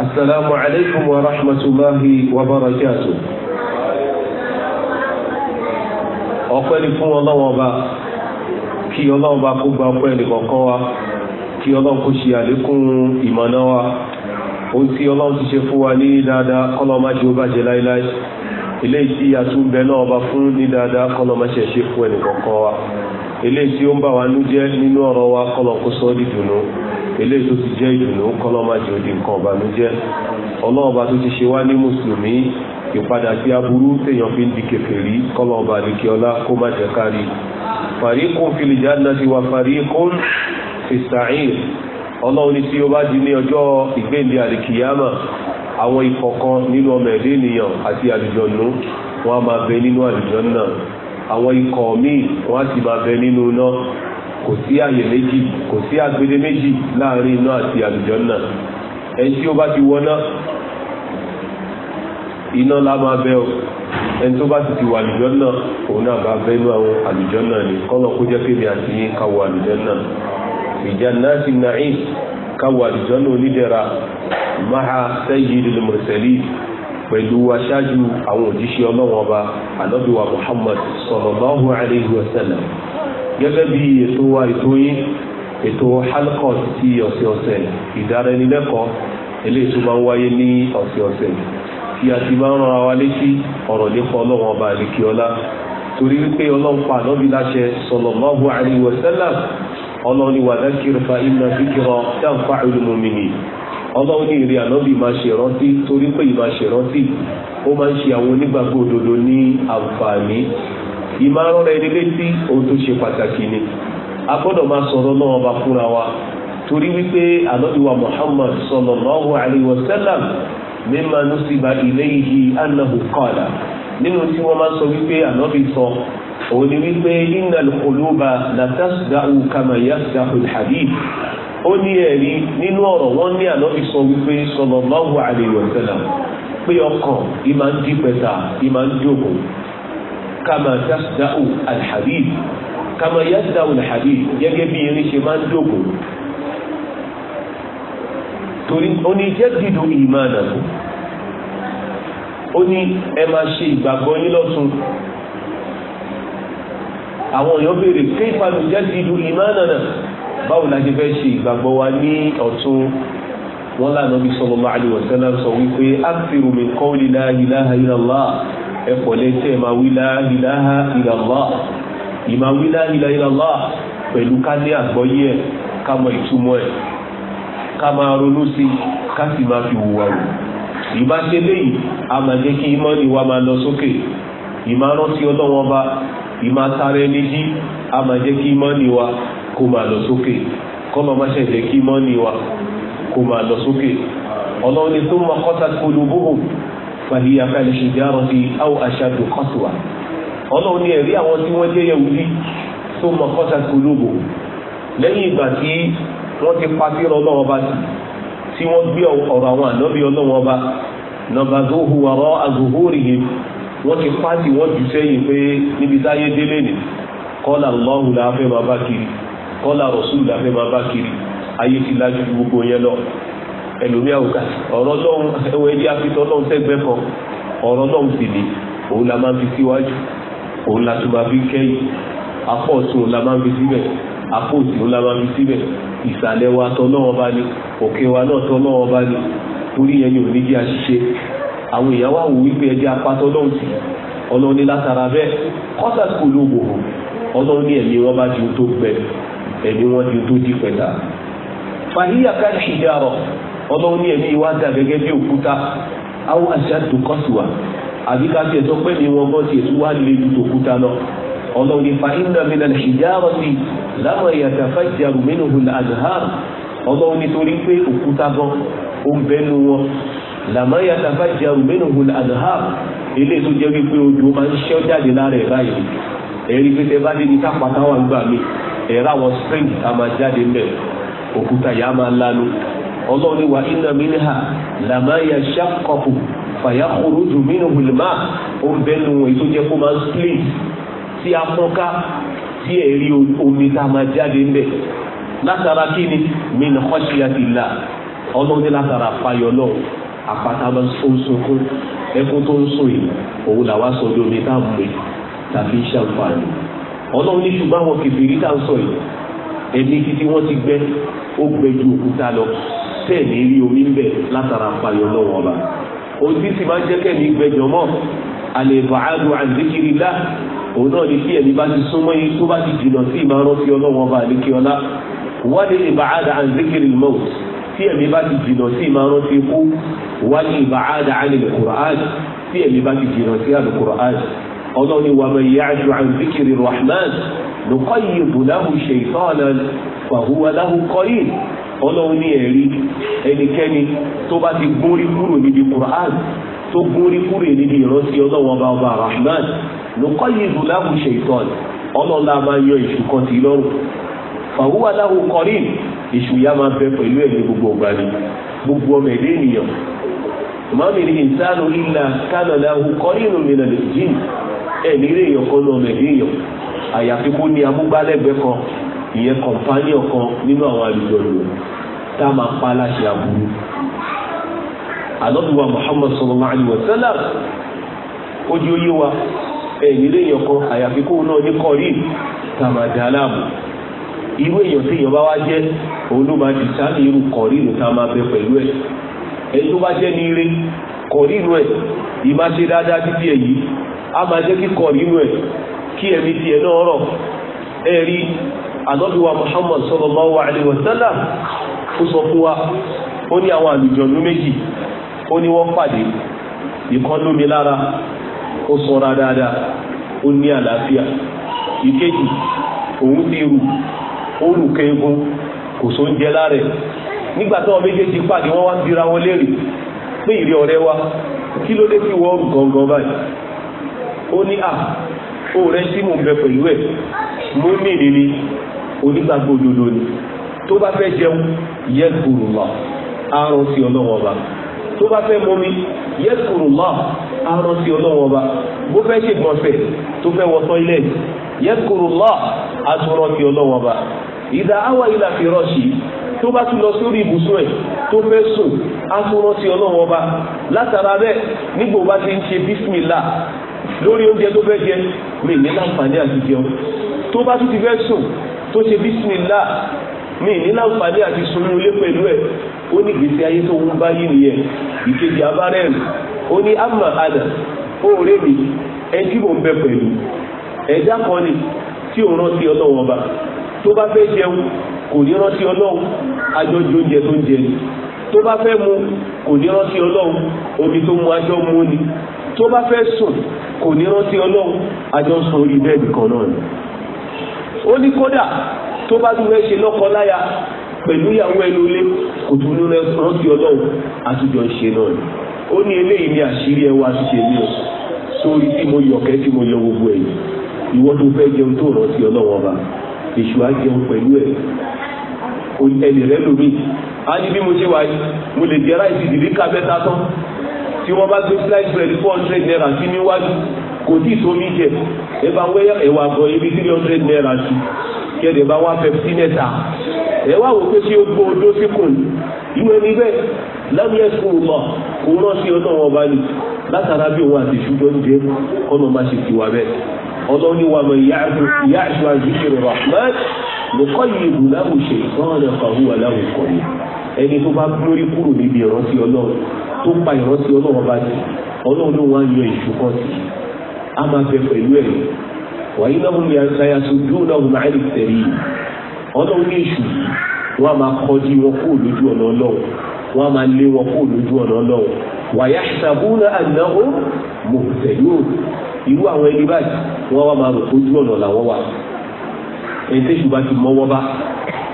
السلام عليكم ورحمة الله وبركاته ọpẹ́ fún ọlọ́wọ́n ọba kí ọba kó gba ọpẹ́ nìkọ̀ọ̀kan wa kí ọlọ́wọ́n kó ṣe àlékún wa ohun tí ọlọ́wọ́n ti ṣe fún wa ní dáadáa kọ́lọ́ má ṣe ó tí a tún bẹ náà ọba fún ṣe eléyìí tó ti jẹ́ ìdùnnú kọ́lọ́májì òdì nǹkan ọ̀bànújẹ́ ọlọ́ọ̀bá tó ti ṣe wá ní mùsùlùmí ìpadà sí aburú téèyàn fi ń di kèfèrí kọ́lọ́ọ̀bá ní kí ọlá kó má jẹ́ kárí fàríkún fil ti wà fàríkún fìsàáìn ọlọ́run ní tí ó bá di ní ọjọ́ ìgbéǹde àlìkìyàmà àwọn ìkọ̀kan nínú ọmọ ẹ̀dẹ́ ènìyàn àti àlùjọ̀nù wọn a máa bẹ nínú àlùjọ̀nù náà àwọn ikọ̀ kò sí àyè méjì kò sí agbede méjì láàrin iná àti àlùjànnà ẹni tí ó bá ti wọná iná la máa bẹ o ẹni tó bá sì ti wà àlùjànnà òun náà bá bẹ inú àwọn àlùjànnà ni kọ́nà kó jẹ́ kéde àti yín káwọ àlùjànnà jannati na'im káwà àlùjànnà onídẹ̀ra máa sayyidil mursalin pẹ̀lú aṣáájú àwọn òjíṣẹ́ ọlọ́wọ́n ọba ànábì wa Muhammad sallallahu alayhi wa sallam gẹ́gẹ́ bí ètò wa ètò yín ètò halkot ti ọ̀sẹ̀ọ̀sẹ̀ ìdáraẹnilẹ́kọ̀ọ́ eléyìí tó máa ń wáyé ní ọ̀sẹ̀ọ̀sẹ̀ tí a ti máa ń rọra wa létí ọ̀rọ̀ nípa ọlọ́run ọba àlekíọ́lá torí wípé ọlọ́run pa ànábì láṣẹ sallallahu alaihi wa sallam ọlọ́run ni wa dhakkir fa inna dhikra tanfa'ul mu'minin ọlọ́run ní ìmáràn ẹni létí ohun tó ṣe pàtàkì ni a gbọ́dọ̀ máa sọ̀rọ̀ náà ọba fúnra wa torí wípé ànábìwá Muhammad sallallahu alayhi wa sallam mimma nusiba ilayhi annahu qala nínú tí wọ́n máa sọ wípé ànábì sọ òun ni wípé innal quluba latasda'u kama yasda'u al-hadid ó ní ẹ̀rí nínú ọ̀rọ̀ wọ́n ní ànábì sọ wípé sallallahu alayhi wa pé ọkàn ìmá ń dípẹ́ta ìmá ń jókòó kama yasda'u alhabib kama yasda'u alhabib gẹ́gẹ́ bí irin ṣe máa ń dògò torí ó ní jẹ́dìdù ìmánàkù ó ní ẹ máa ṣe ìgbàgbọ́ yín lọ́tún àwọn èèyàn béèrè kéfà mi jẹ́dìdù ìmánànà báwo la ṣe fẹ́ ṣe ìgbàgbọ́ wa ní ọ̀tún wọn lánàá bí sallallahu alaihi sọ wípé akthiru min qawli la ilaha illallah ẹ̀kọ́ lẹ́sẹ̀ ìmá wílá ilaha illallah ìmá wílá ilaha illallah pẹ̀lú ká ní àgbọ́yé ẹ̀ ká mọ ìtumọ̀ ẹ̀ ká máa ronú sí ká sì máa fi hùwà wò ìbá ṣe léyìí a máa jẹ́ kí ìmọ̀ ni wa máa lọ sókè ìmá rántí ọdọ́ wọn bá ìmá tara ẹni jí a máa jẹ́ kí ìmọ̀ ni wa kó máa lọ sókè kọ́ máa má ṣẹ̀ṣẹ̀ kí ìmọ̀ ni wa kó máa lọ sókè ọlọ́run ni tó máa kọ́ta polówó fàhíyà kal-hijārati bíi aw ashaddu qaswa ọlọ́run ní ẹ̀rí àwọn tí wọ́n jẹ́ Yahudi thumma qasat qulūbuhum lẹ́yìn ìgbà tí wọ́n ti pàṣẹ ọlọ́wọ́n bá sí tí wọ́n gbé ọ̀rọ̀ àwọn ànábì ọlọ́wọ́n bá nabadhuhu warā'a ẓuhūrihim wọ́n ti pàṣẹ wọ́n jù sẹ́yìn pé níbi táyé délé ni qāla Allāhu la máa bá kiri qāla rasūlu ẹlòmí àwùká ọ̀rọ̀ lọ́hùn ẹwọ ẹdí afitọ́ lọ́hùn sẹ́gbẹ́ kan ọ̀rọ̀ lọ́hùn sì ni òun la máa ń fi síwájú òun la tún máa fi kẹ́yìn apọ̀ ọ̀tún òun la máa ń fi síbẹ̀ apọ̀ òsì òun la máa ń fi síbẹ̀ ìsàlẹ̀ wa tọ́ náà bá ní òkè wa náà tọ́ náà bá ní torí ẹni ò ní jẹ́ àṣìṣe àwọn ìyàwó àwò wípé ẹdí apátọ́ lọ́hùn sí ọlọ́run ní látara bẹ́ẹ̀ kọ́sà kúló wò ọlọ́run ní ọlọ́run ní ẹ̀mí wa dà gẹ́gẹ́ bí òkúta àwọn aṣáájú kọ́sùwà àbí ká tiẹ̀ sọ pé ní wọn bọ́ tiẹ̀ tún wá lè ju tòkúta lọ ọlọ́run ní fa inna minal hijarati lama yatafajjaru minhu al-anhar ọlọ́run nítorí pé òkúta gan ó ń bẹnu wọn lama yatafajjaru minhu al-anhar ilé tó jẹ́ wípé odò máa ń ṣẹ́ jáde lára ẹ̀ báyìí ẹ̀rí pé tẹ bá dé ní tápàtà wà ń máa jáde lanu ọlọ́run ní wa iná mílíà làmáyà ṣàkọ̀kù fàyà kúrúdù mínú wùlùmá ó ń bẹ́ẹ̀ nù èyí tó jẹ́ kó máa ń spleen tí a fọ́n ká tí ẹ̀ rí omi tá a máa jáde ń bẹ̀ látara kí ni min khashyatillah ọlọ́run ní látara fayọ̀ náà àpáta máa ń sunkún ẹkún tó ń sùn yìí òun làwa sọ bí omi tá a mú mi tàbí ṣàǹfààní ọlọ́run ṣùgbọ́n àwọn kìfìrí tá a sọ yìí ẹ̀mí títí wọ́n ti gbẹ ó gbẹ ju òkúta lọ tẹ̀lé rí omi ń bẹ̀ látara payọ̀ lọ́wọ́ ọba ohun tí máa ń jẹ́ kẹ́mi gbẹjọ mọ́ ni kí ẹ̀mí bá ti súnmọ́ yín tó bá ti jìnnà sí ìmárọ́sí ọlọ́wọ́n ọba àdékíọlá wọ́n ní ìbàádà àǹdíkìrìl mọ́ọ̀t tí ẹ̀mí bá ti jìnnà sí ìmárọ́sí ní ìbàádà tí bá ti jìnnà sí àlùkùrán ọlọ́ni wà mọ̀ ìyá rahman lùkọ́ yìí ṣèyí ọlọ́run ní ẹ̀rí ẹnikẹ́ni tó bá ti gúnrí kúrò níbi Qur'an tó gúnrí kúrò níbi ìrántí ọlọ́run ọba ọba Rahman lókọ́ yìí dùn láwùú ṣètọ́n ọlọ́lá máa yan èṣù kan sí lọ́rùn fàwúwà láwùú kọrin èṣù yá máa bẹ pẹ̀lú ẹ̀ ní gbogbo ọgbà ni gbogbo ọmọ ẹ̀dẹ́ ènìyàn mọ́mìnì ìsánú ilà kánà láwùú kọrin òmìnira lè jìn ẹ̀ nílé èèyàn kan náà ọmọ ẹ̀dẹ́ ìyẹn kọ̀mpánì ọkọ nínú àwọn àlùjọ̀lù tá a máa pa aláṣẹ àbúrú. àlọ́dúnwà Muhammad sallallahu alaihi wa sallam ó di oyé wa ẹ̀yìn léèyàn kan àyàfi kó náà ní kọ́rí tá a máa dá láàmú. irú èèyàn tí èèyàn bá wá jẹ́ òun ló máa di irú ìlú tá a máa bẹ pẹ̀lú ẹ̀. ẹni tó bá jẹ́ ní ìlú ẹ̀ ṣe anọ́bíwa muhammad sallallahu alaihi Salam ó sọ fún wa ó ní àwọn o méjì ó ní wọ́n pàdé ìkan lómi lára ó ni dáadáa ó ní àlàáfíà ìkejì òun ti rù ó rù kẹ́gun kò só ń jẹ lára ẹ̀ nígbà méjèèjì pàdé wá ń wọn léèrè pé ọ̀rẹ́ ó rẹ tí mò ń bẹ pẹ̀lú ẹ̀ mú mi ní ni onígbàgbọ́ òdodo ni tó bá fẹ́ jẹun yẹ kúrò lọ àárọ̀ sí ọlọ́wọ́ ọba tó bá fẹ́ mọ́mí yẹ kúrò lọ àárọ̀ sí ọlọ́wọ́ ọba bó fẹ́ ṣègbọ̀nsẹ̀ tó fẹ́ wọ tọ́ílẹ̀tì yẹ kúrò lọ àtúrọ̀ sí ọlọ́wọ́ ọba ìdá àwa ìlà tó bá tún lọ sórí ibùsùn ẹ̀ tó fẹ́ sùn á tún látara bẹ́ẹ̀ nígbò bá ti ń ṣe bísímìlà lórí oúnjẹ tó fẹ́ jẹ mi ní láǹfààní àti jẹun tó bá tún ti fẹ́ sùn tó ṣe bísímìlá mi ní láǹfààní àti sunú ilé pẹ̀lú ẹ̀ ó ní gbèsè ayé tó ń bá yìí nìyẹn ìkejì abárẹ́rù ó ní àmà àdà ó rẹ́ mi ẹni tí mò ń bẹ pẹ̀lú ẹ̀dá kan ni tí ò rántí ọlọ́wọ́n ọba tó bá fẹ́ jẹun kò ní rántí ọlọ́run ajọ́jú oúnjẹ tó ń jẹ ni tó bá fẹ́ mu kò ní rántí ọlọ́run omi tó mu ajọ́ mu ni tó bá fẹ́ sùn kò ní rántí ọlọ́run àjọ sọ orí bẹ́ẹ̀dì kan náà ni ó ní kódà tó bá tún fẹ́ ṣe lọ́kọ láya pẹ̀lú ìyàwó ẹnu ilé kò tún ní rántí ọlọ́run àtúnjọ ṣe náà ni ó ní eléyìí ní àṣírí ẹwà ṣe ní o sórí tí mo yọ̀kẹ́ tí mo yọ gbogbo ẹ̀ ìwọ tó fẹ́ jẹun tó rántí ọlọ́run ọba èṣù á jẹun pẹ̀lú ẹ̀ ẹnì rẹ lómi á ní bí mo ṣe wáyé mo lè jẹ ráìsì ìdílé ká mẹ́ta tán tí wọ́n bá gbé slice bread four hundred naira sí níwájú kò tí ì tómi jẹ ẹ bá wẹ́ ẹ̀wà gan ibi three hundred naira sí kẹ́lẹ̀ bá wá fẹ́fí mẹ́ta ẹ wá wò pé kí ó gbọ́ odó sí kùn irú ẹni bẹ́ẹ̀ lábẹ́ ẹ̀sùn lọ kò rán sí ọdún wọn bá ní látara bí òun àti ìṣújọ́ ń jẹ ọ̀nà má ṣe tiwa bẹ́ẹ̀ ọlọ́run ní wa mọ̀ ìyá àṣọ àzìkiri rahman lùkọ́ yìí ìlú láwùṣe ìtọ́ ọ̀nà kàwé wà láwùkọ́ yìí ẹni tó bá lórí kúrò níbi ìrántí ọlọ́run tó pa ìrántí ọlọ́run bá ti ọlọ́run ló wá ń yọ ìṣùkọ́ sí i a máa bẹ pẹ̀lú ẹ̀ wàyí náà wọ́n yàn sáyà tó dúró náà wọ́n máa ń tẹ̀lé yìí ọlọ́run ní èṣù yìí wọ́n á máa kọjú wọn kúrò lójú ọ̀nà ọlọ́run wọ́n á máa lé wọn kúrò lójú ọ̀nà ọlọ́run wàyà ṣàbùnà ànáwó mò ń tẹ̀lé o irú àwọn ẹni báyìí wọ́n wá máa rò ojú ọ̀nà làwọn wà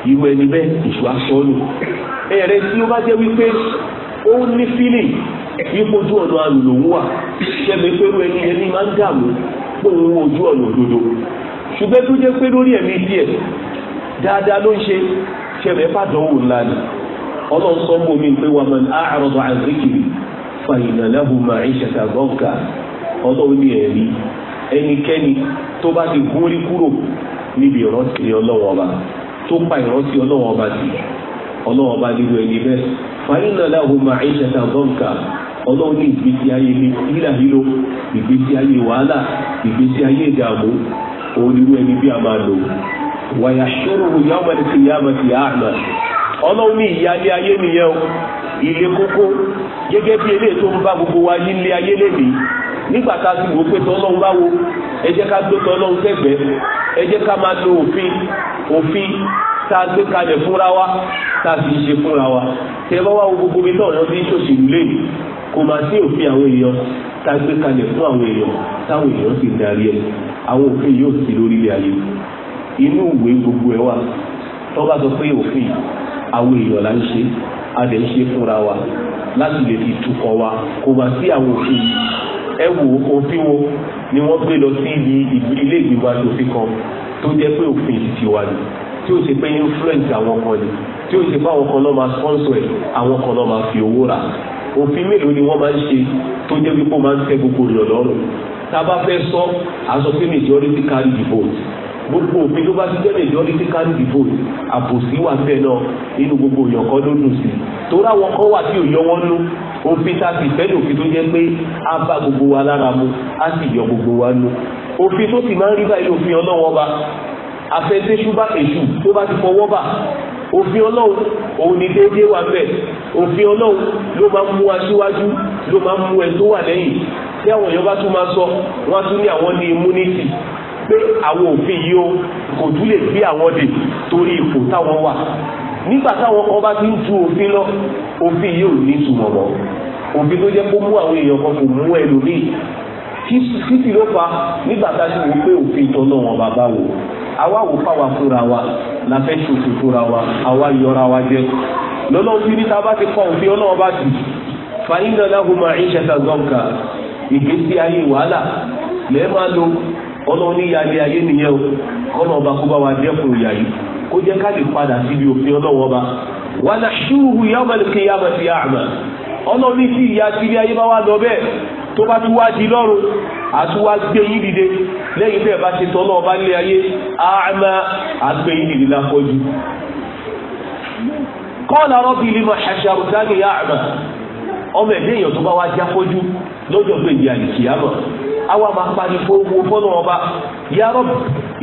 ìwé ẹni bẹ́ẹ̀ ìṣù asọ́nù ẹ̀rẹ́ tí ó bá jẹ́ wípé ó ní fílì yípojú ọ̀nà alùlòun wà ṣẹ́mi pé wọ́n ẹni ẹni máa ń dààmú pé òun ojú ọ̀nà òdodo ṣùgbọ́n tó jẹ́ pé lórí ẹ̀mí díẹ̀ dáadáa ló ń ṣe ṣẹ̀mẹ̀ fàdánwò ńlá ni ọlọ́run sọ fún mi pé wà máa ń àárọ̀ àzíkiri fàyìnà láhùnmá ìṣẹ̀ta gọ́ǹkà ọlọ́run ní ẹ̀rí ẹnikẹ́ni tó bá ti gúnrí kúrò níbi ìrántí ọlọ́run ọba tó pa ìrántí ọlọ́wọ́n ọba sí ọlọ́wọ́n ọba nínú ẹni bẹ́ẹ̀ fàyínà láwo máa ń ṣẹta bọ́ǹkà ọlọ́wọ́n ní ìgbésí ayé nílà hílò ìgbésí ayé wàhálà ìgbésí ayé ìdààmú òun nínú ẹni bí a máa lò wàyà ṣòro ẹni ní ayé nìyẹn ilé kókó gẹ́gẹ́ bí eléyìí tó ń bá gbogbo wa nílé ayé nígbà tá a ti wò pé tọ́lọ́run bá wo ẹ jẹ́ ká gbé tọ́lọ́run sẹ́gbẹ̀ẹ́ ẹ jẹ́ ká máa lo òfin òfin tá a gbé kalẹ̀ fúnra wa tá a sì ṣe fúnra wa tẹ bá wá wo gbogbo mi náà lọ́dún ní ṣòṣèlú lẹ́yìn kò máa sí òfin àwọn èèyàn tá a gbé kalẹ̀ fún àwọn èèyàn táwọn èèyàn sì darí ẹ̀ àwọn òfin yóò sí lórílẹ̀ ayé inú ìwé gbogbo ẹ̀ wà tó bá sọ pé òfin àwọn èèyàn là ń ṣe a lè ṣe fúnra wa láti lè fi tukọ̀ wa kò máa sí àwọn òfin ẹ wo òfin wo ni wọ́n gbé lọ sí ilé ìgbìmọ̀ aṣòfin kan tó jẹ́ pé òfin ti wà ní tí ó ṣe pé influence àwọn kan ni tí ó ṣe pé àwọn kan náà máa sponsor ẹ̀ àwọn kan náà máa fi owó rà òfin mélòó ni wọ́n máa ń ṣe tó jẹ́ wípé ó máa ń tẹ́ gbogbo èèyàn lọ́rùn tá a bá fẹ́ sọ aṣọ pé majority carry the vote gbogbo òfin ló bá ti jẹ́ majority carry the vote àbòsí wà fẹ́ náà nínú gbogbo èèyàn kan ló dùn sí tó ráwọn kan wà tí ò yọ wọn nú òfin tá a sì fẹ́ lòfin tó jẹ́ pé a bá gbogbo wa lára mu a sì yọ gbogbo wa nu òfin tó sì máa ń rí báyìí òfin ọlọ́wọ́ ba afẹ́sẹ́sú bá èṣù tó bá ti fọwọ́ bà òfin ọlọ́run òun ni déédéé wà bẹ́ẹ̀ òfin ọlọ́run ló máa ń mú aṣíwájú ló máa ń mú ẹ tó wà lẹ́yìn tí àwọn èèyàn bá tún máa sọ wọ́n á tún ní àwọn ní immunity pé àwọn òfin yìí ó kò tún lè gbé àwọn dè torí ipò táwọn wà nígbà táwọn kan bá ti ń ju òfin lọ òfin yóò ní ìtumọ̀ mọ́ òfin tó jẹ́ kó mú àwọn èèyàn kan kò mú ẹlòmíì títí ló fa nígbà tá a ti wò pé òfin wọn bàbá wò àwa wa la fẹ́ ṣòfò fúnra wa àwa yọra wa jẹ lọ́nà òfin níta bá ti ọba òfin ọlọ́wọ́ bá ti fa iná láhùn máa ń ṣẹta zọ́ǹkà ìgbésí ayé lo ayé nìyẹn o ọba kó bá wa dẹ́kun ìyá yìí. kó jẹ́ ká lè padà síbi òfin ọlọ́wọ́ ọba wà á ṣúrù yawmal ya a'ma ọlọ́ọ̀ni tí ìyá síbi ayé bá wà lọ bẹ́ẹ̀ tó bá tún wá di lọ́rùn àtúwá gbé yín dìde lẹ́yìn bẹ́ẹ̀ bá ti tọ́ náà bá lé ayé a'ma àgbé yín dìde lápọ̀jù. qala rabbi a'ma ọmọ ẹ̀dẹ́ èèyàn tó bá wá já fojú lọ́jọ́ pé ìyá ìkìyàmọ̀ àwa máa pani fowó fọ́nà ọba ya Rabb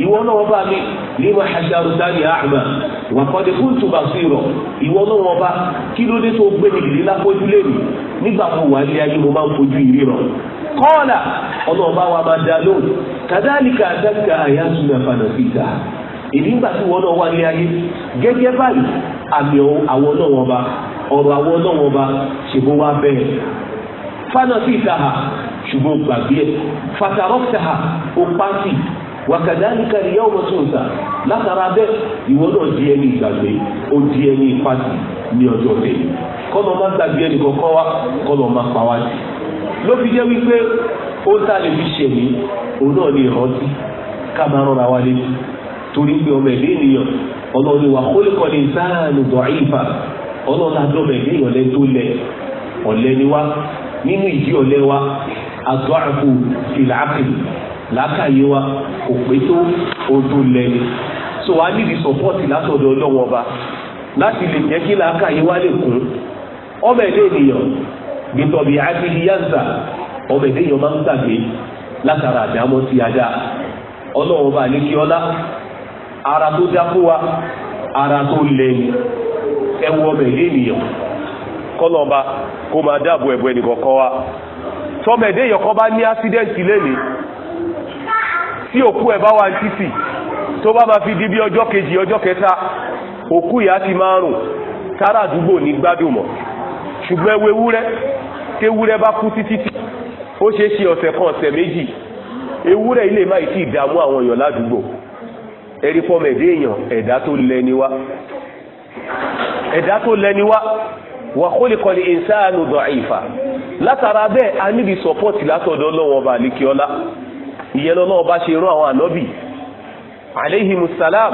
ìwọ náà ọba mi lima hasharutani a'ma wa qad kuntu basira ìwọ náà ọba kí ló dé tó gbé mi ìdílé láfojú lèmi nígbà mo wà ní ayé mo máa ń fojú ìríran kọ́ọ̀là ọlọ́ọ̀bá wa máa dá lóhùn kadhalika àtàkà àyàtúnà fanafita ìdígbà tí wọn náà wà ní ayé gẹ́gẹ́ báyìí àmì àwọn náà wọn ọ̀rọ̀ àwọn ọlọ́wọ́n ọba ṣèbó wá bẹ́ẹ̀ fana ìtaha ṣùgbọ́n gbàgbé ẹ̀ fatarọ́ftaha ó pàṣẹ wàkàdánìkà ìyá ọmọ tó ń ta látara bẹ́ẹ̀ ìwọ náà di ẹni ìgbàgbé ó di ẹni ní ọjọ́ tẹ̀lé kọ́nà má gbàgbé wá kọ́nà má pa wá ló fi jẹ́ wípé ó ń fi òun náà ní ìrántí ọlọ́run ta dúró ole ní le. tó niwa ọ̀lẹ́ ni wá nínú ìdí ọ̀lẹ́ wa azọ́àkù ìlàkì làákàyè wa kò pé tó odò so wàá níbi sọ́pọ́ọ̀tì látọ̀dọ̀ ọlọ́wọ́ ọba láti lè jẹ́ kí làákàyè wa lè kún ọmọ ẹ̀dẹ́ ènìyàn gbẹtọ̀bì àgbèlì yánza ọmọ ẹ̀dẹ́ ènìyàn máa ń gbàgbé látara àdámọ́ ti àdá ọlọ́wọ́ ọba ọlá ara tó dá wa ara tó lẹ ẹwọ ọmọ ilé ènìyàn kọlọmba kó máa dáàbò ẹbọ ẹnìkọ̀ọ̀kan wa tọmọ ẹdẹ yọkọ bá ní ásídẹ́ǹtì lẹ́nìí tí òkú ẹ bá wà ní títì tó bá máa fi di bí ọjọ́ kejì ọjọ́ kẹta òkú ìyá ti máa rùn tára àdúgbò ní gbádùn mọ́ ṣùgbọ́n ewé wúrẹ́ téwúrẹ́ bá kú títí tí ó ṣeé ṣe ọ̀sẹ̀ kan ọ̀sẹ̀ méjì ewúrẹ́ ilé máa ti dààmú àwọn èèyàn ládùúgbò ẹ̀rí fọ́ọ̀mù ẹ̀dá èèyàn ẹ̀dá tó lẹ́ni wá ẹ̀dá tó lẹ́ni wá wà kólikọ́lì ìnsáàánú dọ̀ìfà látara bẹ́ẹ̀ a níbi sọ́pọ́tì látọ̀dọ̀ lọ́wọ́ ọba àlekíọ́lá ìyẹn lọ́wọ́ ọba ṣe rán àwọn ànábì aleyhimu salam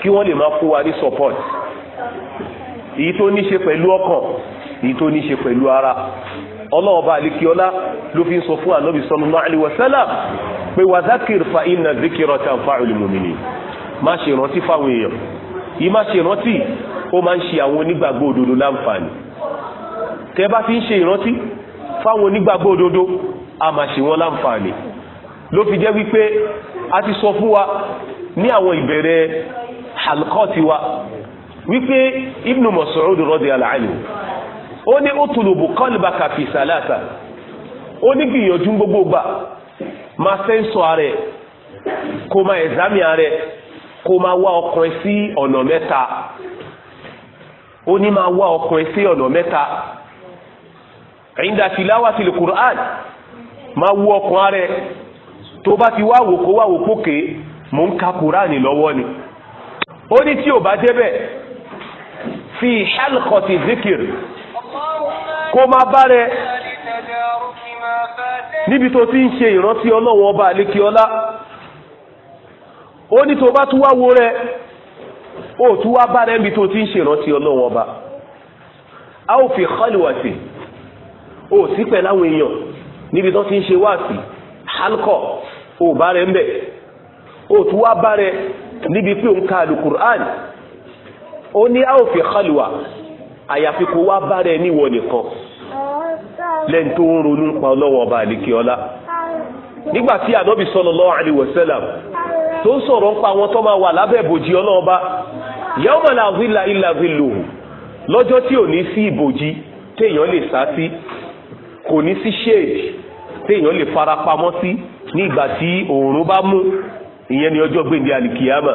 kí wọ́n lè máa fún wa ní sọ́pọ́tì èyí tó ní ṣe pẹ̀lú ọkàn èyí tó ní ṣe pẹ̀lú ara ọlọ́ọ̀ba àlekíọ́lá ló fi ń sọ fún ànábì sallallahu alaihi wasallam pé wàzákìr fa inna zikiratan fa'ul mu'minin má ṣe rántí fáwọn èèyàn yìí má ṣe rántí ó máa ń ṣe àwọn onígbàgbọ́ òdodo láǹfààní tẹ́ bá fi ń ṣe ìrántí fáwọn onígbàgbọ́ òdodo a máa ṣe wọ́n láǹfààní ló fi jẹ́ wípé a ti sọ fún wa ní àwọn ìbẹ̀rẹ̀ halkọ́ti wa wípé ibnu Mas'ud radiyallahu anhu ó ní utlubu qalbaka fi salasa ó ní gbìyànjú gbogbo gbà kó máa wá ọkàn ẹ sí ọ̀nà mẹ́ta ó ní máa wá ọkàn sí ọ̀nà mẹ́ta inda tilawati l-Qur'an máa wú ọkàn ara ẹ tó bá ti wá kó wá pókè mò ń ka kùránì lọ́wọ́ ni ó ní tí ò bá débẹ̀ fi halqati zikir kó máa bá rẹ níbi tó ti ń ṣe ìrántí ọlọ́wọ́ ọba àlékiọlá ó ní tó bá tún wá wo rẹ ó tún wá bá rẹ níbi tó ti ń ṣèrántí ọlọ́wọ́n ọba a ó fi kọ́lùwàsì ó sì pẹ̀ láwọn èèyàn níbi tó ti ń ṣe wáàsì halkọ ó bá rẹ ń bẹ̀ ó tún wá bá rẹ níbi pé òun ka alukur'an ó ní a ó fi kọ́lùwà àyàfi kó wá bá rẹ níwọ̀ nìkan lẹ́ni tó ń ronú pa ọlọ́wọ́n ọba àdìkíọ́lá nígbà tí ànábì sallallahu alaihi wasallam tó ń sọ̀rọ̀ ń pa àwọn tó máa wà lábẹ́ ìbòjì ọlọ́ọ̀ba yawma la zilla illa zilluhu lọ́jọ́ tí ò ní sí ìbòjì téèyàn lè sá sí kò ní sí shade téèyàn lè fara pamọ́ sí nígbà tí òòrùn bá mú ìyẹn ni ọjọ́ gbèndé alikiyama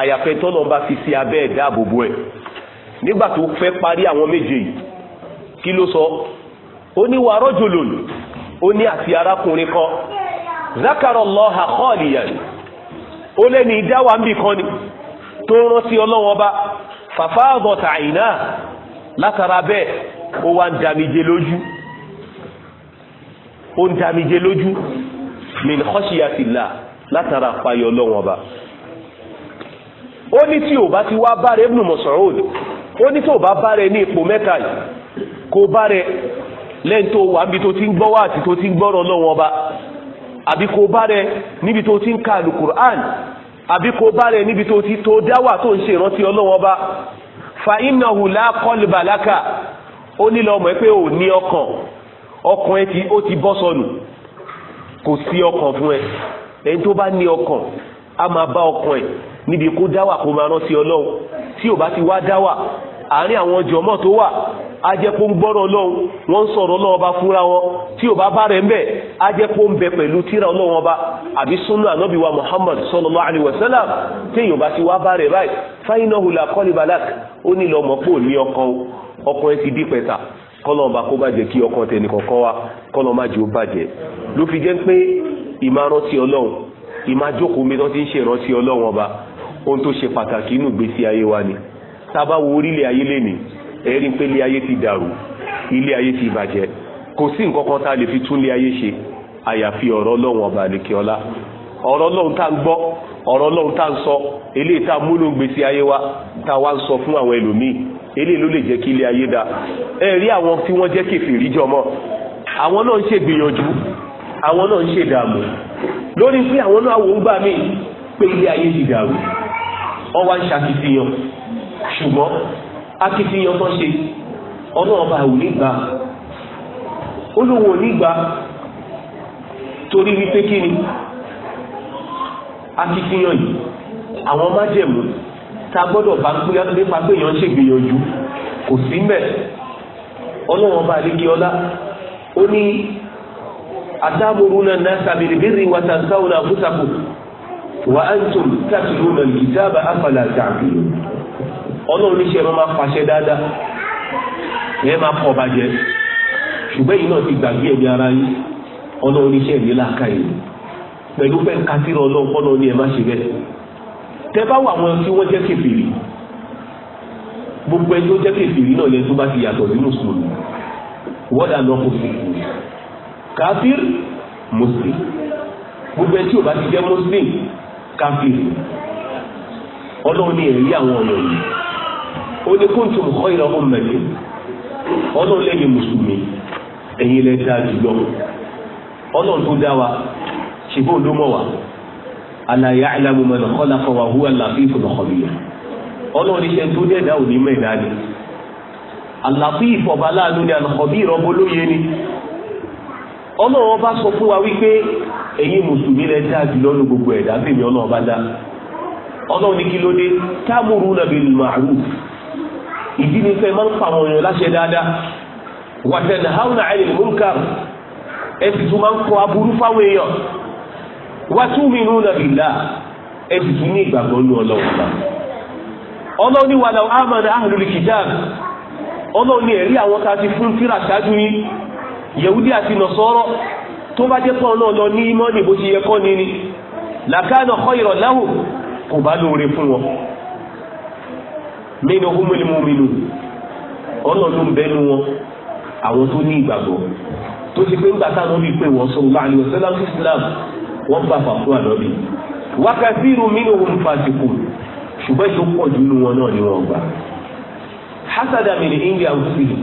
àyàfẹ́ tọ́nà bá fi sí abẹ́ ẹ̀dá àbòbò ẹ̀ nígbà tó fẹ́ parí àwọn méje yìí kí ló sọ ó ní wa rajulun ó ní àti arákùnrin kan zakaro lọ́ha kọ́ọ̀lìyàn ó ìdáwà ń ni tó rántí ọlọ́wọ́n bá fàfà àbọ̀tà látara bẹ́ẹ̀ ó wá ń damije lójú ó ń damije lójú min khashiyatila látara fayọ ọlọ́wọ́n bá ó ní tí ò bá ti wá bá ó ní tí ò bá bá ní ipò mẹ́ta yìí lẹ́yìn tó wà níbi tó ti ń gbọ́ wá àti tó ti ń gbọ́rọ̀ lọ́wọ́ ọba àbí kó bá rẹ níbi tó ti ń ka alukur'an àbí kó bá rẹ níbi tó ti tó dáwà tó ń ṣe ìrántí ọlọ́wọ́ ọba fa innahu la qalba laka ó nílò ọmọ ẹ pé ò ní ọkàn ọkàn ẹ ti ó ti bọ́ sọnù kò sí ọkàn fún ẹ ẹni tó bá ní ọkàn á máa bá ọkàn ẹ níbi kó dáwà kó máa rántí ọlọ́run tí ò bá ti wá dáwà àárín àwọn jọmọ́ tó wà ajẹ́pọ̀ ń gbọ́rọ̀ ọlọ́run wọ́n ń sọ̀rọ̀ ọlọ́run ọba fúnra wọn tí ò bá bá rẹ̀ ń bẹ̀ ń bẹ pẹ̀lú tíra ọlọ́run ọba àbí súnà muhammad sallallahu alaihi wasallam téèyàn bá ti wá bá rẹ̀ báyìí fainahu la qaliba lak ó ní lọ́mọ pò ní ọkàn ọkàn ẹ ti dí pẹ̀ta kọ́lọ́n bá kó bàjẹ́ kí ọkàn tẹnì kọ̀ọ̀kan wa kọ́lọ́n má jẹ́ ìmájókòó mi tó ti ń ṣèrántí ọlọ́run ọba ohun tó ṣe pàtàkì inú ìgbésí ayé wa ni tábà wo orílẹ̀ ayé lẹ́nì ẹ̀rí pé ilé ayé ti dàrú ilé ayé ti bàjẹ́ kò sí nǹkan kan tá a lè fi tún ilé ayé ṣe àyàfi ọ̀rọ̀ ọlọ́run ọba àlekèọlá ọ̀rọ̀ ọlọ́run tá ń gbọ́ ọ̀rọ̀ ọlọ́run tá ń sọ eléyìí tá múlò gbèsè ayé wa tá wá ń sọ fún àwọn ẹlòmíì eléyìí ló lè jẹ́ kí ilé ayé da ẹ̀rí àwọn tí wọ́n jẹ́ kèfèrí jọmọ́ àwọn náà ń ṣe gbìyànjú àwọn náà ń ṣe dààmú lórí pé àwọn náà wò ń gbà mí pé ilé ayé ti dàrú ó wá ń ṣàkìtìyàn ṣùgbọ́n akitiyan tó ṣe ọlọ́ọ̀ba ò ní gbà olóhùn ò ní gbà torí wípé kí ni akitiyan yìí àwọn májẹ̀mú tá a gbọ́dọ̀ bá nípa pé èèyàn ṣègbìyànjú kò sí mbẹ̀ ọlọ́wọ́n bá àdékè ọlá ó ní atamuruna nasa bilibiri wa tansawuna anfusakum wa antum tatluna alkitaba afala ta'qilun ọlọ́run níṣẹ́ máa máa pàṣẹ dáadáa ìyẹn máa kọ́ bàjẹ́ ṣùgbọ́n èyí náà ti gbàgbé ẹ̀mí ara yín ọlọ́run níṣẹ́ mi láàka yìí pẹ̀lú pẹ́ kásìrò ọlọ́run kọ́ lọ́ọ́ ní ẹ má ṣe bẹ́ẹ̀ tẹ́ bá wà wọn tí wọ́n jẹ́ kèfèrí gbogbo ẹni tó jẹ́ kèfèrí náà yẹn tó bá ti yàtọ̀ nínú sùúrù wọ́dà lọ kò sí káfíìr mùsùlùm gbogbo ẹni tí ò bá ti jẹ́ mùsùlùm káfíìr ọlọ́run ní ẹ̀rí àwọn ọ̀nà yìí ó ní kuntum khayra ummatin ọlọ́run lẹ́yìn mùsùlùmí ẹ̀yin lẹ́ dáa jùlọ ọlọ́run tó dá wa ṣìbó ló mọ̀ wá ala ya'lamu man khalaqa wa huwa al-latiful khabir ọlọ́run iṣẹ́ tó dẹ̀dá ò ní mẹ́ẹ̀dá ni al-latif ọba láàánú ni al-khabir ọbọ lóye ni ọlọ́run ọba sọ fún wa wípé ẹ̀yin mùsùlùmí lẹ́ dáa jùlọ ní gbogbo ẹ̀dá fèmí ọlọ́run ọba dá ọlọ́run ní kí ló dé ta'muruna bil ma'ruf ìdí ni fẹ́ máa ń pa àwọn èèyàn láṣẹ dáadáa wàtẹ̀nà haúnà àìlè múnkà ẹ sì tún máa ń kọ aburú fáwọn èèyàn wà tún mi nù nà bìlá ẹ sì tún ní ìgbàgbọ́ ní ọlọ́run náà ọlọ́run ní wàlà àmàna ahlul kitab ọlọ́run ní ẹ̀rí àwọn tá a ti fún tíra ṣáájú yìí yẹ̀wúdí àti nọ̀sọ́rọ́ tó bá jẹ́ pọ́n náà lọ ní ìmọ̀ ní bó ti yẹ kọ́ ni ni làkàna khayran lahu kò bá lóore fún wọn mẹ́nu humul mu'minun ọlọ́run ń bẹ́nu wọn àwọn tó ní ìgbàgbọ́ tó ti pé ńgbà táwọn bíi pé wọ́n sọ wọ́n àlè ọ̀sẹ́lá fún islam wọ́n gbà fàfún ànábì wa kathiru minhum fasiqun ṣùgbọ́n èso pọ̀ jù nínú wọn náà ni wọ́n gbà hasada min indi anfusihim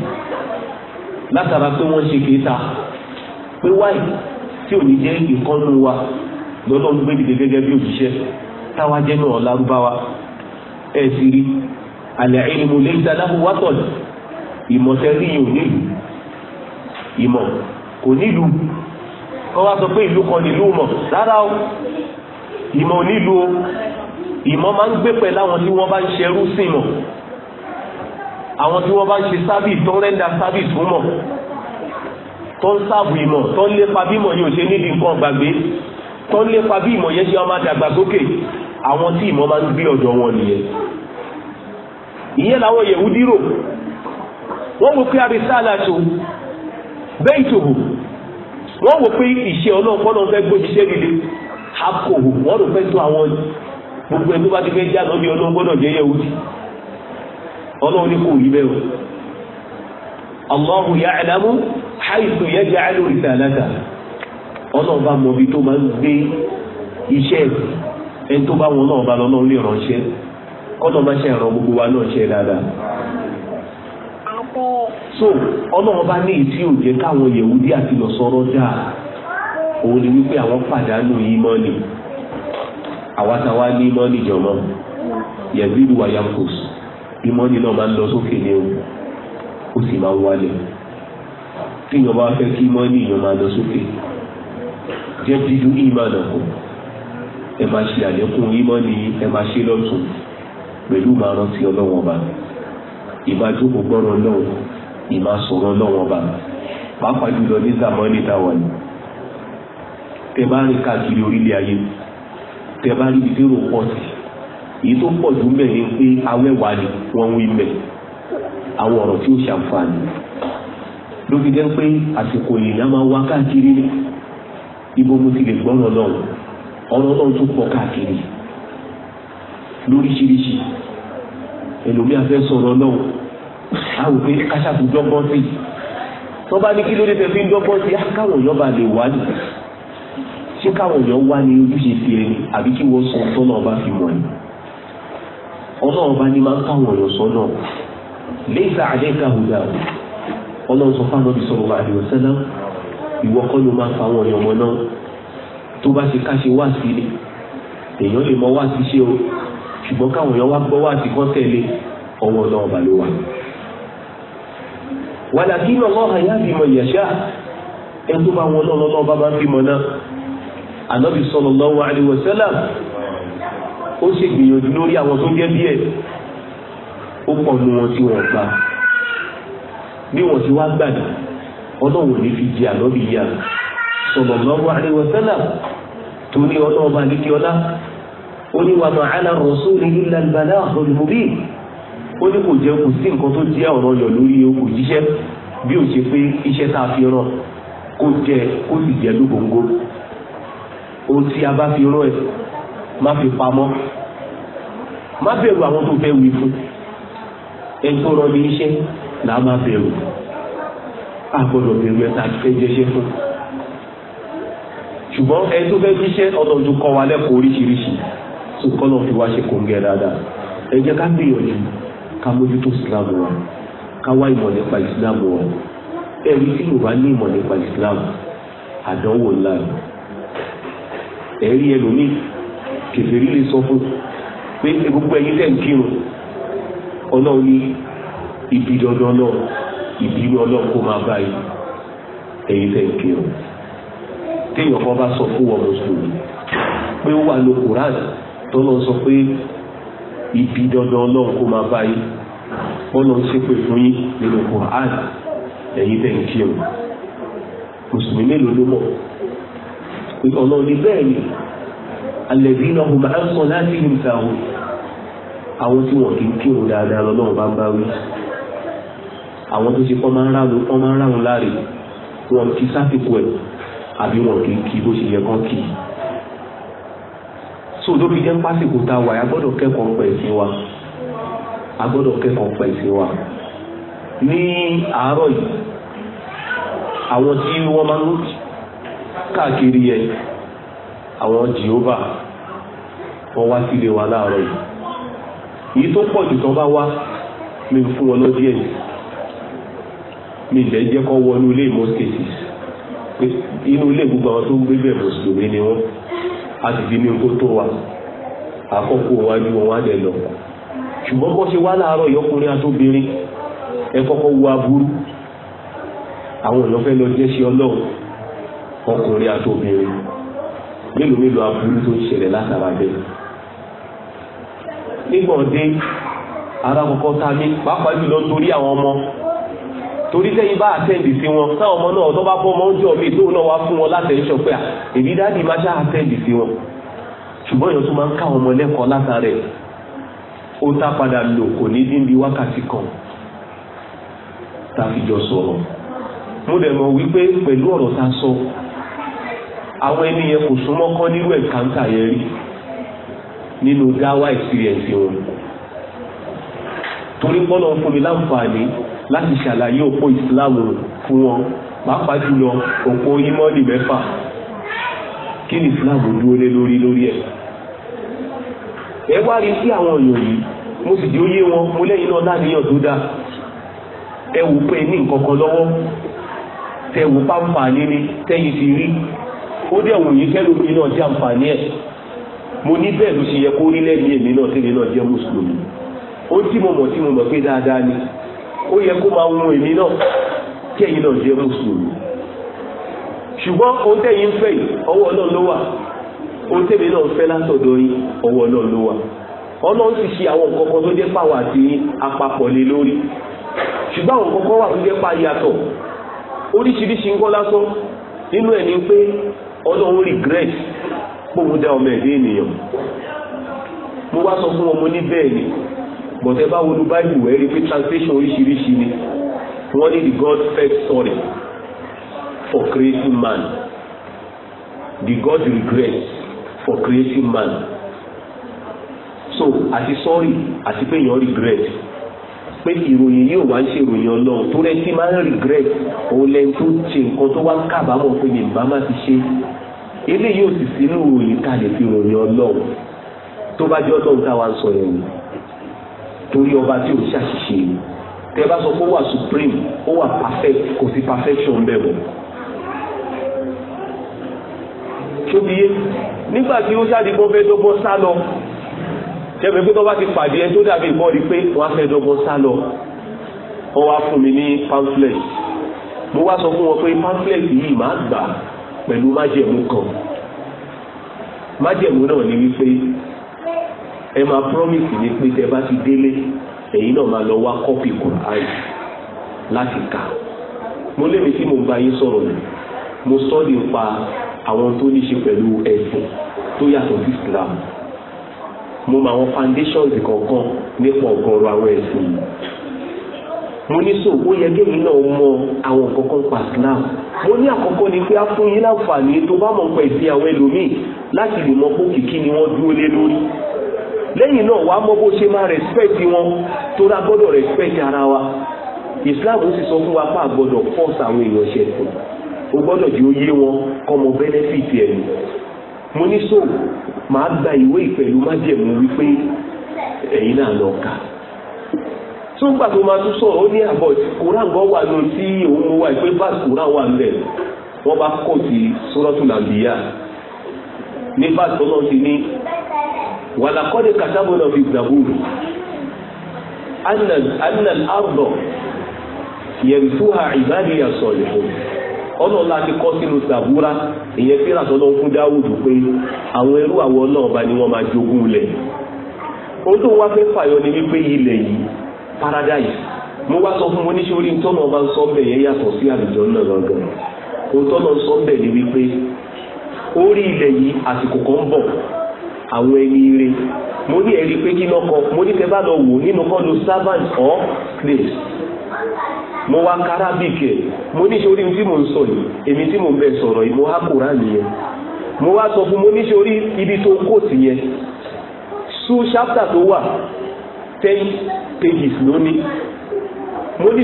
látara pé wọ́n ṣe kéta pé wáyé tí ò ní jẹ́ ìkọ́nù wa lọ́dọ̀ ń gbé dìde gẹ́gẹ́ bí òṣìṣẹ́ táwa jẹ́ náà lárúbáwa ẹ̀ sì rí àlẹ́ ìlú lè dáláwó wátọ̀ ìmọ̀tẹ́rì yìí ò nílùú ìmọ̀ kò nílùú kọ́ wá sọ pé ìlú kan nílùú mọ̀ rárá o ìmọ̀ nílùú o ìmọ̀ máa ń gbé pẹ̀lú àwọn tí wọ́n bá ń ṣerú sí mọ̀ àwọn tí wọ́n bá ń ṣe sábìs tó ń rẹ́ndà sábìs fún mọ̀ tó ń sáàbù ìmọ̀ tó ń lépa bí ìmọ̀ yóò ṣe nídìí nǹkan gbàgbé tó ń lépa bí ìmọ̀ yẹn ṣe máa dàgbà sókè àwọn tí ìmọ̀ máa ń gbé ọ̀dọ̀ wọn nìyẹn ìyẹn làwọn yẹ̀wúdí rò wọ́n wò pé arisalatu baytuhu wọ́n wò pé ìṣe ọlọ́ọ̀pọ̀lọ́ fẹ́ gbòjíṣẹ́ líle akòwò wọ́n rò fẹ́ tó àwọn gbogbo ẹ̀ tó bá ti fẹ́ já lọ́bí ọlọ́gbọ́dọ̀ jẹ́ yẹ̀wúdí ọlọ́run ní kò bẹ́ẹ̀ o Allahu tó máa ń gbé iṣẹ́ ẹ̀ tó bá wọn náà bá lọ́nà kọ́nà máa ṣe ìràn gbogbo wa náà ṣe dáadáa. so ọlọ́run bá ní ìtí òjẹ́ káwọn yẹ̀wúdí àti lọ́sọ̀rọ̀ dáa òun ni wípé àwọn pàdánù yìí mọ́ ni àwa tá a wá ní mọ́ níjọ̀mọ́ yẹ̀bíru wa yankos ìmọ̀ ni náà máa ń lọ sókè ní o ó sì máa ń wálẹ̀ tí ìyọ̀n bá fẹ́ kí ìmọ̀ ní ìyọ̀n máa lọ sókè jẹ́ dídú ìmọ̀ náà kù ẹ máa ṣe àlékún ìmọ̀ ẹ máa ṣe lọ́tún pẹ̀lú máa rántí ọlọ́wọ́n ọba ìmá jókòó gbọ́rọ̀ ọlọ́wọ́ ìmá sọ̀rọ̀ ọlọ́wọ́n ọba pàápàá jùlọ ní zamani táwa ni tẹ bá rìn káàkiri orílẹ̀ ayé tẹ bá rí ìdérò pọ̀ sí èyí tó pọ̀ jù mẹ́rin ni pé awẹ́wà ni wọ́n wí mẹ́ àwọn ọ̀rọ̀ tí ó ṣàǹfààní ló pé àsìkò èèyàn máa wá káàkiri ibo mo ti lè gbọ́rọ̀ lọ́wọ́ ọ̀rọ̀ náà tún pọ̀ káàkiri lóríṣiríṣi ẹlòmíà fẹ́ sọ̀rọ̀ náà àwọn pé káṣáàtú dọ́gbọ́n sí tó bá ní kí ló dé fẹ́ fi ń dọ́gbọ́n sí káwọn èèyàn bá lè wá ní ṣé káwọn èèyàn wá ní ojúṣe sí ẹ àbí kí wọ́n sọ tọ́nà ọba fi mọ̀ ẹ́ ọlọ́run ọba ní máa ń káwọn èèyàn sọ náà lẹ́sà àdẹ́ka hùdà ọlọ́run sọ fáwọn ọbí sọ̀rọ̀ wà àdìyàn sẹ́lá ìwọ kọ́ ló máa ń fa àwọn èèyàn mọ́ náà tó bá ṣe káṣe wá sí ni èèyàn lè mọ wá sí ṣe o ṣùgbọ́n káwọn èèyàn wá gbọ́ wá sí kọ́ tẹ̀lé ọwọ́ ọlọ́run bá ló wà. walakin Allah yahdi man yasha ẹ tó bá wọn náà lọ́nà ọba bá fi mọ̀ náà ànábì sallallahu alaihi wasallam ó ṣe gbìyànjú lórí àwọn tó jẹ́ díẹ̀ ó pọ̀ nu wọn tí wọ́n gbà bí wọ́n ti wá gbàdá ọlọ́run ní fi jẹ ànábì yá sallallahu alaihi wasallam torí ọlọ́run bá ní kí ọlá ó ní wa ma ala rasuli illa al-balaghul mubin ó ní kò jẹ́ kò sí nǹkan tó jẹ́ ọ̀rọ̀ yọ̀ lórí okùn jíṣẹ́ bí ó ṣe pé iṣẹ́ tá a fi rán kó jẹ kó sì jẹ lógóńgó ohun tí a bá fi rán ẹ má fi pamọ́ má bẹ̀rù àwọn tó fẹ́ wí fún ẹni tó rán mi iṣẹ́ là á má bẹ̀rù a gbọ́dọ̀ bẹ̀rù ẹ tá a fẹ́ jẹ́ṣẹ́ fún ṣùgbọ́n ẹni tó fẹ́ jíṣẹ́ ọ̀dọ̀ ju kọ́ wa lẹ́kọ̀ọ́ oríṣiríṣi so kọ́nà fi wá ṣe kòǹgẹ́ dáadáa ẹ jẹ́ ká gbìyànjú ká mójútó islam wa ká wá ìmọ̀ nípa islam wa ẹ̀rí tí yorùbá ní ìmọ̀ nípa islam àdánwò ńlá ẹ̀rí ẹlòmíì kèfèrí lè sọ fún pé gbogbo ẹ̀yin tẹ̀ ń kírun ọlọ́run ní ibi dandan náà ìbínú ọlọ́run kó máa bá yìí ẹ̀yin tẹ̀ ń kírun téèyàn kan bá sọ fún wọn mùsùlùmí pé ó wà ló kùránì tó lọ sọ pé ibi dandan ọlọ́run kó máa bá yín ọlọ́run ṣépè fún yín nínú Quran ẹ̀yin tẹ̀ ń kí o mùsùlùmí mélòó ló mọ̀ pé ọlọ́run ní bẹ́ẹ̀ ni alẹ́bí náà kò máa ń sọ láti ní ìta o àwọn tí wọn kì í kí òun dáadáa lọ́lọ́run bá ń bá wí àwọn tó ṣe kọ́ máa ń ráhùn kọ́ máa ń ráhùn láre wọn kì í ẹ̀ àbí wọn kì í kí bó ṣe yẹ kán kì í so lórí jẹ́ pásìkò tá a wà a gbọ́dọ̀ kẹ́kọ̀ọ́ pẹ̀ sí wa a gbọ́dọ̀ kẹ́kọ̀ọ́ pẹ̀ sí wa ní àárọ̀ yìí àwọn tí wọ́n máa ń káàkiri yẹn àwọn jehova wọ́n wá sílé wa láàárọ̀ yìí èyí tó pọ̀ jù tán bá wá mi fún wọn lọ́dí ẹ̀yìn mi ìjẹ́ jẹ́ kọ́ wọnú ilé mosque inú ilé gbogbo àwọn tó ń gbé bẹ̀ mùsùlùmí ni wọ́n a sì fi ní nǹkó tó wa àkókò wájú wọn lẹ̀ lọ ṣùgbọ́n bó ṣe wá láàárọ̀ ìyọkùnrin àtòbìnrin ẹ kọ́kọ́ aburú àwọn èèyàn fẹ́ lọ jẹ́ sí ọlọ́run ọkùnrin àtòbìnrin mélòó mélòó aburú tó ṣẹlẹ̀ látara bẹ́ẹ̀ nígbà ọdẹ arákọ̀ọ́kọ́ ta ní pàápàá jùlọ torí àwọn ọmọ torí sẹ́yìn bá àtẹ́ǹdì sí wọn táwọn ọmọ náà tó bá bọ́ ọmọ oúnjẹ mi tóun náà wá fún wọn látẹ̀ẹ́sọ̀ pé èmi dáàdì má dá àtẹ́ǹdì sí wọn ṣùgbọ́n èèyàn tó máa ń ká ọmọ lẹ́kọ̀ọ́ látàrẹ̀ ó tá padà lò kò ní dín bí wákàtí kan tá a fi jọ sọ̀rọ̀ mo dẹ̀ mọ̀ wípé pẹ̀lú ọ̀rọ̀ tá a sọ àwọn ẹni yẹn kò súnmọ́ kọ́ nírú ẹ̀káńtà yẹn rí nínú dáwà experience wọn torí bọ́lọ̀ fún mi láǹfààní láti ṣàlàyé òpó ìsìláàmù fún wọn pàápàá jùlọ òpó ìmọ̀ọ́nì mẹ́fà kí ni ìsìláàmù dúró lé lórí lórí ẹ̀. ẹ wá rí sí àwọn èèyàn yìí mo sì di óyé wọn mo lẹ́yìn náà láníyàn tó dáa ẹ wò pé ní nǹkan kan lọ́wọ́ tẹ wò pápá níní tẹ́yìn ti rí ó dẹ̀ wò yìí kẹ́lómi náà jẹ́ àǹfààní ẹ̀ mo ní bẹ́ẹ̀ ló ṣe yẹ kó rí lẹ́yìn èmi náà tẹ́lẹ̀ náà jẹ́ mùsùlùmí ó tí mo mọ̀ tí mo mọ̀ pé dáadáa ni ó yẹ kó máa wun èmi náà kẹ́yìn náà jẹ́ mùsùlùmí ṣùgbọ́n ohun ń fẹ́ yìí ọwọ́ náà ló wà ohun náà ń fẹ́ látọ̀dọ̀ yìí ọwọ́ náà ló wà ọlọ́run sì ṣe àwọn nǹkan kan tó jẹ́ àpapọ̀ lé lórí ṣùgbọ́n àwọn wà tó yàtọ̀ oríṣiríṣi nǹkan lásán ní bọ̀tẹ́ bá wọnú báyìí wẹ̀ rí pé translation oríṣiríṣi ni wọ́n ní the God first story for creating man the God regret for creating man so àti sorry àti pé èèyàn regret pé ìròyìn yóò wá ń ṣe ìròyìn ọlọ́run tó rẹ́tí máa ń regret òun lẹ́nu tó ṣe nǹkan tó wá ń kábàámọ̀ pé ní bá má ti ṣe eléyìí ò sì sínú ìròyìn ká lè fi ròyìn ọlọ́run tó bá jẹ́ ọlọ́run táwa ń sọ yẹn ni torí ọba tí o ṣàṣìṣe ni tẹ bá sọ pé ó wà supreme ó wà perfect kò sí perfection bẹ́ẹ̀ wọ̀ tóbiye nígbà tí ó ṣáàdì bọ́ fẹ́ dọ́gbọ́n sá lọ jẹ́mi pé tó bá ti pàdé ẹ tó dàbí ìbọn rí pé wọ́n á fẹ́ dọ́gbọ́n sá lọ ọ wá fún mi ní pamphlet mo wá sọ fún wọn pé pamphlet yìí máa gbà pẹ̀lú májẹ̀mú kan májẹ̀mú náà ni wípé ẹ máa promise ni pé tẹ bá ti délé ẹ̀yin náà máa lọ wá kọ́pì Quran láti kà mo lè mi tí mo bá yín sọ̀rọ̀ yìí mo sọ́ọ̀dì pa àwọn tó ní ṣe pẹ̀lú ẹ̀sìn tó yàtọ̀ sí Islam mo mọ àwọn foundations kọ̀ọ̀kan nípa ọ̀gọ̀ọ̀rọ̀ àwọn ẹ̀sìn mo ní so ó yẹ kéèyàn náà mọ àwọn kọ̀ọ̀kan pa Islam mo ní àkọ́kọ́ ni pé a fún yín láǹfààní tó bá mọ̀ pẹ̀ sí àwọn ẹlòmíì láti lè mọ pé kìkì ni wọ́n dúró lé lórí lẹ́yìn náà wàá mọ bó ṣe máa respect wọn tó ra gbọ́dọ̀ respect ara wa Islam sì sọ fún wa pa àgbọ́dọ̀ force àwọn èèyàn ṣe fún o gbọ́dọ̀ jẹ́ oyé wọn kọ́mọ benefit ẹ̀ ni mo ní so màá gba ìwé ìpẹ̀lú májẹ̀mú wípé ẹ̀yin náà lọ kà tó gbà tó máa tún sọ̀rọ̀ ó ní àbọ̀ koran gan wà lórí tí òun mo wà pé bá koran wà lẹ̀ wọ́n bá kọ̀ sí suratul anbiya ní bá tọ́lọ́ ti ní. walakọ́dé katabọ́nà fi zabúrù annal ardo yẹ̀rìfúhà ìbáníyà sọ̀lẹ̀kọ́ ọlọ́ọ̀lá ti kọ́ sínú zabúra ìyẹn tí ìràsọ́lọ́ fún dáwùdù pé àwọn ẹrú àwọn ọlọ́ọ̀bá ni wọ́n máa jogún lẹ̀ ó tó wá fẹ́ fàyọ ni wípé ilẹ̀ yìí paradise mo wá sọ fún mo níṣẹ́ orí tọ́nà ọba ń sọ àwọn ẹni ire mo ní ẹ̀rí pé kí mo ní bá lọ wò nínú kọ́ servant or slaves mo wá karabik ẹ̀ mo ní sórí tí mo ń sọ yìí èmi tí mo bẹ sọ̀rọ̀ yìí mo há kóra nìyẹn mo wá sọ fún mo ní ibi tó kò sí yẹn su tó wà ten pages lónìí mo ní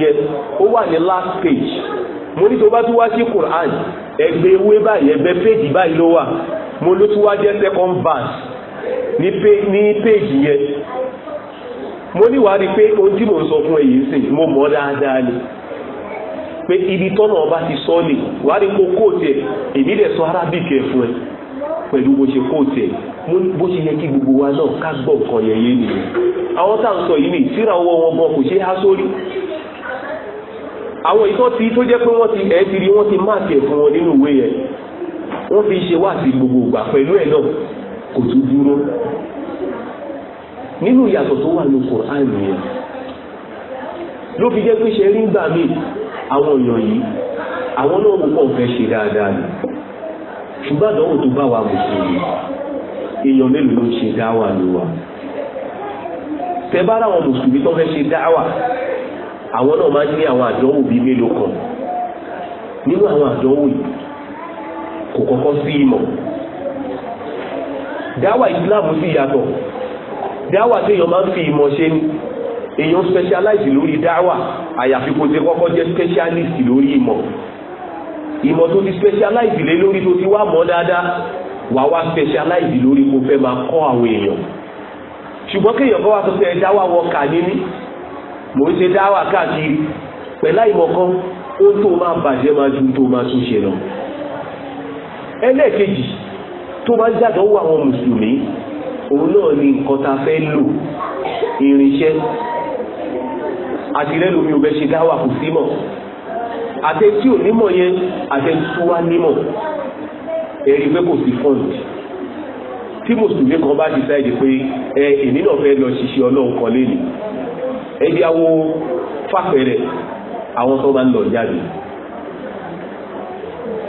yẹn ó wà ní last page mo ní tó bá tún wá sí Quran ewé báyìí wà mo ló tún wá jẹ́ second verse ní péjì yẹn mo níwárí pé ohun tí mo ń sọ fún èyí sì mo mọ̀ dáadáa ni pé ibi tọ́nà ọba ti sọ ni wàá rí kó kóòtì ẹ̀ èmi dẹ̀ sọ arábìkì ẹ̀ fún ẹ pẹ̀lú bó ṣe kóòtì ẹ̀ bó ṣe yẹ kí gbogbo wa náà ká gbọ́ nǹkan yẹn yé nìyẹn àwọn tá à ń sọ yìí ni síra owó wọn gan kò ṣe é há sórí àwọn ìtọ́ ti tó jẹ́ pé wọ́n ti ẹ̀ ti rí wọ́n ti máàkì ẹ̀ fún wọn nínú ìwé yẹn ó fi ṣe wá sí gbogbo ìgbà pẹ̀lú ẹ̀ náà kò tún dúró nínú ìyàtọ̀ tó wà ní Kùránì nìyẹn ló fi jẹ́ pé ṣe rí gbà mí àwọn èèyàn yìí àwọn náà mú kàn fẹ́ ṣe dáadáa ni ṣùgbọ́n àdánwò tó bá wa mùsùlùmí èèyàn mélòó ló ṣe dáwà ló wa tẹ bá ra àwọn mùsùlùmí tó fẹ́ ṣe dáwà àwọn náà máa ń ní àwọn àdánwò bíi mélòó kan nínú àwọn àdánwò yìí kò kọ́kọ́ sí ìmọ̀ dáwà islam sì yàtọ̀ dáwà téèyàn máa ń fi ìmọ̀ ṣe ni èèyàn specialize lórí dáwà àyàfi kò ti kọ́kọ́ jẹ́ specialist lórí ìmọ̀ ìmọ̀ tó ti specialize lé lórí tó ti wá mọ̀ dáadáa wà wá specialize lórí kó fẹ́ máa kọ́ àwọn èèyàn ṣùgbọ́n kéèyàn kọ́ wa sọ pé dáwà wọ kà ní mí mò ń ṣe dáwà káàkiri pẹ̀lá ìmọ̀ kan ó tó máa bàjẹ́ máa ju tó máa túnṣe lọ ẹlẹ́ẹ̀kejì tó bá jáde ọwọ́ àwọn mùsùlùmí òun náà ni nǹkan ta fẹ́ lò irinṣẹ́ àtìlẹ́lómi ò bẹ́ ṣe dáwà kò símọ̀ àti tí ò nímọ̀ yẹn àti tí wá nímọ̀ ẹ̀rí pé kò sí fọ́ǹd tí mùsùlùmí kan bá decide pé ẹ èmi náà fẹ́ lọ ṣiṣẹ́ ọlọ́run kan lé ní ẹ̀dí awo fàpẹ̀rẹ̀ àwọn tó bá ń lọ jáde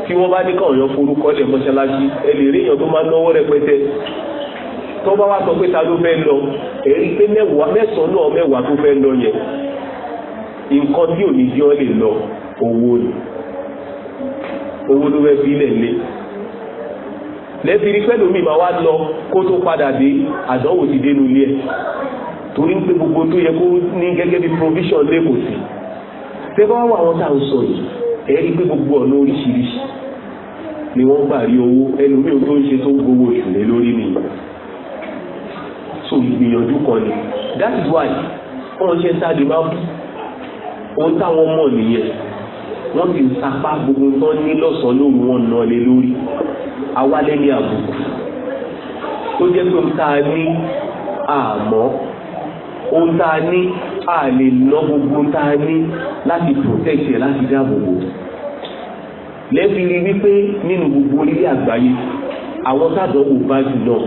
tí wọ́n bá ní káwọn èèyàn forúkọ lẹ̀ mọ́ṣáláṣí ẹ lè rí èèyàn tó máa náwó rẹpẹtẹ tó bá wá sọ pé ta ló fẹ́ lọ èyí pé mẹ́wàá mẹ́sàn-án náà mẹ́wàá tó fẹ́ lọ yẹn nǹkan tí ò ní jẹ́ ọ lè lọ owó ni owó ló fẹ́ fi ilẹ̀ lé lẹ́bìrì pẹ́lú mi máa wá lọ kó tó padà dé àdánwò ti dénú ilé ẹ̀ torí pé gbogbo tó yẹ kó ní gẹ́gẹ́ bí provision lé sí tẹ́ bá wà wọn tá à ń sọ yìí ẹ̀rí pé gbogbo ọ̀nà oríṣiríṣi ni wọ́n gbà rí owó ẹlòmíì ò tó ń ṣe tó ń oṣù lé lórí mi so ìgbìyànjú kan ni that is why wọ́n ṣe ń sáré máa bú ohun táwọn mọ̀ nìyẹn wọ́n ti sapá gbogbo tán ní lọ́sàn-án lóru wọn nà lé lórí awálẹ́ ní àbùkù tó jẹ́ pé ohun tá a ní àmọ́ ohun tá a ní àlè ná ohun tá a ní láti protect ẹ̀ láti dáàbò bò lẹ́bi rí wípé nínú gbogbo orílẹ̀ àgbáyé àwọn sádọ́wò bá jùlọ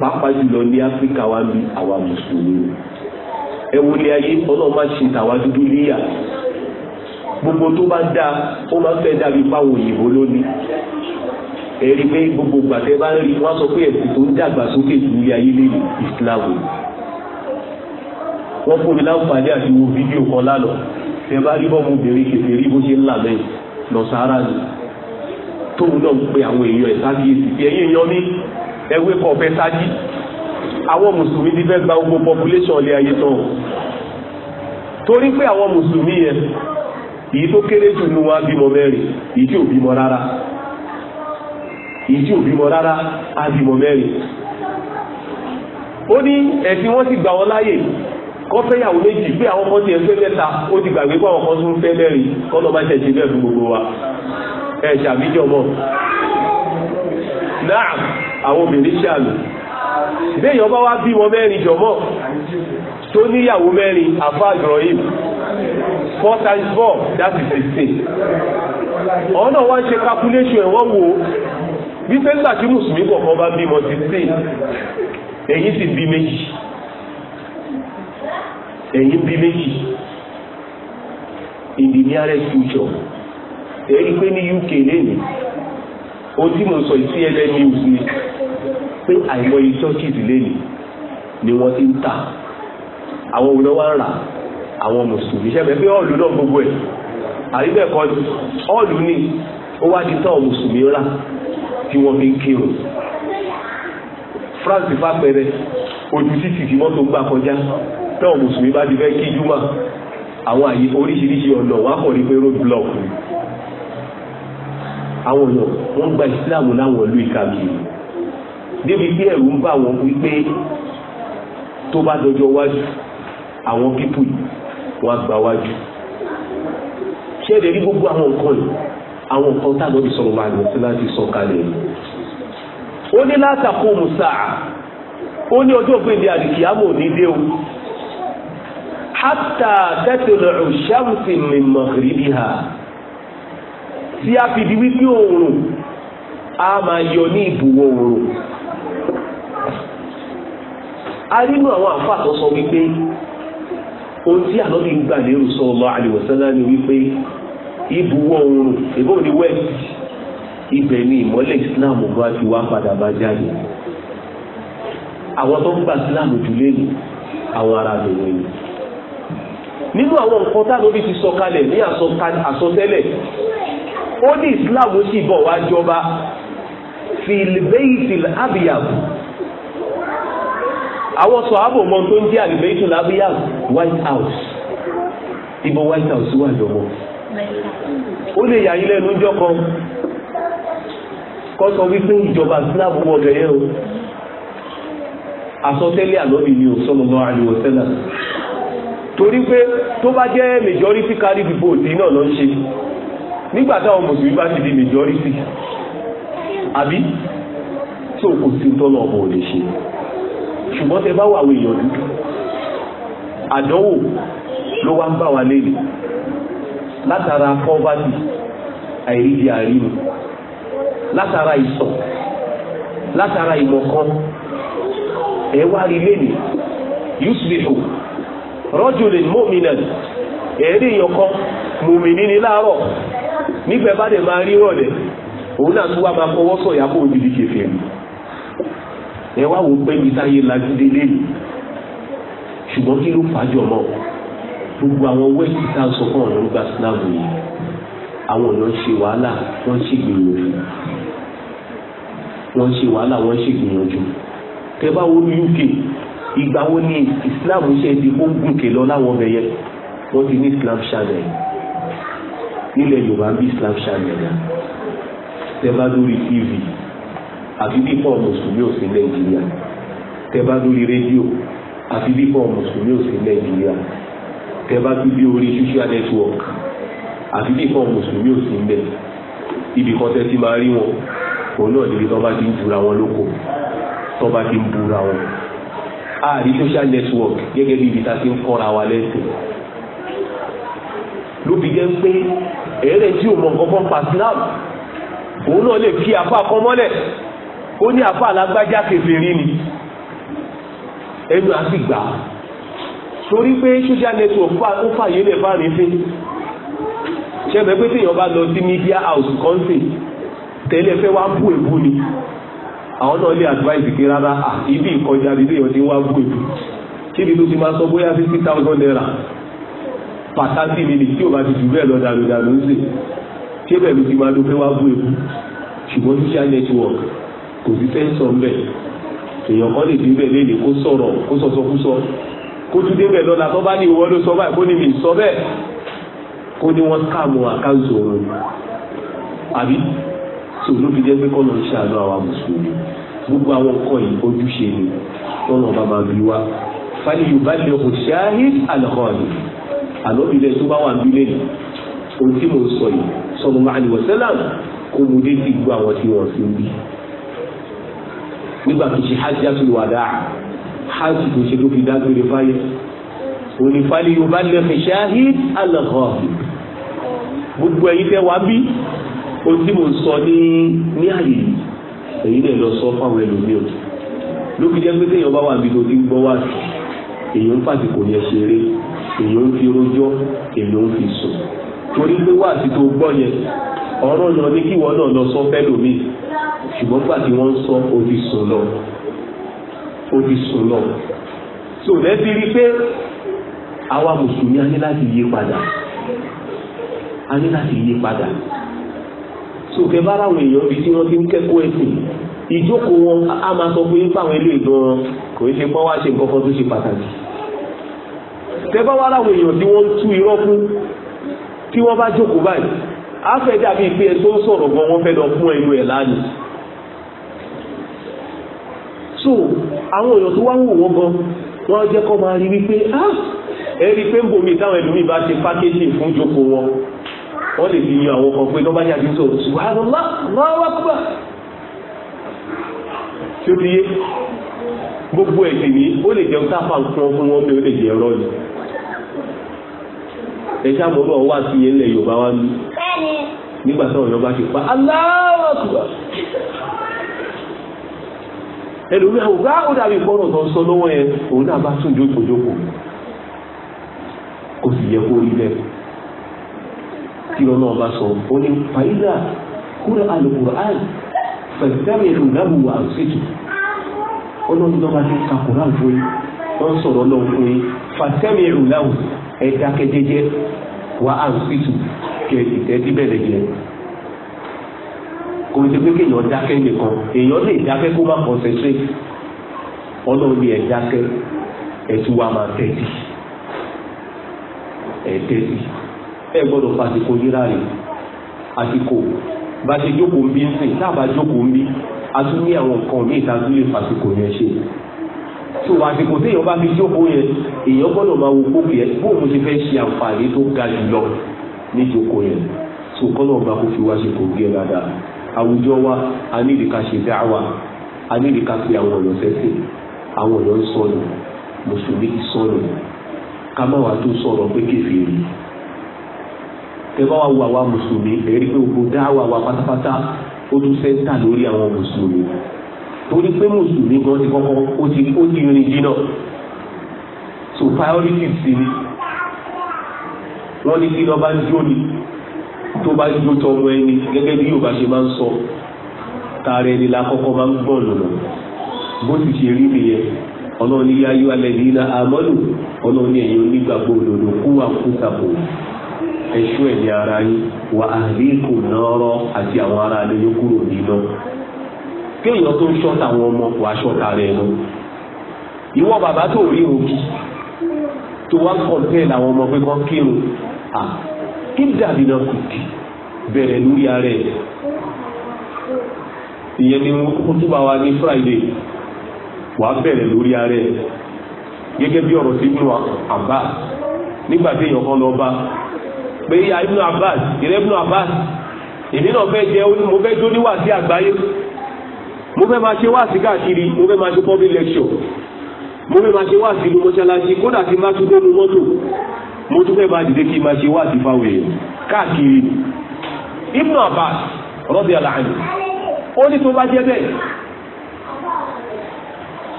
pàápàá jùlọ ní áfíríkà wa ní àwa mùsùlùmí ẹ wo ilé ayé ọlọ́run máa ṣe tàwa dúdú léyà gbogbo tó bá dáa ó máa fẹ́ dàbí páwọn òyìnbó lónìí ẹ̀rí pé gbogbo gbàtẹ́ bá ń rí wọ́n sọ pé ẹ̀sìn tó ń dàgbà sókè ju ilé ayé lẹ́yìn Islam wọ́n fún mi láǹfààní àti wo fídíò kan lánàá tẹ bá rí bọ́ọ̀mù obìnrin kìí rí bó ṣe ń là bẹ́ẹ̀ lọ sáárà ni tóun náà ń pe àwọn èèyàn ẹ̀ sábíyèsí bí ẹ̀yìn èèyàn mi ẹwé kọ̀ fẹ́ sáájí àwọn mùsùlùmí ti fẹ́ gba gbogbo population ilé ayé tán torí pé àwọn mùsùlùmí yẹn èyí tó kéré jù nínú wa bímọ mẹ́rin èyí tí ò bímọ rárá èyí tí ò bímọ rárá á bímọ mẹ́rin ó ní ẹ̀sìn wọn sì gbà wọn láàyè kọ́ fẹ́yàwó méjì bí àwọn ọmọ ti fẹ́ mẹ́ta ó ti gbàgbé pé àwọn kan tún fẹ́ mẹ́rin kọ́ lọ́ bá ṣe bẹ́ẹ̀ fún gbogbo wa ẹ̀ ṣàbíjọ mọ́ náà àwọn obìnrin ṣàlù béèyàn bá wá bí wọn mẹ́rin jọ̀mọ́ tó níyàwó mẹ́rin àfa Ibrahim four times four that is sixteen ọ̀nà wá ń ṣe calculation ẹ̀ wọ́n wò ó wípé nígbà tí mùsùlùmí kọ̀ọ̀kan bá bímọ sixteen èyí sì bí méjì ẹ̀yin bí méjì in the nearest future ẹ̀rí pé ní UK lẹ́yìn ohun tí mo sọ sí ẹlẹ́ news ni pé àìmọye churches lẹ́yìn ni wọ́n ti ń tà àwọn òun náà wá ń rà àwọn mùsùlùmí ṣẹ́fẹ́ pé ọ̀lù náà gbogbo ẹ̀ àríbẹ̀kọ́ ọ̀lù ni ó wá di táwọn mùsùlùmí rà tí wọ́n fi ń kírun France fapẹ̀rẹ̀ ojú títì tí mọ́tò gbà kọjá táwọn mùsùlùmí bá ti fẹ́ kí júmọ̀ àwọn àyè oríṣiríṣi ọ̀nà wà kọ̀ ní pé road block àwọn èèyàn wọ́n gba ìsìláàmù láwọn ìlú ìkàkiri débi bí ẹ̀rù ń bá wọn wípé tó bá dọjọ́ wájú àwọn pípù wọn gba wájú ṣẹ́ẹ̀dẹ̀ rí gbogbo àwọn nǹkan yìí àwọn nǹkan táwọn ti sọ̀rọ̀ máa lọ́sí láti sọ kalẹ̀ ó ní látàkó musa ó ní ọjọ́ ògbéǹde àdìkíyàmọ̀ ní dé o hatta tatlu'u shamsi min maghribiha tí a fi di wípé oòrùn a máa yọ ní ìbùwọ̀ oòrùn a nínú àwọn àfàtọ́ sọ wípé ohun tí ànábì ń gbà lérò sallallahu alaihi wasallam ni wípé ìbùwọ̀ oòrùn ìbò ní west ibẹ̀ ni ìmọ́lẹ̀ islam bá fi wá padà bá jáde àwọn tó ń gba islam jù lẹ́nu àwọn ará bẹ̀rẹ̀ ni nínú àwọn nǹkan tá lórí ti sọ kalẹ̀ ní àsọtẹ́lẹ̀ ó ní islam sì bọ̀ wá jọba filibeyitil abiyam àwọn sọ̀hábò mọ tó ń jẹ́ alibeyitil abiyam white house ibo white house wà jọmọ ó lè yà yín lẹ́nu jọ kan kọ́ sọ wípé ìjọba islam wọ̀ gẹ̀yẹ́ o àsọtẹ́lẹ̀ àlọ́bì ni ò sọ́nà lọ́wọ́ àríwọ̀ sẹ́lẹ̀ torí pé tó bá jẹ́ majority carry the vote iná lọ ń ṣe nígbà táwọn mùsùlùmí bá ti di majority àbí tó kò sí tọ́lọ̀ ọmọ ò lè ṣe ṣùgbọ́n tẹ bá wà àwọn èèyàn dúdú àdánwò ló wá ń bá wa lélẹ̀ látara poverty àìrídìí àríwò látara ìsọ̀ látara ìmọ̀kan ẹ̀ wá rí lẹ́nìí yusuf rọ́jùlì mọ́mìnàn ẹ̀rí èèyàn kan mùmìnì ní láàárọ̀ nígbà bá dẹ̀ máa rí rọ̀lẹ́ òun náà tún wá máa fọwọ́ sọ̀yà kó o dìdí kẹfẹ́ rí ẹ wá wò pé mi táyé lagídé léyìí ṣùgbọ́n kí ló fàájọ mọ́ gbogbo àwọn wẹ́ẹ̀sì tá a sọ fún ọ̀nà nígbà síláàmù yìí àwọn èèyàn ṣe wàhálà wọ́n ṣe gbìyànjú wọ́n ṣe wàhálà wọ́n ṣe gbìyànjú tẹ bá wo ní UK ìgbà wo ni islam ṣe ti kó gùnkè lọ láwọn ọbẹ̀ yẹn wọ́n ti ní islam channel nílẹ̀ yorùbá bí islam channel yà tẹ́bá lórí tv àfi bí pọ̀ mùsùlùmí ò sí nàìjíríà tẹ́bá lórí rédíò àfi bí pọ̀ mùsùlùmí ò sí nàìjíríà tẹ́bá lórí orí social network àfi bí pọ̀ mùsùlùmí ò sí mbẹ́ ibi kan tẹ́ ti máa rí wọn òun náà níbi tó bá ti ń búra wọn lóko tó bá ti ń búra wọn àrí social network gẹ́gẹ́ bí ibi tá a ti ń kọ́ra wa lẹ́sìn ló fi jẹ́ pé ẹ̀rẹ́ tí ò mọ nǹkan kan pa snap òun náà lè kí apá kan mọ́lẹ̀ ó ní apá alágbájá kèfèrí ni ẹnu àti gbà torí pé social network ó fàyè lè bá rí fún ṣẹ́gbẹ́ pé téèyàn bá lọ sí media house kan sè tẹ́lẹ̀ fẹ́ wá bú èbú ni àwọn náà lè advice kí rárá ibi ìkọjá ibi èèyàn ti wá gbé kíbi tó ti máa sọ bóyá fifty thousand naira pàtàkì mi ni tí o bá ti jù bẹ́ẹ̀ lọ dànù dànù ń sè ṣé bẹ́ẹ̀ ló ti máa dókè wá gbé ṣùgbọ́n social network kò sí sẹ́ńsọ̀ ń bẹ̀ èèyàn kan lè débẹ̀ léde kó sọ̀rọ̀ kó sọ̀sọ̀ kú sọ kó tún débẹ̀ lọ́la tó bá ní ìwọ ló sọ báyìí kó ní mi sọ bẹ́ẹ̀ kó ní wọ́n káàmù àkáǹtì òun àbí so ló fi jẹ́ pé kọ́nà ń ṣàánú àwa mùsùlùmí gbogbo àwọn nǹkan yìí ojúṣe ni tọ́nà bàbá bí wá fali yorùbá lè kò ṣááhí àlọ́kọ́ọ̀nì àlọ́bìlẹ̀ tó bá wà ń bílẹ̀ ni ohun tí mo sọ yìí sọmọ màálí wọ̀sẹ́làm kó mo dé sí gbogbo àwọn tí wọ́n fi ń bí nígbà tó ṣe hajjatul wadaa hajj tó ṣe tó fi dágbére fáyé òní fali yorùbá lè kò ṣááhí àlọ́kọ́ọ̀nì gbogbo ẹ̀yin tẹ́ wá bí ohun tí mo ń sọ ní ní àyè yìí èyí náà lọ sọ fáwọn ẹlòmíràn ló fi jẹ́ pé téèyàn bá wà níbi tó ti ń gbọ́ wá sí èyàn ń fàsìkò yẹn ṣeré èyàn ń fi rojọ́ èyàn ń fi sùn torí pé wá sí tó gbọ́ yẹn ọ̀rọ̀ náà ní kíwọ́ náà lọ sọ fẹ́ lómi ṣùgbọ́n gbà tí wọ́n ń sọ ó ti sùn lọ ó ti sùn lọ tí lẹ́bi rí pé àwa mùsùlùmí a ní láti yí padà a ní láti yí padà sòkè bára àwọn èèyàn bíi tí wọ́n ti ń kẹ́kọ̀ọ́ ẹ̀sìn ìjókòó wọn a máa sọ fún yín fáwọn eléyìí gan kò ń ṣe pọ́n wá ṣe nǹkan kan tó ṣe pàtàkì tẹ́bá wá láwọn èèyàn tí wọ́n ń tú irọ́ fún tí wọ́n bá jókòó báyìí á fẹ́ dàbí pé ẹ tó ń sọ̀rọ̀ gan wọ́n fẹ́ lọ fún ẹnu ẹ̀ lánàá so àwọn èèyàn tó wá wò wọ́n gan wọ́n jẹ́ kó máa rí wípé ah, ẹ rí pé ń bomi táwọn ẹlòmíì bá ṣe pákéjì fún jókòó wọn wọ́n lè fi yan àwọn kan pé tó bá yà sí sọ̀rọ̀ ṣùgbọ́n máa wá kúbà tí ó ti yé gbogbo ẹ̀sìn ní ó lè jẹun tápà ń fún fún wọn bí ó lè jẹ ẹ̀rọ ni ẹ sáàmù ọlọ́run wà sí ilẹ̀ Yorùbá wa ní nígbà táwọn Yorùbá ṣe pa aláwọ̀ kúbà ẹlòmí àwọn bá ah, ó dàbí gbọ́dọ̀ tó ń sọ lọ́wọ́ yẹn òun náà bá tí ọlọ́ ọba sọ ó ní fàyídà kúrò alukur'an fẹ̀sẹ̀mì ìrùnàbù wà síjù ọlọ́run lọ́ba ti ka kuran fún yín wọ́n sọ̀rọ̀ ọlọ́run fún yín fàsẹ́mì ìrùnàbù ẹ̀dá kẹjẹjẹ wà á síjù kẹ ìtẹ́tí bẹ̀rẹ̀ jẹ kò ní pé kéèyàn dákẹ́ nìkan èèyàn lè dákẹ́ kó má concentrate ọlọ́run ni ẹ̀ dákẹ́ ẹ̀ tún wà máa tẹ́tí ẹ̀ tẹ́tí ẹ gbọ́dọ̀ fàsìkò ríra rẹ̀ àsìkò bá ṣe jókòó ń bí ń sìn tá a bá jókòó ń bí a tún ní àwọn nǹkan míì tá a tún lè fàsìkò yẹn ṣe tó àsìkò téèyàn bá fi jókòó yẹn èèyàn gbọ́dọ̀ máa wo gbókè yẹn bóun ti fẹ́ ṣe àǹfààní tó ga jù lọ ní jókòó yẹn tó kọ́nà ọba kò fi wá ṣe kò gé dáadáa àwùjọ wa a ní ìdíkà ṣe dáwà a ní ìdíkà fi àwọn ọ̀nà sẹ́sìn àwọn ọ̀nà ń sọnù mùsùlùmí sọnù ká má wàá tó sọ̀rọ̀ pé kéfì rí ẹ wa wo àwa mùsùlùmí ẹ̀rí pé gbogbo dáwà wa pátápátá ó tún sẹ́ńtà lórí àwọn mùsùlùmí torí pé mùsùlùmí gan ti kọ́kọ́ ó ti ó ti rin jìnnà so priority sí ni wọ́n ní kí lọ́ọ́ bá jó ni tó bá jó tọmọ ẹni gẹ́gẹ́ bí Yorùbá ṣe máa ń sọ tààrẹ ẹni la kọ́kọ́ máa ń gbọ̀n lọ́nà bó ti ṣe rí nìyẹn ọlọ́ọ̀ni yáyọ alẹ́ nínú amọ́lù ọlọ́ọ̀ni ẹ̀yìn onígbàgbọ́ òdòdó kú àkútàkùn ẹ̀ṣọ́ ẹ̀mí ara yín wà àríkù nọ́rọ́ àti àwọn ará ilé yóò kúrò nínú kéèyàn tó ń ṣọ́ta àwọn ọmọ wàá ṣọ́ta rẹ̀ nù ìwọ bàbá tó rí òkì tó wá kọ̀ǹtẹ́ làwọn ọmọ pé kán kírun à kí dàbí náà kù dì bẹ̀rẹ̀ lórí ara ẹ̀ ìyẹn ni wọ́n tún bá wa ní Friday wàá bẹ̀rẹ̀ lórí ara ẹ̀ gẹ́gẹ́ bí ọ̀rọ̀ sí Ibn Abbas nígbà tí kan lọ bá pé ya ibnu abbas ìrẹ́ ibnu abbas èmi náà fẹ́ jẹ́ mo fẹ́ jó ní wàásí àgbáyé mo fẹ́ máa ṣe wàásí káàkiri mo fẹ́ máa ṣe public lecture mo fẹ́ máa ṣe wàásí ní mọ́ṣáláṣí kódà tí má tún gbónú mọ́tò mo tún fẹ́ máa dìde kí n máa ṣe wàásí fáwọn èèyàn káàkiri ibnu abbas radiyallahu anhu ó ní tó bá jẹ́ bẹ́ẹ̀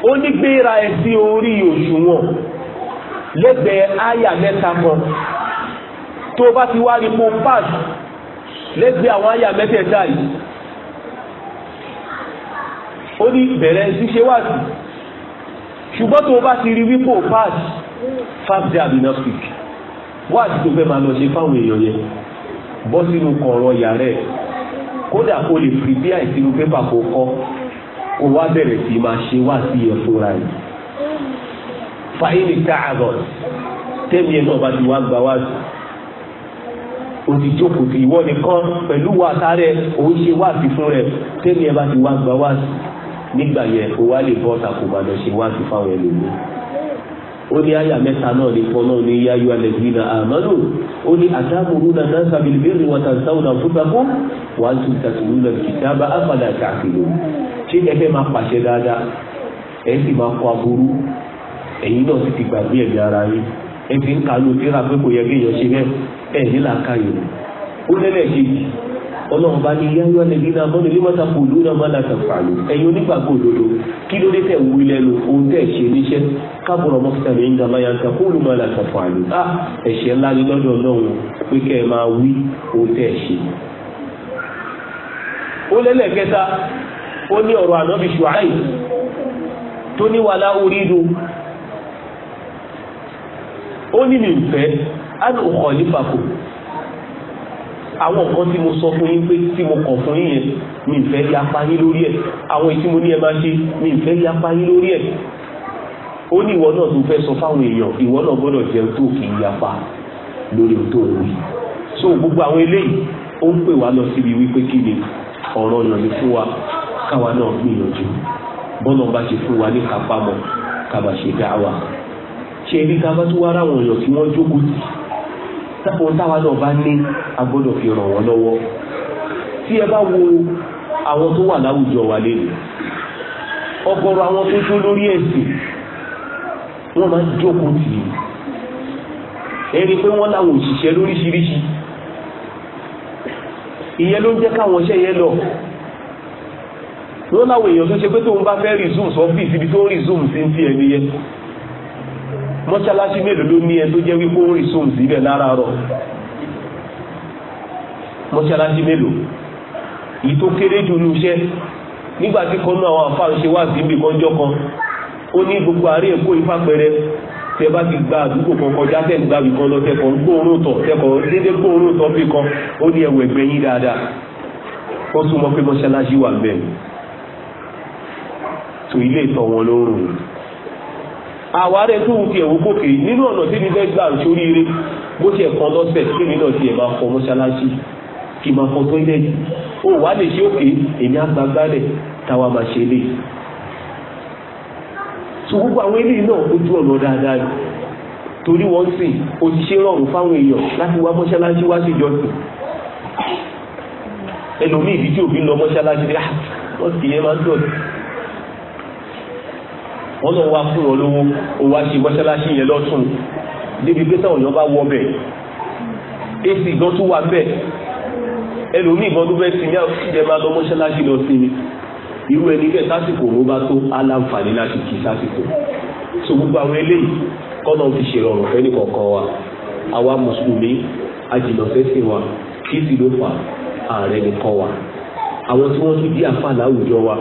ó ní gbéra ẹ sí orí òṣùwọ̀n lẹ́gbẹ̀ẹ́ áyà mẹ́ta kan tó o bá ti wá rí fún pass lẹ́gbẹ̀ẹ́ àwọn àyà mẹ́tẹ̀ẹ̀ta yìí ó ní bẹ̀rẹ̀ ṣíṣe wá sí ṣùgbọ́n tó o bá ti rí wípò pass five day agnostic wá sí tó fẹ́ máa lọ ṣe fáwọn èèyàn yẹn bọ́ sínú kọ̀ọ̀rọ̀ yàrá ẹ̀ kódà kó lè prepare ìsinú pépà kó kọ́ kó wá bẹ̀rẹ̀ sí máa ṣe wá sí ẹ̀ fúnra ẹ̀ fàyínì tá àgọ̀ tẹ́mi ẹ̀ náà bá ti wá gbà wá sí i òdì jókòó sí ìwọ nìkan pẹ̀lú wa sáré òun ṣe wáàsí fún rẹ tẹ́mi ẹ bá ti wá gba wáàsí nígbà yẹn o wá lè bọ́ ta kò bá lọ ṣe wáàsí fáwọn ẹlòmíì ó ní àyà mẹ́ta náà ní fọ́nà ní yáyọ alẹ́gbìnà àmọ́lò ó ní àtàkùrú náà náà sàbìlìbìrì wọn tàn sáwọn náà fún takó wà á tún tàkùrú náà kìtàbà àfàdà kàkìlò ṣé ẹ fẹ́ máa pàṣẹ dáadáa ẹ sì máa kọ ẹ̀yìn làákàyò ó lẹ́lẹ̀ kejì ọlọ́run bá ní yáyọ́ ẹlẹ́bí náà mọ́ni ní wọ́n kò lóra máa la tàfàlù ẹ̀yin onígbàgbọ́ òdodo kí ló dé tẹ̀ wú lẹ́nu ohun tẹ̀ ṣe níṣẹ́ kábọ̀rọ̀ mọ́kítàmí ń dàmá ya nǹkan kóòlù máa la tàfàlù á ah, ẹ̀ṣẹ̀ ńlá ní lọ́dọ̀ ọlọ́run pé kẹ́ ẹ máa wí ohun tẹ̀ ṣe. ó lẹ́lẹ̀ kẹta ó ní ọ̀rọ̀ ànábì ṣùáì tó ní wàhálà orí àná ọkọ̀ nípa kò àwọn nǹkan tí mo sọ fún yín pé tí mo kọ̀ fún yín yẹn mi ìfẹ́ yapa yín lórí ẹ̀ àwọn èyí tí mo ní ẹ máa ṣe mi ìfẹ́ yapa yín lórí ẹ̀ ó ní ìwọ náà tó fẹ́ sọ fáwọn èèyàn ìwọ náà gbọ́dọ̀ jẹ́ tó kì í yapa lórí tó ń so gbogbo àwọn eléyìí ó ń pè wá lọ síbi wípé kí ni ọ̀rọ̀ yàn ní fún wa káwa náà gbìyànjú bọ́nà bá ṣe fún wa ní kápámọ́ ká bá ṣe dáwà ṣe ibi ká bá tún wá ráwọn èèyàn tí wọ́n jókòó ohun táwa náà bá ní a gbọ́dọ̀ fi ràn wọ́n lọ́wọ́ tí ẹ bá wo àwọn tó wà láwùjọ wa lẹ́nu ọ̀gọ̀rọ̀ àwọn tó dúró lórí ẹ̀sìn wọ́n máa ń jókòó tì í ẹni pé wọ́n láwọn òṣìṣẹ́ lóríṣiríṣi ìyẹn ló ń jẹ́ káwọn iṣẹ́ yẹn lọ wọ́n láwọn èèyàn tó ṣe pé tóun bá fẹ́ resume sọ́fíìsì ibi tó ń resume sí ti ẹni yẹn mọ́ṣáláṣí mélòó ló ní ẹ tó jẹ́ wípé ó rìn sóhùn síbẹ̀ láràárọ̀ mọ́ṣáláṣí mélòó yìí tó kéré jù ní iṣẹ́ nígbà tí kan náà àwọn àfáà ń ṣe wá sí ibìkan jọ kan ó ní gbogbo àárẹ̀ èkó ifá pẹrẹ tẹ bá ti gba àdúgbò kan kọjá tẹ̀ ń gba ibìkan lọ tẹkọ̀ gbóòórùn tọ̀ tẹkọ̀ déédéé gbóòórùn tọ̀ bí kan ó ní ẹ̀wọ̀ ẹ̀gbẹ́ yín dáadáa ó súnmọ́ pé mọ́ṣáláṣí wà bẹ́ẹ̀ tó ilé ìtọ̀ wọn ló àwárẹ̀ tó wù kí ẹ̀wù gòkè nínú ọ̀nà tí mi fẹ́ gbà sórí eré bó tiẹ̀ kan lọ́sẹ̀ tí èmi náà tiẹ̀ máa fọ mọ́ṣáláṣí kì í máa fọ tọ́ílẹ̀tì ó wà lè ṣe òkè èmi àgbàgbàlẹ̀ táwa máa ṣe lè. tó gbogbo àwọn eléyìí náà ojú ọ̀nà dáadáa ni torí wọ́n sìn ó ti ṣe rọrùn fáwọn èèyàn láti wá mọ́ṣáláṣí wá sí ìjọsìn ẹlòmíì ìdí tí òbí lọ mọ́ṣáláṣí ah, wọn náà wá fún olówó owó àti mọ́ṣáláṣí yẹn lọ́tún débi pé táwọn èèyàn bá wọ bẹ̀ èsì gan tún wà bẹ̀ ẹlòmíì gan dúpẹ́ sí ní àkùdẹ máa lọ mọ́ṣáláṣí lọ sí ni irú ẹni bẹ́ẹ̀ sásìkò ló bá tó aláǹfààní láti kí sásìkò so gbogbo àwọn eléyìí kọ́nà ti ṣèrọ̀rùn fẹ́ni kọ̀ọ̀kan wa àwa mùsùlùmí ajìnàfẹ́sìn wa kí sì ló fà ààrẹ nìkan wa àwọn tí wọ́n tún di àfàlà àwùjọ wa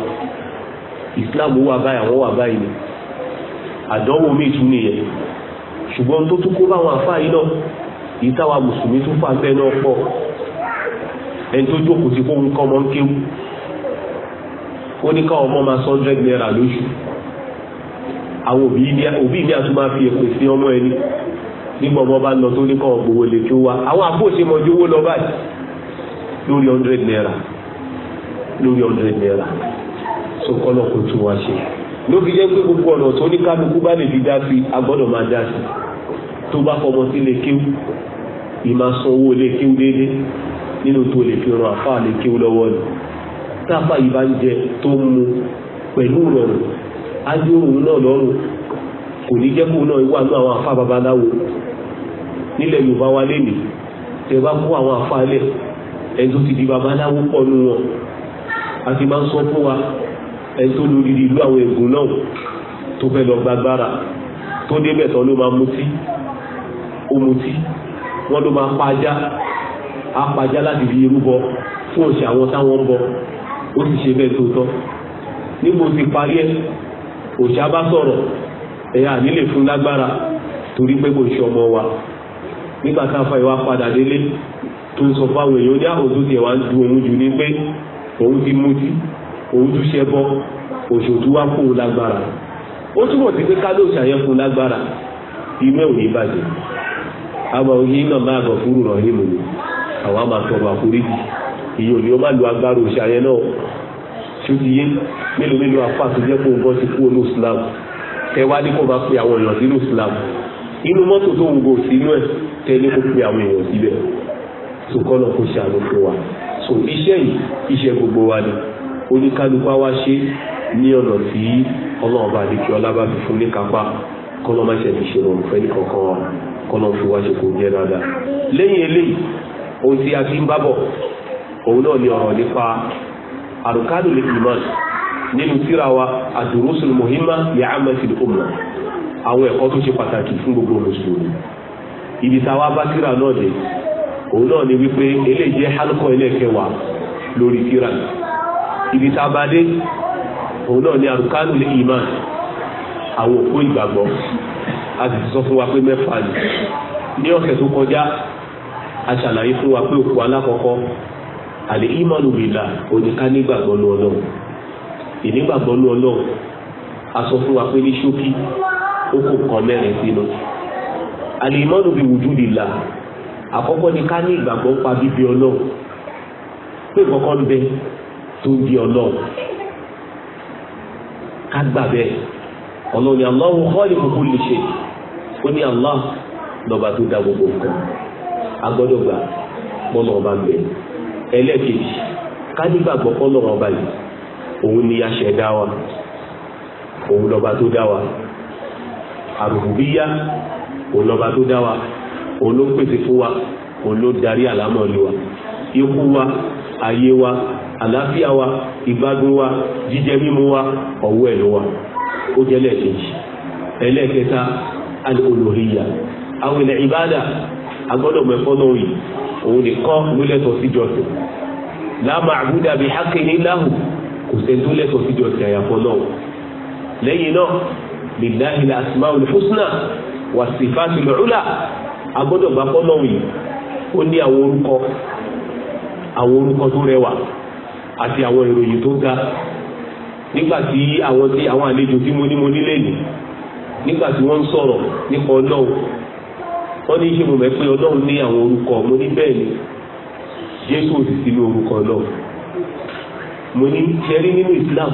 ìsìláàmù wà báyìí àwọn wà báyìí ni àdánwò míì tún nìyẹn ṣùgbọ́n tó tún kó báwọn àfáà yìí náà ìtawà mùsùlùmí tún fà bẹ́ẹ̀ náà pọ̀ ẹni tó jókòó ti fóun kọ́ ọmọ ń kéwù ó ní káwọn ọmọ máa sọ hundred naira lóṣù àwọn òbí ìdí àti fi èpè sí ọmọ ẹni nígbà ọmọ bá lọ tó ní káwọn gbowó lè kí wá àwọn àpòṣe mọjú owó lọ báyìí lórí hundred naira lórí hundred naira so kọ́lọ̀ kò tún wá ṣe ló fi jẹ́ pé gbogbo ọ̀nà tó ní kálukú bá lè fi dá sí agbọ́dọ̀ máa dá sí tó bá fọmọ sí lè kéwú ìmá san owó lè kéwú déédéé nínú tó lè fi ran àfáà lè kéwú lọ́wọ́ ni táfà yìí bá ń jẹ tó ń mu pẹ̀lú ìrọ̀rùn ájú òun náà lọ́rùn kò ní jẹ́ kó náà wà ní àwọn àfáà babaláwo nílẹ̀ Yorùbá wa lé nìí tẹ bá kó àwọn àfáà lẹ̀ ẹni tó ti di babaláwo pọ̀ nù wọn a máa ń sọ fún wa ẹni tó lórí ìlú àwọn ègùn náà tó fẹ́ lọ gbàgbára tó débẹ̀ tán ló máa mutí ó mutí wọ́n ló máa pàjá á pàjá láti fi irúbọ fún òṣì àwọn táwọn ń bọ ó sì ṣe bẹ́ẹ̀ tóótọ́ níbo ti parí ẹ̀ òṣì á bá sọ̀rọ̀ ẹ̀yà nílè fún lágbára torí pé kò ṣe ọmọ wa nígbà táfa ìwà padà délé tó ń sọ fáwọn èèyàn ní àwọn tó tiẹ̀ wá ń du òun jù ní pé òun ti mutí òun tún ṣe bọ́ òṣòtú wá fún un lágbára ó túbọ̀ sí pé kálóòṣà yẹn fún un lágbára inú ẹ̀ ò ní bàjẹ́ àmọ́ òye náà máa gàn fúrú ràn nínú ni àwọn àmà tọrọ àforíjì ìyẹn ò ní ó má lo agbára òṣà yẹn náà tí ó ti yé mélòó mélòó apá tó jẹ́ pé òun ti kú olú Islam tẹ wá ní kó máa pe àwọn èèyàn sínú Islam inú mọ́tò tó ń gò sínú ẹ̀ tẹ ní kó pe àwọn èèyàn síbẹ̀ sòkọ́nà kó ṣàánú fún wa so iṣẹ́ yìí iṣẹ́ gbogbo wa ni. oníkálukú wá ṣe ní ọ̀nà tí ọlọ́run bá di ọlá bá fi fún ní kápá kọ́nà fi ṣe ní kankan wa kọ́nà fi wá ṣe kò jẹ́ dáadáa. lẹ́yìn eléyìí ohun tí a ti ń òun ni ọ̀rọ̀ nípa àrùkádùn lè fi máa nínú síra wa àdùrúsùn mùhímà yà á mẹ́sìn òmùnà àwọn ẹ̀kọ́ tó ṣe pàtàkì fún gbogbo mùsùlùmí ibi tá a wá ni wípé eléyìí jẹ́ hálùkọ́ ilé ibi tá a bá dé òun náà ni àrùkánù lè ìmá àwọn òpó ìgbàgbọ́ a sì sọ fún wa pé mẹ́fà ni ní ọ̀sẹ̀ tó kọjá a ṣàlàyé fún wa pé òpó alákọ̀ọ́kọ́ àlè ìmánu bìlà oníká nígbàgbọ́ ní ọlọ́run ìnígbàgbọ́ ní ọlọ́run a sọ fún wa pé ní ṣókí ó kò kan mẹ́rin sínú àlè ìmánu bí wùjúdìlà àkọ́kọ́ ni ká ní ìgbàgbọ́ pa bíbí ọlọ́run pé kọ́kọ́ ń tó ń di ọlọ́run ká gbà bẹ́ẹ̀ ọlọ́run ni Allahu khaliqu kulli shay ó ní Allah lọ́ba tó dá gbogbo nǹkan a gbọ́dọ̀ gbà mọ́nà ọba ń bẹ̀ ẹlẹ́ẹ̀kejì ká nígbàgbọ́ mọ́nà ọba yìí òun ni a ṣẹ̀dá wa òun lọ́ba tó dá wa àrùbíyá òun lọ́ba tó dá wa òun ló pèsè fún wa òun ló darí àlámọ̀lé wa ikú wa ayé wa àlàáfíà wa ìgbádùn wa jíjẹ mímu wa ọ̀wọ́ ẹ̀ wa ó jẹ́ lẹ́ẹ̀kejì ẹlẹ́ẹ̀kẹta al-uluhiyya àwọn ilẹ̀ ìbáàdà agbọ́dọ̀ mẹ́fọ́ náà yìí òun nìkan ló lẹ́tọ̀ọ́ sí jọ́sìn la ma'buda bi haqqin lahu kò sẹ́ni tó lẹ́tọ̀ọ́ sí jọ́sìn àyàfọ́ náà lẹ́yìn náà lillahi al-asma'ul husna wa sifatul ula agbọ́dọ̀ gbapọ́ náà yìí ó ní àwọn orúkọ àwọn orúkọ tó rẹwà àti àwọn ìròyìn tó ga nígbà tí àwọn tí àwọn àlejò tí mo ní mo nílé nì nígbà tí wọ́n ń sọ̀rọ̀ nípa ọlọ́run wọ́n ní ṣe mo mẹ́ pé ọlọ́run ní àwọn orúkọ mo ní bẹ́ẹ̀ ni jésù ò sì sínú orúkọ ọlọ́run mo ní ṣẹ́rí nínú islam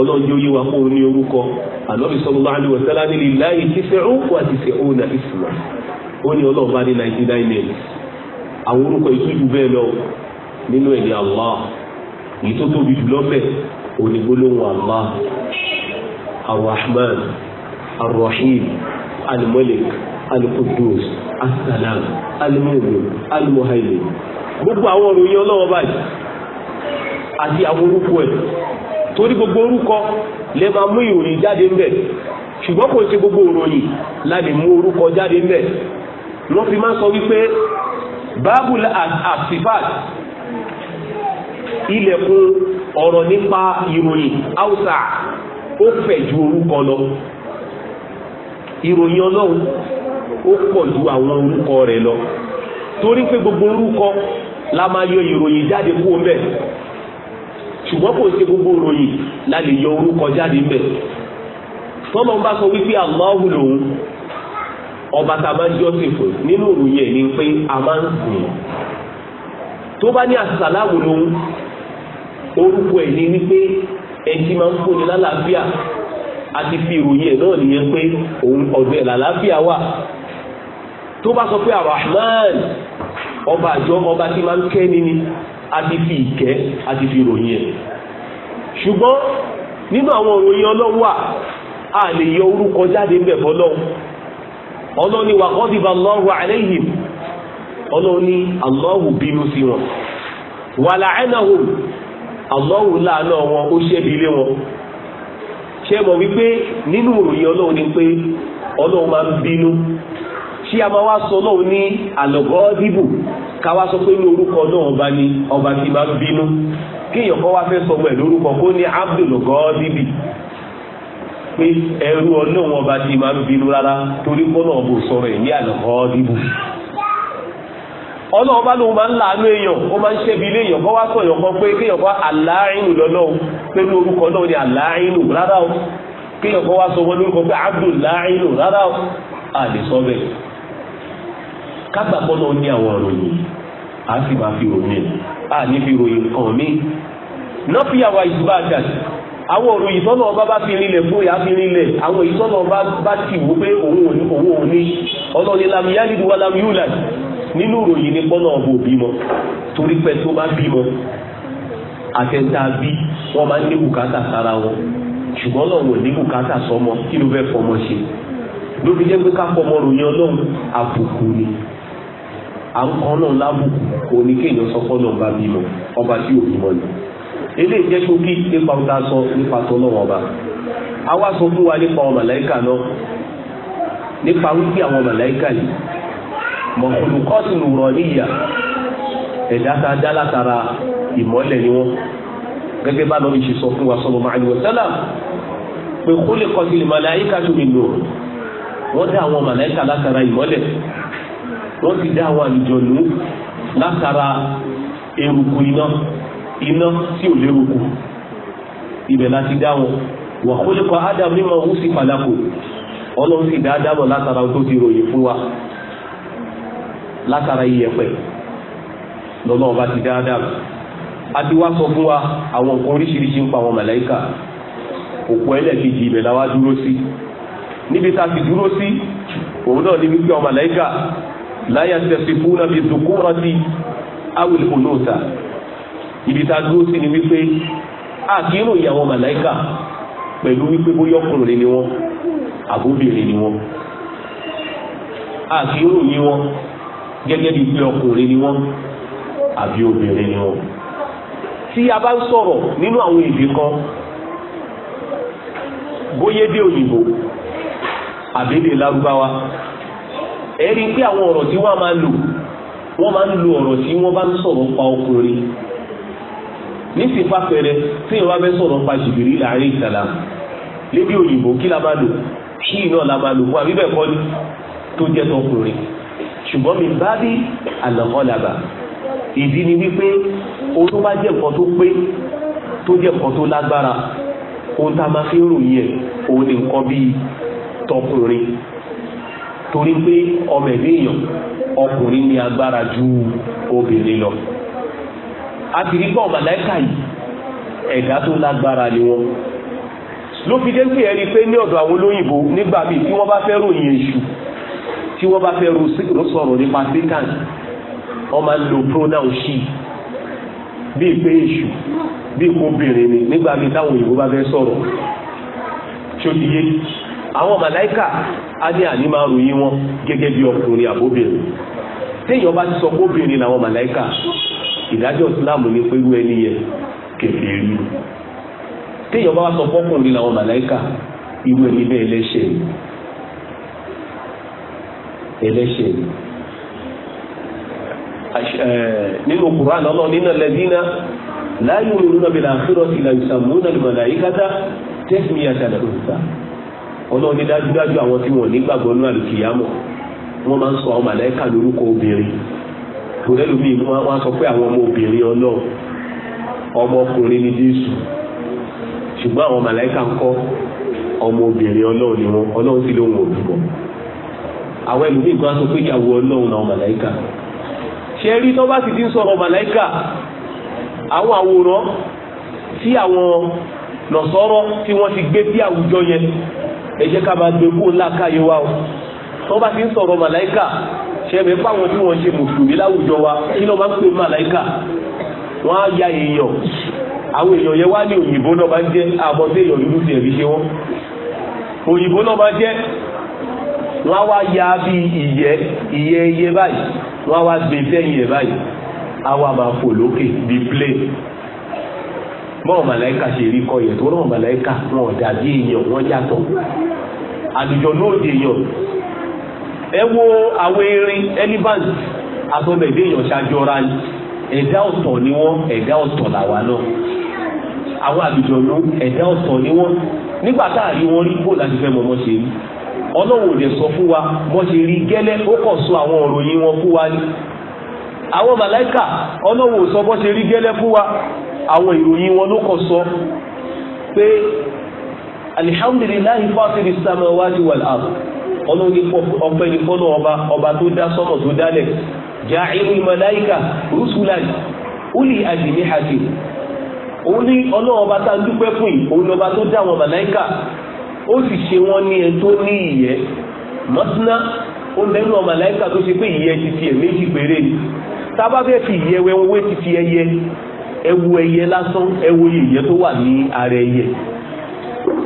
ọlọ́run yóò yé wa kó o ní orúkọ àlọ́bí sallallahu alaihi wasallam ní lillahi tis'un wa tis'una isma ó ní ọlọ́run bá ní ninety nine names àwọn orúkọ ìtújú bẹ́ẹ̀ lọ nínú ẹ̀ ní allah èyí tó tóbi jù lọ́bẹ̀ òní gbólóhùn Allah arrahman arrahim almalik alqudus assalam almumin almuhaimin gbogbo àwọn òròyìn ọlọ́wọ́ báyìí àti àwọn orúkọ ẹ̀ torí gbogbo orúkọ lè máa mú ìròyìn jáde ń bẹ̀ ṣùgbọ́n kò ṣe gbogbo òròyìn la mú orúkọ jáde ń bẹ̀ wọ́n fi máa sọ wípé báàbù àsìfáàtì ilẹ̀kùn ọ̀rọ̀ nípa ìròyìn hausa ó fẹ̀ ju orúkọ lọ ìròyìn ọlọ́run ó pọ̀ ju àwọn orúkọ rẹ̀ lọ torí pé gbogbo orúkọ la máa yọ ìròyìn jáde kú mbẹ ṣùgbọ́n kò ṣe gbogbo ìròyìn la lè yọ orúkọ jáde mbẹ wọ́n máa ń wípé lòun ọba tá a máa ń fún nínú ẹ̀ ni pé a máa ń sìn orúkọ ẹ̀ ní wípé ẹtí máa ń fúnni lálàáfíà àti fi ìròyìn ẹ̀ náà nìyẹn pé òun ọ̀dọ̀ ẹ̀ lálàáfíà wà tó bá sọ pé arahman ọba àjọ ọba tí máa ń kẹ́ ni ni àti fi ìkẹ́ àti fi ìròyìn ẹ̀ ṣùgbọ́n nínú àwọn ìròyìn ọlọ́run wà a lè yọ orúkọ jáde ń bẹ̀ fọlọ́run ọlọ́run ni wàkọ́dìbà Allahu alayhim ọlọ́run ni Allahu bínú sí wọn àlọ́wò láàánú wọn ó ṣẹ́bi ilé wọn ṣé mọ̀ wípé nínú ìròyìn ọlọ́run ni pé ọlọ́run máa ń bínú tí a máa wá sọ ọlọ́run ní àlọ́gọ́ dìbò ká wá sọ pé ní orúkọ náà ọba ni ọba ti máa ń bínú kéèyàn kan wá fẹ́ sọ ọmọ ẹ̀ lórúkọ kó ní abdulgọ́ dìbì pé ẹrú ọlọ́run ọba ti máa ń bínú rárá torí kọ́ náà sọ̀rọ̀ ẹ̀ ní àlọ́gọ́ dìbò ọlọ́run bá lóun máa ń láàánú èèyàn ó máa ń ṣẹ́bi ilé èèyàn kọ́ wá sọ̀yàn kan pé kéèyàn bá aláàrínù lọ́lọ́run pẹ̀lú orúkọ náà ni aláàrínù rárá o kéèyàn kọ́ sọ wọn lórúkọ pé abdullahi rárá o a lè sọ bẹ́ẹ̀ kágbà náà ní àwọn ìròyìn a sì máa fi ròyìn a ní fi ròyìn kàn mí nọ́ọ̀fì àwa ìsúbà àjàjì àwọn ọ̀rọ̀ ìtọ́nà ọba bá fi rinlẹ̀ fún ìyá fi rinlẹ̀ àwọn ìtọ́nà ọba bá ti wú pé òun ò ní òun ò ní ọlọ́ni lamiyá nínú wa lamiyúlà nínú ìròyìn ní pọ́nà ọba òbímọ torí pé tó bá bímọ àtẹ̀ntà bí wọ́n máa ń ní bùkátà sára wọn ṣùgbọ́n lọ́wọ́ ní bùkátà sọmọ kí ló fẹ́ fọmọ ṣe lórí jẹ́ pé ká fọmọ ròyìn ọlọ́run àbùkù ni à ń kọ́ náà lábùkù kò ní kéèyàn sọ fọ́nà ọba bímọ ọba tí ò bímọ ni. eléyìí jẹ́ soki nípa ọ̀tá sọ nípa tọ́lọ́wọ́n ọba àwa sọ fún wa nípa àwọn màláìkà náà nípa wípé àwọn màláìkà yìí mọ̀kùlùkọ́sì lùrọ̀ níyà ẹ̀dá tá a dá látara ìmọ́lẹ̀ ni wọ́n gẹ́gẹ́ bá lọ́wọ́ ìṣe sọ fún wa sallallahu alaihi wasallam pé wọ́n dá àwọn látara ìmọ́lẹ̀ wọ́n iná tí ò léwu kù ibẹ̀ láti dá wọn wà kó lè pa ádámù mímọ òun sì fàlàkù ọlọ́run sì dá ádámù látara tó ti ròyìn fún wa látara iyẹ̀pẹ̀ lọ́nà ọba ti dá ádámù àti sọ fún wa àwọn nǹkan oríṣiríṣi ń pa àwọn màláíkà òpó ẹlẹ́ẹ̀kejì ibẹ̀ la wá dúró sí níbi tá a ti dúró sí òun náà níbi pé àwọn màláíkà láyà tẹ̀sí fún nàbí dùkúrọ́tì awìlì onóòtà ibi tá a dúró sí ni wípé a kì í ròyìn àwọn màláìkà pẹ̀lú wípé bóyá ọkùnrin ni wọ́n àbóbìnrin ni wọ́n a kì í ròyìn wọn gẹ́gẹ́ bíi pé ọkùnrin ni wọ́n àbí obìnrin ni wọ́n tí a bá ń sọ̀rọ̀ nínú àwọn èdè kan bóyá dé òyìnbó àbédè lárúbáwá ẹ rí i pé àwọn ọ̀rọ̀ tí wọ́n máa lò wọ́n máa ń lo ọ̀rọ̀ tí wọ́n bá ń sọ̀rọ̀ pa ọkùnrin nísìnyí fàpẹrẹ tí ìwà bẹ sọ̀rọ̀ pa jìbìrì láàrin ìsàlám lébi òyìnbó kí la bá lò kí iná la bá lò fún àbíbẹ̀ kọ́ ni tó jẹ́ tọkùnrin ṣùgbọ́n mi bá bí àlọ́kọ́làbà ìdí ni wípé ohun tó bá jẹ́ nǹkan tó pé tó jẹ́ nǹkan tó lágbára ohun tá a máa fi ń ròyìn ẹ̀ òun ni nǹkan bíi tọkùnrin torí pé ọmọ ẹ̀mí èèyàn ọkùnrin ní agbára ju obìnrin lọ àtìrígbọ́n màláìkà yìí ẹ̀dá tó lágbára ni wọn ló fi dé pé ẹ̀rí pé ní ọ̀dọ̀ àwọn olóyìnbó nígbà míì tí wọ́n bá fẹ́ ròyìn èṣù tí wọ́n bá fẹ́ ro sọ̀rọ̀ nípa satan wọ́n máa ń lo pronoun she bíi pé èṣù bíi kó obìnrin ni nígbà míì táwọn òyìnbó bá fẹ́ sọ̀rọ̀ ṣòdìyé àwọn màláìkà á ní àní máa ròyìn wọn gẹ́gẹ́ bí ọkùnrin àbóbìnrin téèyàn bá ti sọ pé obìnrin làwọn màláìkà ìdájọ́ islam ní pé irú ẹni yẹn kẹfẹ́ rí o téèyàn bá wá sọ fọkùnrin làwọn màláìka irú ẹni bẹ́ẹ̀ ẹlẹ́ṣẹ̀ ni ẹlẹ́ṣẹ̀ ni nínú Qur'an lọ́nà nínú lẹ́dínà la yu'minuna bil akhirati la yusammuna al malaikata tasmiyata al unsa ọlọ́run ní dájúdájú àwọn tí wọ́n nígbàgbọ́ ní àlùkìyámọ̀ wọ́n máa tòlẹ́lù mi ìlú wọn sọ pé àwọn ọmọ obìnrin ọlọ́run ọmọkùnrin ní jésù ṣùgbọ́n àwọn màláìka ń kọ́ ọmọ obìnrin ọlọ́run ni wọn ọlọ́run sì lóhun òdùbọ̀ àwọn ẹlòmíì kan sọ pé ìyàwó ọlọ́run náà màláìka ṣe rí tó bá sì ti ń sọ̀rọ̀ màláìka àwọn àwòrán tí àwọn nọ̀sọ́rọ́ tí wọ́n ti gbé bí àwùjọ yẹn ẹ jẹ́ ká máa gbé kó ńlá káyé wa o tó bá ti ń sọ̀rọ̀ màláìka ṣẹ́mi fáwọn tí wọ́n ṣe mùsùlùmí láwùjọ wa kí ló máa ń pè màláìkà wọ́n á ya èèyàn àwọn èèyàn yẹn wá ní òyìnbó náà máa ń jẹ́ àbọ̀dé èèyàn dúdú tiẹ̀ fi ṣe wọ́n òyìnbó náà máa jẹ́ wọ́n á wá ya bí ìyẹ́ ìyẹ́ iye báyìí wọ́n á wá gbé sẹ́yìn ẹ̀ báyìí á wá máa fò lókè bí plane bọ́ọ̀ màláìka ṣe rí kọ́ yẹ̀ tó náà màláìka wọn ò dàbí èèyàn wọ́n yàtọ̀ àlùjọ náà di èèyàn ẹ wo àwọn erin elephant àtọ́mọ ẹ̀dẹ́ èèyàn ṣáájú ọ̀ra ni ẹ̀dá ọ̀tọ̀ ni wọ́n ẹ̀dá ọ̀tọ̀ làwa náà àwọn àbìjọ̀nù ẹ̀dá ọ̀tọ̀ ni wọ́n nígbà tá a rí wọn rí bó láti fẹ́ mọ ọmọ ṣe rí ọlọ́run ò dẹ̀ sọ fún wa wọ́n ṣe rí gẹ́lẹ́ ó kàn sọ àwọn ọ̀rọ̀ yìí wọn fún wa ni àwọn màláìkà ọlọ́run ò sọ bọ́ ṣe rí gẹ́lẹ́ fún wa àwọn ìròyìn wọn ló kàn sọ pé alihamdulilayi fatiri samawati wal ọlọ́ni ọpẹ́ ní fọ́nà ọba ọba tó dá sọ́mọ̀ tó dálẹ̀ ja'ilul màláìkà rusulan uli ajnihati òun ní ọba tá a dúpẹ́ fún yìí òun lọ́ba tó dá àwọn màláìkà ó sì ṣe wọ́n ní ẹ tó ní ìyẹ́ mọ́tínà ó lẹ́nu àwọn tó ṣe pé si ti fi ẹ̀ méjì péré ni fi ìyẹ́ wẹ́wọ́n ti fi ẹyẹ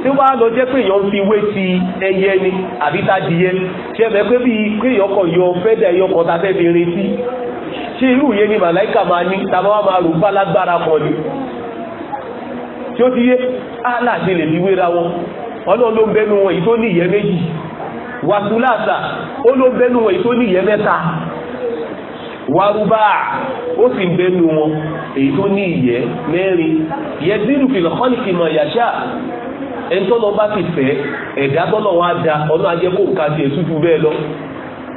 tí wàá lọ jẹ́ pé èèyàn fi wé ti ẹyẹ ni àbí tá dìyẹ ṣe é pé bí kéèyàn kan yọ fẹ́dà ẹyọ kan tá fẹ́ retí tí irú yẹn ni màláìkà máa ní tàbá wà máa rò bá lágbára ni tí ó ti yé lè fi wéra wọn ọlọ́run ló ń wọn èyí tó ní ìyẹ́ méjì ó ló ń wọn èyí tó ní ìyẹ́ mẹ́ta ó sì ń wọn èyí tó ní ìyẹ́ mẹ́rin ẹni tọ́lọ́ bá ti fẹ́ ẹ̀dá tọ́lọ́ wa da ọ̀nà ajẹ́ kó nǹkan ti ètùtù bẹ́ẹ̀ lọ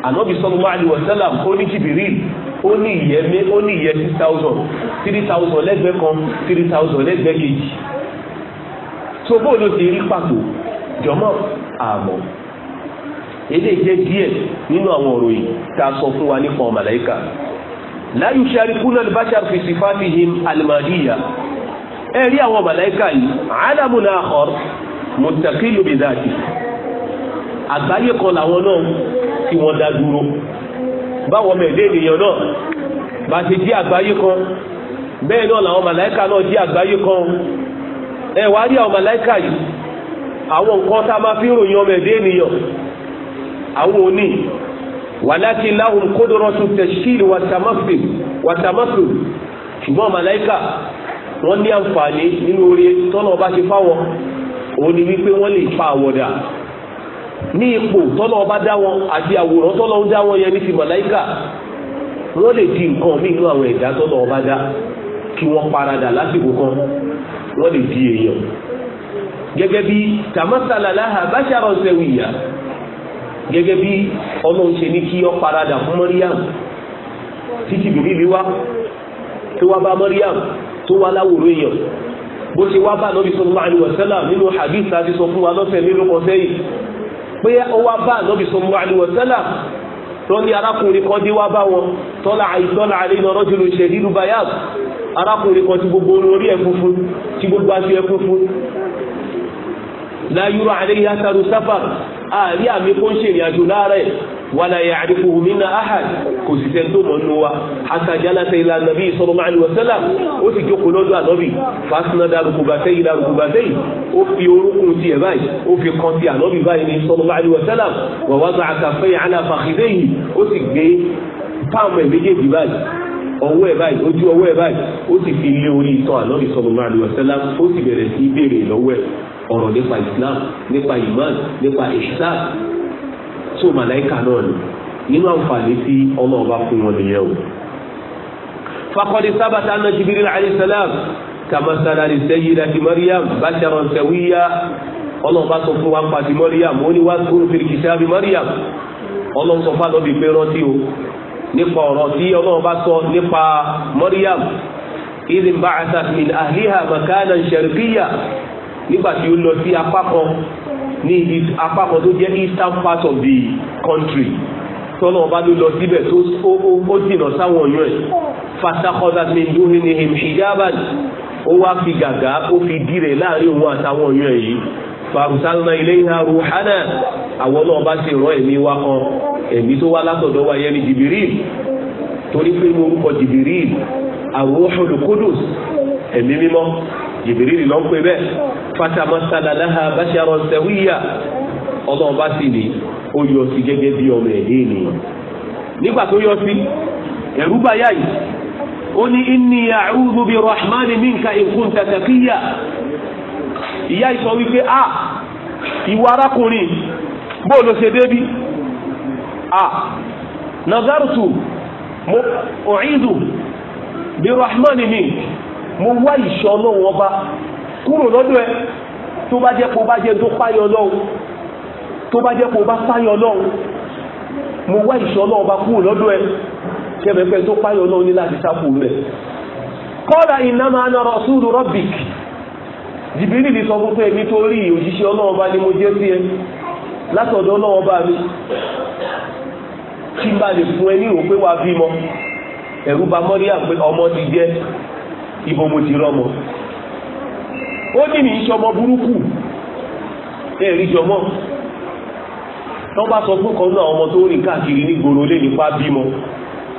ànábì sallallahu alaihi wasallam ó ní jìbìrìl ó ní ìyẹ́ mé ó ní ìyẹ́ six thousand three thousand lẹ́gbẹ́ kan three thousand lẹ́gbẹ́ kejì tó bó ló ti rí pàtó jọmọ́ àmọ́ èdè jẹ́ díẹ̀ nínú àwọn òròyìn tá a sọ fún wa nípa ọmọlẹ́kà la yusharikuna al-bashar fi sifatihim al-madiyya ẹ rí àwọn màláíkà yìí alamuna akhar mutakilu bidati àgbáyé kan làwọn náà tí wọ́n dá dúró báwọn ọmọ ẹ̀dẹ́ ènìyàn náà bá ti jí àgbáyé kan bẹ́ẹ̀ náà làwọn màláíkà náà jí àgbáyé kan ẹ wá rí àwọn màláíkà yìí àwọn nǹkan tá a máa fi ròyìn ọmọ ẹ̀dẹ́ ènìyàn àwọn òní wàlákin láhùn kódórọ́tù tẹ̀síìlì wàtàmọ́fì ṣùgbọ́n màláíkà wọ́n ní àǹfààní nínú orí tọ́lọ̀ ọba ṣe fáwọ́ òun ni wípé wọ́n lè fa àwọ̀dà ní ipò tọ́lọ̀ ọba dá àti àwòrán tọ́lọ̀ ń dá wọn yẹn ní ti wọ́n lè di nǹkan mí àwọn ẹ̀dá tọ́lọ̀ ọba dá kí wọ́n paradà lásìkò kan wọ́n lè di èèyàn gẹ́gẹ́ bí tàmásàlà láhà gẹ́gẹ́ bí ọlọ́run tó wá láwòrán èèyàn bó ṣe wá bá ànábì sallallahu alaihi wasallam nínú hadith láti sọ fún wa lọ́sẹ̀ nínú kan sẹ́yìn pé ó wá bá ànábì sallallahu alaihi wasallam wọ́n ní arákùnrin kan dé wá bá wọn tọ́lá àìsọ́lá àlẹ́nà rọ́jùlù ṣẹ̀dínú bayab arákùnrin kan tí gbogbo orí ẹ̀ funfun tí gbogbo aṣọ ẹ̀ funfun láyúrò àlẹ́yìn sáfà àrí àmì kó ń ṣèrìn àjò láàárẹ̀ wala ya'rifuhu minna ahad kò sì sẹ́ni tó mọ̀ nù wa hasa jalasa ila nabi sallallahu alaihi wasallam ó sì jókòó lọ́dọ̀ ànábì fasinada rukubase ila rukubase ó fi orúkún tiẹ̀ báyìí ó fi kan ti ànábì báyìí ní sallallahu alaihi wasallam wa wada'a kaffayhi ala fakhidhayhi ó sì gbé páàmù méjèèjì báyìí ọwọ́ ẹ̀ báyìí ojú ọwọ́ ẹ̀ báyìí ó sì fi lé orí ìtàn ànábì sallallahu alaihi wasallam ó sì bẹ̀rẹ̀ sí í lọ́wọ́ ọ̀rọ̀ nípa islam nípa iman nípa ihsan tó màláìka náà ni inú àǹfààní tí ọlọ́ọ̀bá fún wọn nìyẹn o. fakọ́dé sábàtà náà Jibril alayhi salam kàmásálà lè sẹ́yìn láti Maryam basharan sawiyya ọlọ́ọ̀bá sọ fún wa pàtí Maryam ó ní wá kúrò fil kitabi Maryam ọlọ́ọ̀ sọ fún alọ́bí pé rántí o nípa ọ̀rọ̀ tí ọlọ́ọ̀ sọ nípa Maryam idh ba'athat min ahliha makanan sharqiyya nígbà tí ó lọ sí apá kan ní ibi apá kan tó jẹ́ eastern part of the country tọ́lọ́ ọba ló lọ síbẹ̀ tó ó dìnà sáwọn ọ̀yàn ẹ̀ fatakọ́dà mi dúró ní hijaban ó wá fi gàgá ó fi dìrẹ̀ láàrin òun àtàwọn ọ̀yàn yìí farusalna ilayha ruhana àwọn náà bá ṣe rán ẹ̀mí wa kan ẹ̀mí tó wá látọ̀dọ̀ wa yẹn ní jìbìrìl torí pé orúkọ jìbìrìl àrùn ọ̀ṣọ́dún kódùs ẹ̀mí mímọ́ jìbìrìlì ló ń pè bẹ́ẹ̀ fatamasala laha basharan sawiya ọlọ́run bá sì ní ó yọ sí gẹ́gẹ́ bí ọmọ ẹ̀dẹ́ ènìyàn nígbà tó yọ sí ẹ̀rú bá yá yìí ó ní inni a'udhu bi rahmani minka in kunta taqiya ìyá ìsọ wípé a ah, ìwà arákùnrin bóò ló ṣe débí a ah, nazartu mo ọ̀ìdù bí rahmani minka mo wá ìṣọ́ ọlọ́run ọba kúrò lọ́dọ̀ ẹ tó bá jẹ́ kó bá jẹ́ tó páyọ ọlọ́run tó bá jẹ́ kó bá páyọ ọlọ́run mo wá ìṣọ́ ọlọ́run ọba kúrò lọ́dọ̀ ẹ kẹ́mẹ́pẹ́ tó páyọ ọlọ́run ní láti sápò rẹ̀ kọ́ra ìnáma ana rasulu rabbik jìbìrì lè sọ fún pé èmi tó rí òjíṣẹ́ ọlọ́run ọba ni mo jẹ́ sí ẹ látọ̀dọ̀ ọlọ́run ọba mi kí n bá lè fún ẹ ní ìrò pé bímọ ẹ̀rú bà Mọ́ríà pé ọmọ ti jẹ́ ibo mo ti rọmọ ó ní ní iṣẹ́ ọmọ burúkú ẹ̀rí jọmọ́ tó bá sọ fún kan náà ọmọ tó rìn káàkiri ní gbòòrò lé nípa bímọ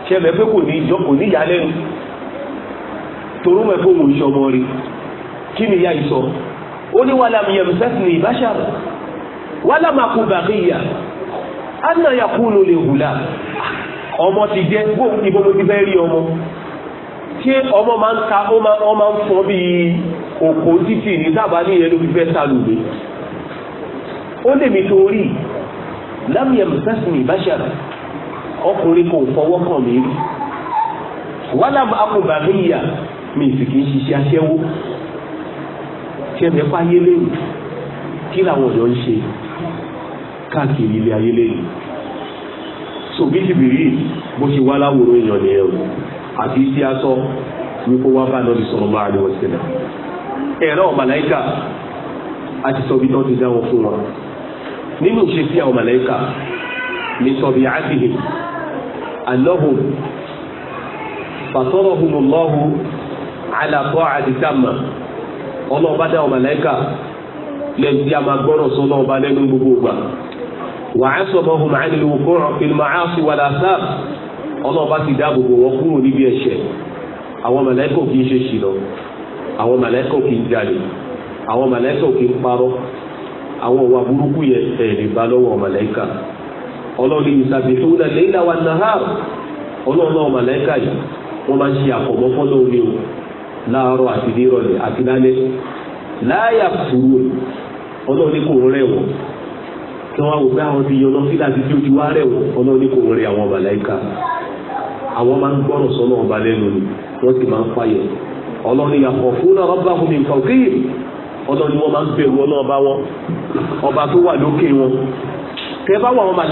ṣẹlẹ̀ pé kò ní ìjọ kò ní ìyálẹ́nu torú mẹ́ fóun iṣẹ́ ọmọ rí kí ni ìyá ìsọ ó ní wàhálà mi yẹn sẹ́sìn ní ìbáṣàrò wàhálà máa kú bàkí ìyá á náà yà kú ló lè hùlà ṣé ọmọ máa ń ta ó máa ń fọ́ bí òkò títì ní dábà ní ìyẹn ló fi fẹ́ sá lùgbé ó lè mi torí lámìyàn sẹ́sìn ìbáṣàrà ọkùnrin kò fọwọ́ kàn mí rí wàhálà akùnbà mi yà mi sì kì í ṣiṣẹ́ aṣẹ́wó tí ẹ̀fẹ̀ fáyé lẹ́yìn kí làwọn ọ̀dọ́ ń ṣe káàkiri ilé ayé lẹ́yìn so bí ti bìrì bó ṣe wá láwòrán èèyàn nìyẹn o. àti tí a sọ wípé wá bá lọ́bi sọ̀rọ̀ máa lè wọ̀sẹ̀lẹ̀ ẹ̀rọ màláìkà àti sọ̀bi tó ti dáwọ́ fún wọn nínú ṣe sí àwọn ní sọ̀bi àtìhì àlọ́hùn fàtọ́rọ̀hùn lọ́hùn àlàkọ́ àdìsàmà ọlọ́ọ̀bá dáwọ́ màláìkà lẹ́yìn tí a máa gbọ́rọ̀ sọ lọ́ọ̀bá lẹ́nu gbogbo gbà wàá sọ̀bọ̀hùn màá nílùú fún ọlọ́ọ̀bá ti dáàbò bò wọ́n kúrò níbi ẹ̀ṣẹ̀ àwọn màláíkà kì í ṣe ṣìnà àwọn màláíkà kì í jalè àwọn ọwa kì í parọ́ àwọn ìwà burúkú yẹn ẹ̀rì bá lọ́wọ́ màláíkà ọlọ́ọ̀ni yìí ń kí wọ́n á wò àwọn ti yọ̀nà sílẹ̀ àti tí ó ti wá rẹ̀ wọ̀ ọlọ́run ní kò rẹ̀ àwọn màláíkà àwọn máa ń gbọ́rọ̀ sọ́nà ọba lẹ́nu ni wọn sì máa ń fàyẹ̀ ọlọ́run fún náà fún mi nǹkan kí wọn ọba tó wà lókè wọn bá wà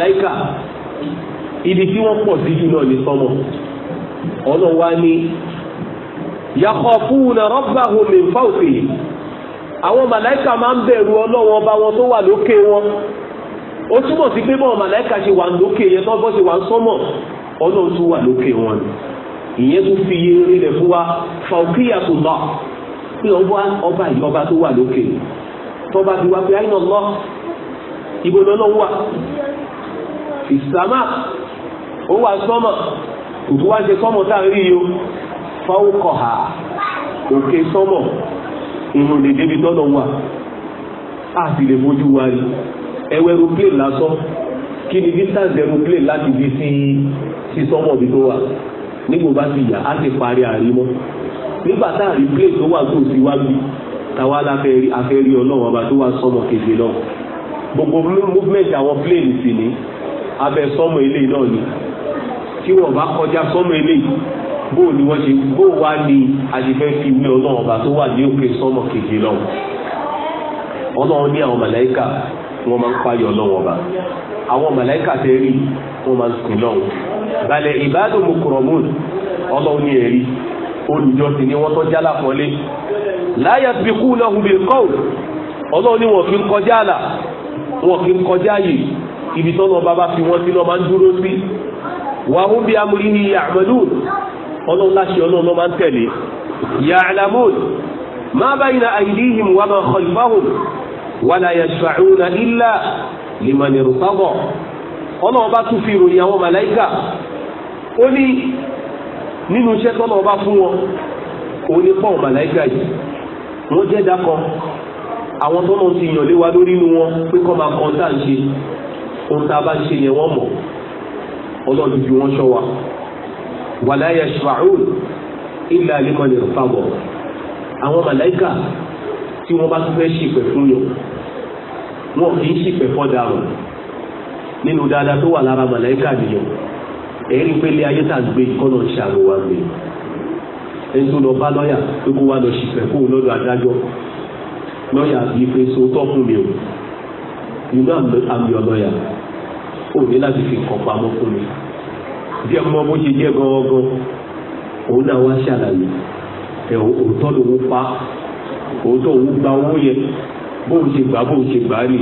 ibi tí sí jù náà ní ó túmọ̀ sí pé bọ́ọ̀ màláìka ṣe wà lókè yẹn tó bọ́ ṣe wà sọ́mọ̀ ọlọ́run tún wà lókè wọn ni ìyẹn tún fi iye rinlẹ̀ fún wa fàókìyà tó lọ pé ọba ọba yìí ọba tó wà lókè tọba ti wá pé àyìnà lọ ibo lọ́nà wà ìsàmà ó wà sọ́mọ̀ òtú wá ṣe sọ́mọ̀ tá à rí yìí o fáwọ́kọ̀ hà òkè sọ́mọ̀ ìrùn lè débi tọ́lọ̀ wà á sì lè mójú wa rí ẹwẹ́ aeroplane lásán kí ni distance aeroplane láti fi sí sí sọ́mọ̀bí tó wà nígbò bá ti yà á ti parí àrímọ́ nígbà tá àrí plane tó wà tó sí wájú táwa láfẹ́rí afẹ́rí ọlọ́run ọba tó wà sọ́mọ̀ kejì náà gbogbo movement àwọn plane sì ní abẹ sọ́mọ̀ ilé náà ni tí wọ́n bá kọjá sọ́mọ̀ ilé bó ni wọ́n ṣe bó wá ní àṣìfẹ́ fi wí ọlọ́run ọba tó wà ní òkè sọ́mọ̀ kejì náà ọlọ́run ní àwọn màláíkà wọ́n máa ń pààyọ̀ lọ́wọ́ ọba àwọn màláìkà tẹ́ rí wọ́n máa ń sìn lọ́wọ́ balẹ̀ ìbádùn mukramun ọlọ́run ní ẹ̀rí olùjọsìn ni wọ́n tó jálá fọ́lé la yasbiqunahum bil qawl ọlọ́run ní wọ́n fi ń kọjá àlà wọ́n fi ń kọjá yìí ibi tọ́nà ọba bá fi wọ́n sí lọ́ máa ń dúró sí wa hum bi amrihi ya'malun ọlọ́run láṣẹ ọlọ́run lọ́ máa ń tẹ̀lé ya'lamun ma bayna aydihim wa ma khalfahum wala yashfa'una illa liman irtada ọlọ́wọ́ bá tún fi ìròyìn àwọn màláìkà ó ní nínú iṣẹ́ tọ́lọ́wọ́ bá fún wọn òun ní pọ́ùn màláìkà yìí wọ́n jẹ́ dákan àwọn tọ́lọ́ ti yàn lé wa lórí inú wọn pé kọ́ máa kọ́ńtà ń ṣe ohun tá a bá ń ṣe yẹn wọ́n mọ̀ ọlọ́run ju wọn ṣọ wa wala yashfa'un illa liman irtada àwọn màláìkà tí wọ́n bá tún fẹ́ ṣìpẹ̀ fún yàn wọn kì í ṣìpẹ̀ fọ́dà rùn nínú dáadáa tó wà lára màláìkà nìyàn ẹ̀rí pé ilé kọ́nà ṣàrò wa gbé ẹni tó lọ bá lọ́yà tó kó wá lọ ṣìpẹ̀ fún un lọ́dọ̀ adájọ́ lọ́yà bíi pé so tọ́ fún mi o inú àmì ọlọ́yà ò ní láti fi kàn pamọ́ fún mi bí ọmọ ẹ̀ òótọ́ lòun pa òótọ́ òun gba owó yẹn bóun ṣe gbà bóun ṣe gbà á nì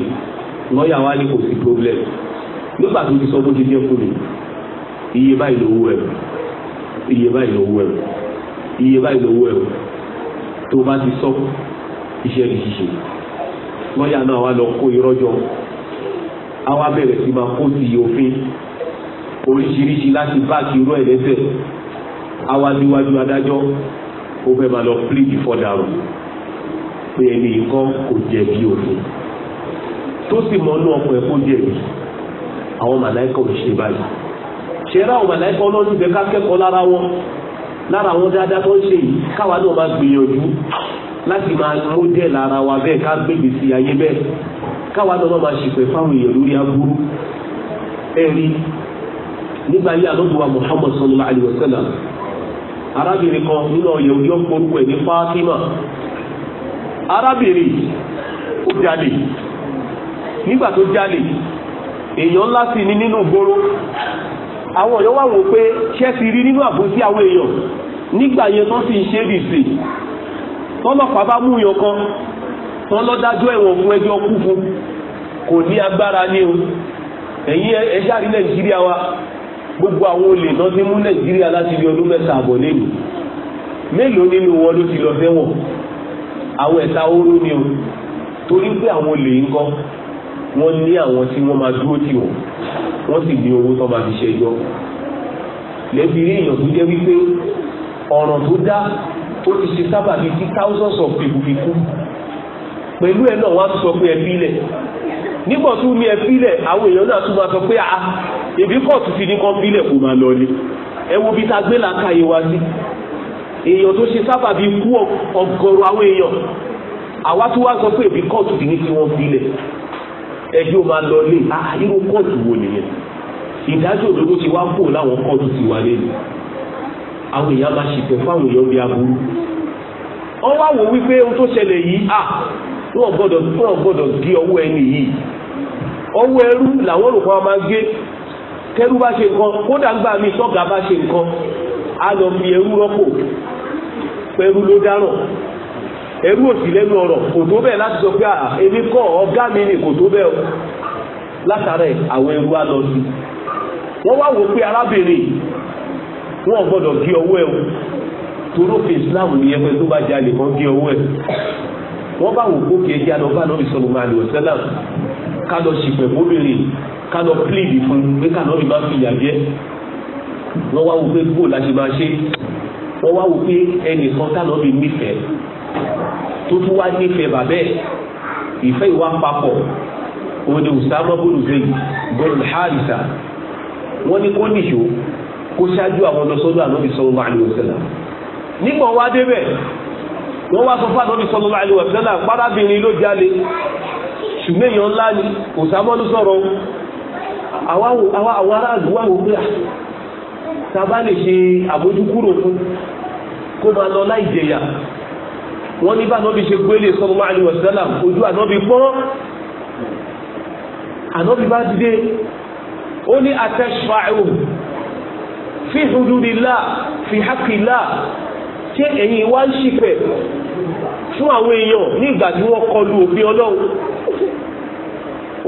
lọ́ọ̀yà wa ní kò sí problem nígbà tó ti sọ bó ti jẹ́ fún mi iye báyìí lówó ẹ̀ iye báyìí lówó ẹ̀ iye báyìí lówó ẹ̀ tó bá ti sọ iṣẹ́ ní ṣíṣe lọ́ọ̀yà náà wá lọ kó irọ́ jọ á wá bẹ̀rẹ̀ sí máa kó ti òfin oríṣiríṣi láti báàkì irú ẹ̀ lẹ́sẹ̀ á wá níwájú adájọ́ ó fẹ́ máa lọ plead before dàrú. pé ẹni nǹkan kò jẹ̀bi òfin tó sì mọ inú ọkọ̀ ẹ̀ kó jẹ̀bi àwọn màláìkà ò ṣe báyìí ṣẹ́rá àwọn màláìkà ọlọ́run bẹ ká kẹ́kọ̀ọ́ lára wọn lára àwọn dáadáa tó ń ṣe yìí káwa náà máa gbìyànjú láti máa mú dẹ́ lára wa bẹ́ẹ̀ ká gbèbè sí ayé bẹ́ẹ̀ káwa Muhammad sallallahu alayhi wa sallam arábìnrin kan nínú arábìnrin ó jalè nígbà tó jalè èèyàn ńlá sí ni nínú ìgboro àwọn èèyàn wà wò pé ṣẹ́ ti rí nínú àbòsí àwọn èèyàn nígbà yẹn tán sì ń ṣe rìsì tọ́lọ́pàá bá mú yàn kan tán lọ́dájọ́ ẹ̀wọ̀n fún ẹjọ́ kú fún kò ní agbára ní o ẹ̀yin ẹ̀ṣá rí nàìjíríà wa gbogbo àwọn olè náà ti mú nàìjíríà láti di ọdún mẹ́ta àbọ̀ lẹ́nu mélòó nínú wọn ló ti lọ sẹ́wọ̀n àwọn ẹ̀ta oró ni o torí pé àwọn olè ń kọ́ wọ́n ní àwọn tí wọ́n máa dúró tì wọ́n wọ́n sì ní owó tó máa fi ṣẹjọ́ lẹ́bi rí èèyàn tó jẹ́ wípé ọ̀ràn tó dá ó ti ṣe sábà bíi tí thousands of people fi kú pẹ̀lú ẹ̀ náà wọ́n á sọ pé ẹbí lẹ̀ nígbà tó ní ẹbí lẹ̀ àwọn èèyàn náà tún máa sọ pé àá ah, èbí kọ́ọ̀tù ti ní kọ́ bílẹ̀ kó máa lọ ni ẹ wo bí tá gbé làákàyè wá sí èèyàn tó ṣe sábà bíi kú ọ̀gọ̀rọ̀ àwọn èèyàn àwa tó wá sọ pé èmi kóòtù ti ní kí wọ́n filẹ̀ ẹjọ́ máa lọ lé ah, irú kóòtù wo nìyẹn ìdájọ́ òdodo ti wá kó láwọn kóòtù ti wà lẹ́nu àwọn èèyàn máa ṣìfẹ́ fáwọn èèyàn bíi aburú wọ́n wá wò wípé ohun tó ṣẹlẹ̀ yìí à wọ́n gbọ́dọ̀ wọ́n gbọ́dọ̀ gé ọwọ́ ẹni yìí ọwọ́ ẹrú làwọn olùkọ́ máa gé kẹrú bá ṣe nǹkan kódà ń gbà mí sọ́gà bá ṣe nǹkan á lọ fi ẹrú rọ́pò pẹ̀rú ló dáràn ẹrú òsì lẹ́nu ọ̀rọ̀ kò tó bẹ́ẹ̀ láti sọ pé èmi kọ́ ọ̀gá mi ni kò tó bẹ́ẹ̀ látara ẹ̀ àwọn ẹrú á lọ sí wọ́n wá wò pé arábìnrin wọn gbọ́dọ̀ gé ọwọ́ ẹ̀ torókè Islam ni ẹgbẹ́ tó bá jalè kan gé ọwọ́ ẹ̀ wọ́n bá wò kókè ẹjẹ́ alọ́bá náà bí sọ̀rọ̀ máa lò sẹ́lám ká lọ ṣìpẹ̀ fóbìnrin ká lọ pléèdì fún pé ká lọ́ọ́ bí bá fi yà wọ́n wá wò pé bó la ṣe ṣe wọ́n wá wò pé ẹnìkan tá lọ́ọ́ bí nífẹ̀ẹ́ tó tún wá nífẹ̀ẹ́ bàbẹ́ ìfẹ́ ìwà papọ̀ òun ni Usama bọ́lù zayi bọ́lù harisa wọ́n ní kó nìṣó kó ṣáájú àwọn ọdọ sọ́dọ̀ ànábì sallallahu alaihi wasallam nígbà wá débẹ̀ wọ́n wá sọ fún ànábì sallallahu alaihi wasallam párábìnrin ló jalè ṣùgbọ́n èèyàn ńlá ni Usama ló sọ̀rọ̀ àwọn aráàlú tàbá lè ṣe àbójúkúrò fún kó máa lọ láì jẹyà wọ́n ní bá ànábì ṣe gbélé sallallahu alaihi wasallam ojú ànábì pọ́n ànábì bá dìde o ní atashfa'u fi hududillah fi haqqillah ṣé ẹ̀yin wá ń ṣìpẹ̀ fún àwọn èèyàn ní ìgbà tí wọ́n kọlu òfin ọlọ́run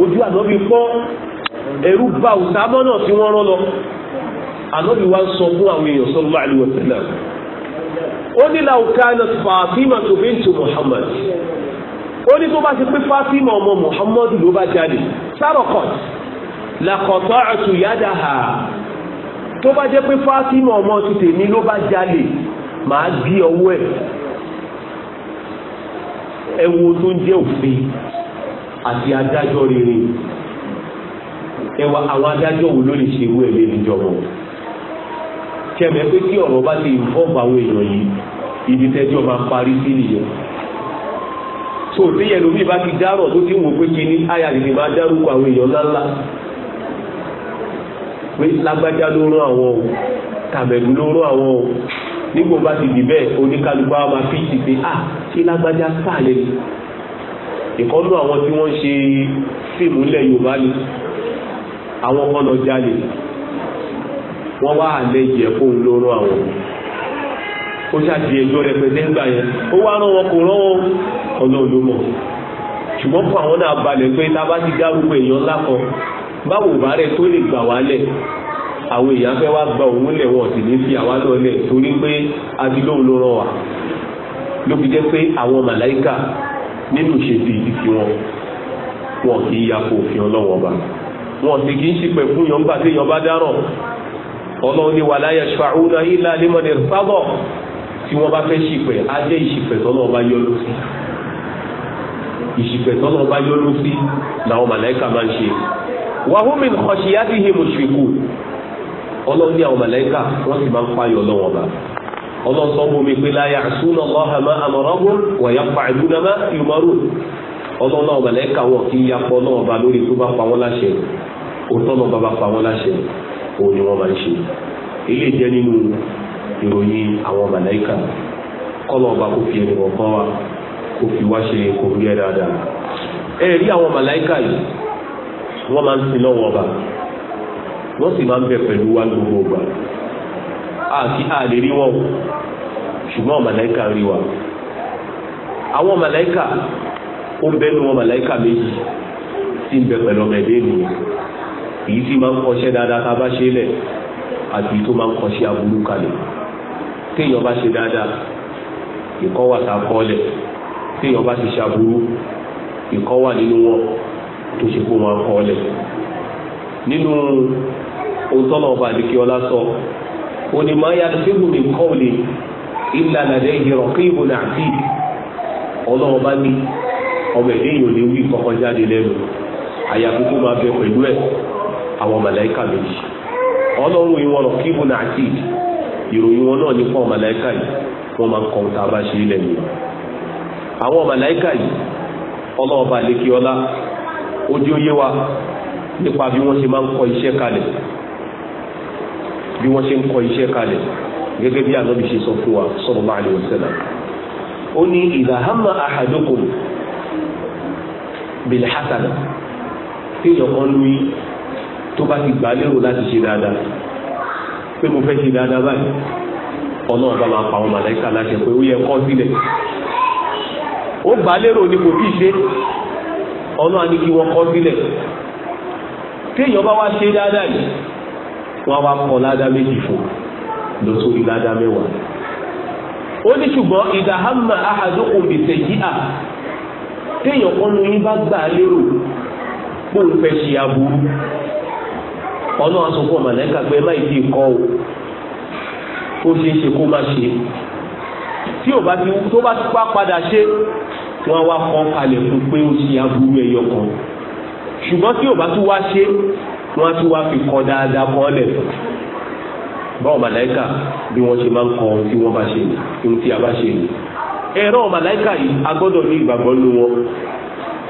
ojú ànábì pọ́n ẹ̀rù bà òsàmọ́nà tí wọ́n rán lọ ànábì wa ń sọ fún àwọn èèyàn sallallahu alaihi wasallam ó ní law kanat Fatimatu bintu Muhammad ó ní tó bá ti pé Fatima ọmọ Muhammad ló bá jáde sarakat laqata'tu yadaha tó bá jẹ́ pé Fatima ọmọ ti tèmi ló bá jáde màá gbé ọwọ́ ẹ̀ ẹ tó ń jẹ́ òfin àti adájọ́ rere ẹ àwọn adájọ́ wo ló lè ṣe irú ẹ̀ lẹ́nu ìjọba kẹmẹ pé kí ọ̀rọ̀ bá lè fọ́ọ̀mù àwọn èèyàn yìí ibi tẹ́jọ́ máa ń parí sí nìyẹn tó téyẹ lómi bá ti dárọ̀ tó ti wò pé kí ni ayàlìlì máa dárúkọ àwọn èèyàn ńláńlá pé lágbájá ló rán àwọn o tàbẹ̀lú ló rán àwọn o nígbò bá ti dì bẹ́ẹ̀ oníkálukú àwọn máa fi ti pé à ṣé lágbájá sáàlẹ̀ ni ìkọ́nú àwọn tí wọ́n ń ṣe fíìmù ńlẹ̀ Yorùbá ni àwọn kan lọ jalè wọ́n wá àlejò ẹ̀kọ́ olóró àwọn ó ṣàti ẹjọ́ rẹpẹtẹ ńgbà yẹn ó wá rán wọn kò rán wọn ọlọ́run ló mọ̀ ṣùgbọ́n fún àwọn náà balẹ̀ pé tá a bá ti dárúkọ èèyàn ńlá kan báwo bá rẹ tó lè gbà wálẹ̀ àwọn èèyàn fẹ́ wá gba òun lẹ̀ wọn sì ní fi àwa náà torí pé adílóhùn ló wa ló fi jẹ́ pé àwọn màláìkà nínú ìṣètò ìdíkì wọn wọn kì í yàpò òfin ọlọ́wọ́n ba wọn sì kì í ṣìpẹ̀ fún yọ̀ǹbà tí yọ̀ǹbà dáràn ọlọ́run ní wàlá yashfa'una illa liman irtada tí wọ́n bá fẹ́ ṣìpẹ̀ á jẹ́ ìṣìpẹ̀ tọ́lọ́run bá yọ́nú sí ìṣìpẹ̀ tọ́lọ́run bá yọ́nú sí làwọn màláìka máa ń ṣe wa hum min khashiyatihi mushfiqun ọlọ́run ní àwọn màláìka wọ́n sì máa ń pààyàn ọlọ́wọ́n bá ọlọ́run sọ mi pé la òun ni wọ́n máa ń ṣe ilé jẹ́ nínú ìròyìn àwọn màláìkà kọ́lọ̀ ọba kò fi ẹnì kọ̀ọ̀kan wa kò fi wá ṣe kò rí ẹ dáadáa ẹ rí àwọn màláìkà yìí wọ́n máa ń sin lọ́wọ́ ọba wọ́n sì máa ń bẹ pẹ̀lú wa gbogbo ọgbà àti àlè rí wọn ṣùgbọ́n màláìkà rí wa àwọn màláìkà ó bẹ́nu wọn màláìkà méjì tí ń bẹ pẹ̀lú ọmọ ẹ̀dẹ́ ènìyàn èyí tí máa ń kọṣẹ́ dáadáa ká bá ṣe lẹ̀ àti tó máa ń kọṣẹ́ aburú kalẹ̀ téèyàn bá ṣe dáadáa ìkọ́ wà tá a kọ́ lẹ̀ téèyàn bá ṣe ṣaburú ìkọ́ wà nínú wọn tó ṣe kó máa kọ́ lẹ̀ nínú ohun tọ́nà ọba àdìkí ọlá sọ ó ní máa yára sí ìbùnmí kọ́ọ̀lì ìlà nàdẹ́ ìhìrọ̀ kí ìbùnà àti ọlọ́run bá ní ọmọ ẹ̀dẹ́yìn ò ní wí kọ́kọ́ jáde lẹ́nu àyàfi kó máa bẹ pẹ̀lú ẹ̀ àwọn màláíkà méjì ọlọ́run ìwọ̀n rọ̀ kí ibùnà àti ìròyìn wọn náà nípa màláíkà yìí wọ́n máa ń kọ́ ta bá ṣe ilẹ̀ yìí àwọn màláíkà yìí ọlọ́ọ̀bà lẹ́kíọ́lá ojú ó wa nípa bí wọ́n ṣe máa ń kọ iṣẹ́ kalẹ̀ bí wọ́n ṣe kọ iṣẹ́ kalẹ̀ gẹ́gẹ́ bí ṣe sọ hasana lóyún tó bá ti gbà lérò láti ṣe dáadáa pé mo fẹ́ ṣe dáadáa báyìí ọlọ́run bá máa pa àwọn màláìka láṣẹ pé ó yẹ kọ́ sílẹ̀ ó gbà lérò ni kò tíì ṣe ọlọ́run á ní kí wọ́n kọ́ sílẹ̀ téèyàn bá wá ṣe dáadáa yìí wọ́n wá kọ́ ládàá méjì fún lọ sórí ládàá mẹ́wàá ó ní ṣùgbọ́n ìdáhàmà àhàdókò bìtẹ̀ yìí à téèyàn yín bá gbà lérò pé òun fẹ́ ṣe aburú ọlọ́run aṣọ fún màláíkà má ìdí kọ́ o ó ṣeé ṣe kó má ṣe tí ò bá ti tó bá pa padà ṣe wọ́n wá kọ́ kalẹ̀ fún pé ó ṣe aburú ẹyọ kan ṣùgbọ́n tí ò bá tún wá ṣe wọ́n á tún wá fi kọ́ dáadáa kọ́ lẹ̀ fún báwọn màláíkà bí wọ́n ṣe máa ń kọ ohun tí wọ́n bá ṣe ní ohun tí a bá ṣe ní ẹ̀rọ màláíkà yìí a ní ìgbàgbọ́ nínú wọn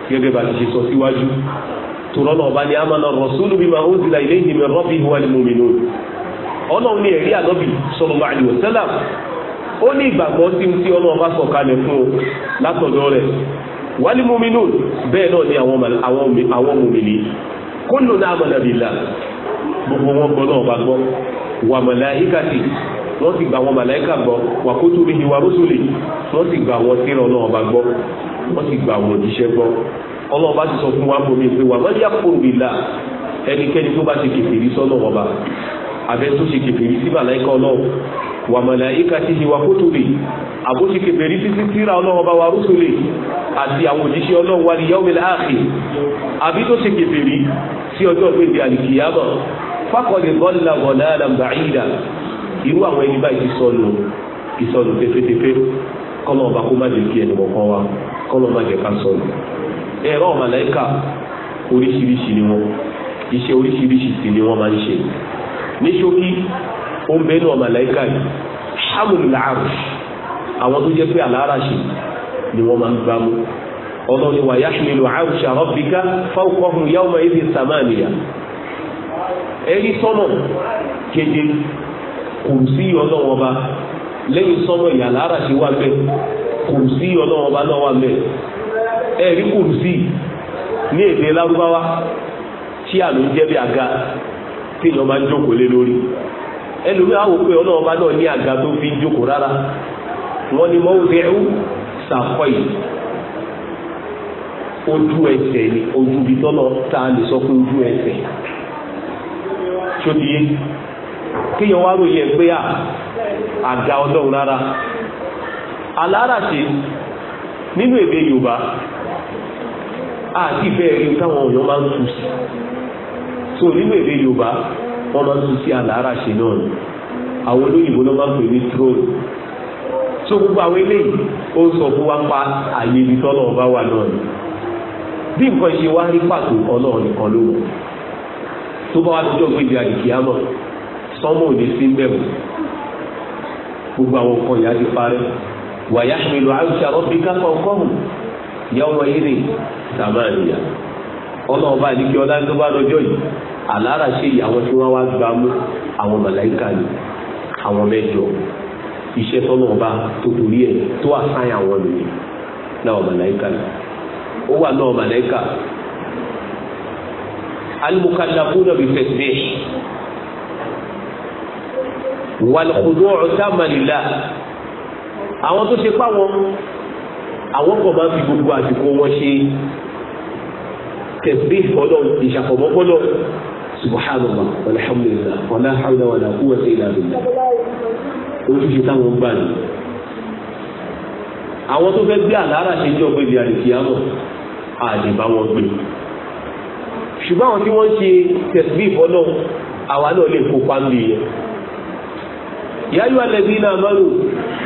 gẹ́gẹ́ bá ti ṣe sọ síwájú tòrọ́nà ọba ni amana rasulu bima unzila ilayhi min rabbihi wal mu'minun ọlọ́run ní ẹ̀rí ànábì sallallahu alaihi wasallam ó ní ìgbàgbọ́ tí ń tí ọlọ́run bá sọ̀kalẹ̀ fún o látọ̀dọ̀ rẹ̀ wal mu'minun bẹ́ẹ̀ náà ni àwọn mòmìnì kulluna amana billah gbogbo wọn gbọ́ náà bá gbọ́ wà malaikati wọ́n ti gbà wọn màláíkà gbọ́ wà kutubihi wà rusuli wọ́n ti gbà wọn tírà náà bá gbọ́ wọ́n ti gbà wọn òjíṣẹ́ gbọ́ ọlọ́run bá ti sọ fún wa bomi pé wà má yá kóbi là ẹnikẹ́ni tó bá ṣe kèfèrí sọ́nà ọba abẹ́ tó ṣe kèfèrí sí màláìka ọlọ́run wà màláìka ti ṣe wà kótóbi àbó ṣe kèfèrí títí síra ọlọ́run ọba wa rúṣulè àti àwọn òjíṣẹ́ ọlọ́run wa ní yawmil akhir àbí tó ṣe kèfèrí sí ọjọ́ gbèdé àlìkìyàmọ̀ fákọ̀lì bọ́lá bọ̀lá làbàáyìdà irú àwọn ẹni báyìí ti sọnù ìsọnù tẹfẹtẹfẹ kọ́lọ́ ọba kó má jẹ́ kí ẹnì kọ̀ọ̀kan wa kọ́lọ́ má jẹ́ ká sọnù. ẹ̀rọ màláìkà oríṣiríṣi ni wọn iṣẹ́ oríṣiríṣi sì ni wọ́n máa ń ṣe ní ṣókí ó ń bẹ́ẹ̀ yìí hamul la'arush àwọn tó jẹ́ pé àláràṣì ni wọ́n máa ń gbá mú ni arusha rabbika fawqahum yawma idhin samaniya ẹ̀rí sọ́nà keje kò sí ọlọ́run ọba lẹ́yìn sọ́nà ìyàláràṣì wà bẹ́ẹ̀ kò sí ọlọ́run ọba náà wà ẹ̀rí kùrùsì ní èdè lárúbáwá tí àlò ń jẹ́ bí àga tí èèyàn máa ń jókòó lé lórí ẹlòmí àwò pé náà ní àga tó fi ń jókòó rárá wọ́n ní ojú ẹsẹ̀ ni ojú ibi tọ́lọ tá lè sọ pé ojú ẹsẹ̀ ṣódiyé kéèyàn wá ròyìn ẹ̀ pé àga ọlọ́run rárá nínú èdè yorùbá àti ìfẹ́ rí táwọn èèyàn máa ń tu sí so nínú èdè yorùbá wọ́n máa ń tu sí àlàárà ṣe náà ni àwọn olóyìnbó ló máa ń pè ní throne so gbogbo àwọn eléyìí ó sọ fún wa pa àyè ibi tọ́lọ̀ ọba wà náà ni bí nǹkan ṣe wá rí pàtó ọlọ́run nìkan ló wọ̀ tó bá wá tó jọ́ pé ìdí àdìkíámọ̀ sọ́mọ́ òde sí mẹ́wọ̀ gbogbo àwọn kan ìyá ti parẹ́ wàyáhìmìlú àrùsí àrọ́bíkà kọ̀ọ̀kọ́hùn yọmọ ìrì sàmáàlìyà ọlọ́ọ̀bá àdìkí ọlá tó bá lọ́jọ́ yìí àlàárà ṣe ìyàwó tí wọ́n wá gbà mú àwọn màláìkà ni àwọn mẹ́jọ iṣẹ́ tọ́lọ́ọ̀bá tó torí ẹ̀ tó àṣàyàn àwọn nìyẹn náà màláìkà ni ó wà náà màláìkà almukallafuna bitasbih wal khudu' tamma lillah àwọn tó ṣe páwọn àwọn kan máa fi gbogbo àsìkò wọn ṣe tẹ̀sí fọlọ́ ìṣàfọ̀mọ́ fọlọ́ subhanallah alhamdulillah wàlá hawla wàlá quwwata illa billah oríṣiríṣi táwọn ń gbà ní. àwọn tó fẹ́ gbé àlàárà ṣe jọ pé ibi àdìsíyàmọ̀ àdìbá wọn gbé ṣùgbọ́n àwọn tí wọ́n ṣe tẹ̀sí fọlọ́ àwa náà lè kópa ń bì yẹn. yáyọ alẹ́ bí náà máa lò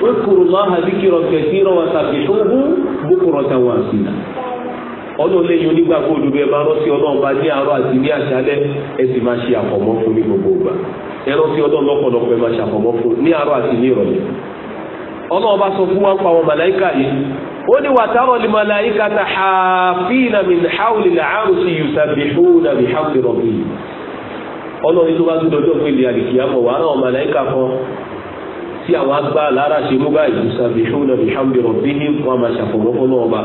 واذكروا الله ذكرا كثيرا وسبحوه بكرة واسلا ọlọ́run lẹ́yìn onígbàgbọ́ òdodo ẹ máa rántí ọlọ́run bá ní àárọ̀ àti ní àṣálẹ́ ẹ sì máa ṣe àfọ̀mọ́ fún ní gbogbo ìgbà ẹ rántí ọlọ́run lọ́pọ̀lọpọ̀ ẹ máa ṣe fún ní àárọ̀ àti ní ìrọ̀lẹ́ ọlọ́run bá sọ fún wa pa àwọn yìí ó ní ní ta làárù sí tí àwọn agbá lára ṣe mú báyìí yusabbihuna bihamdi rabbihim wọn máa ṣàfọ̀mọ́ fún náà ọba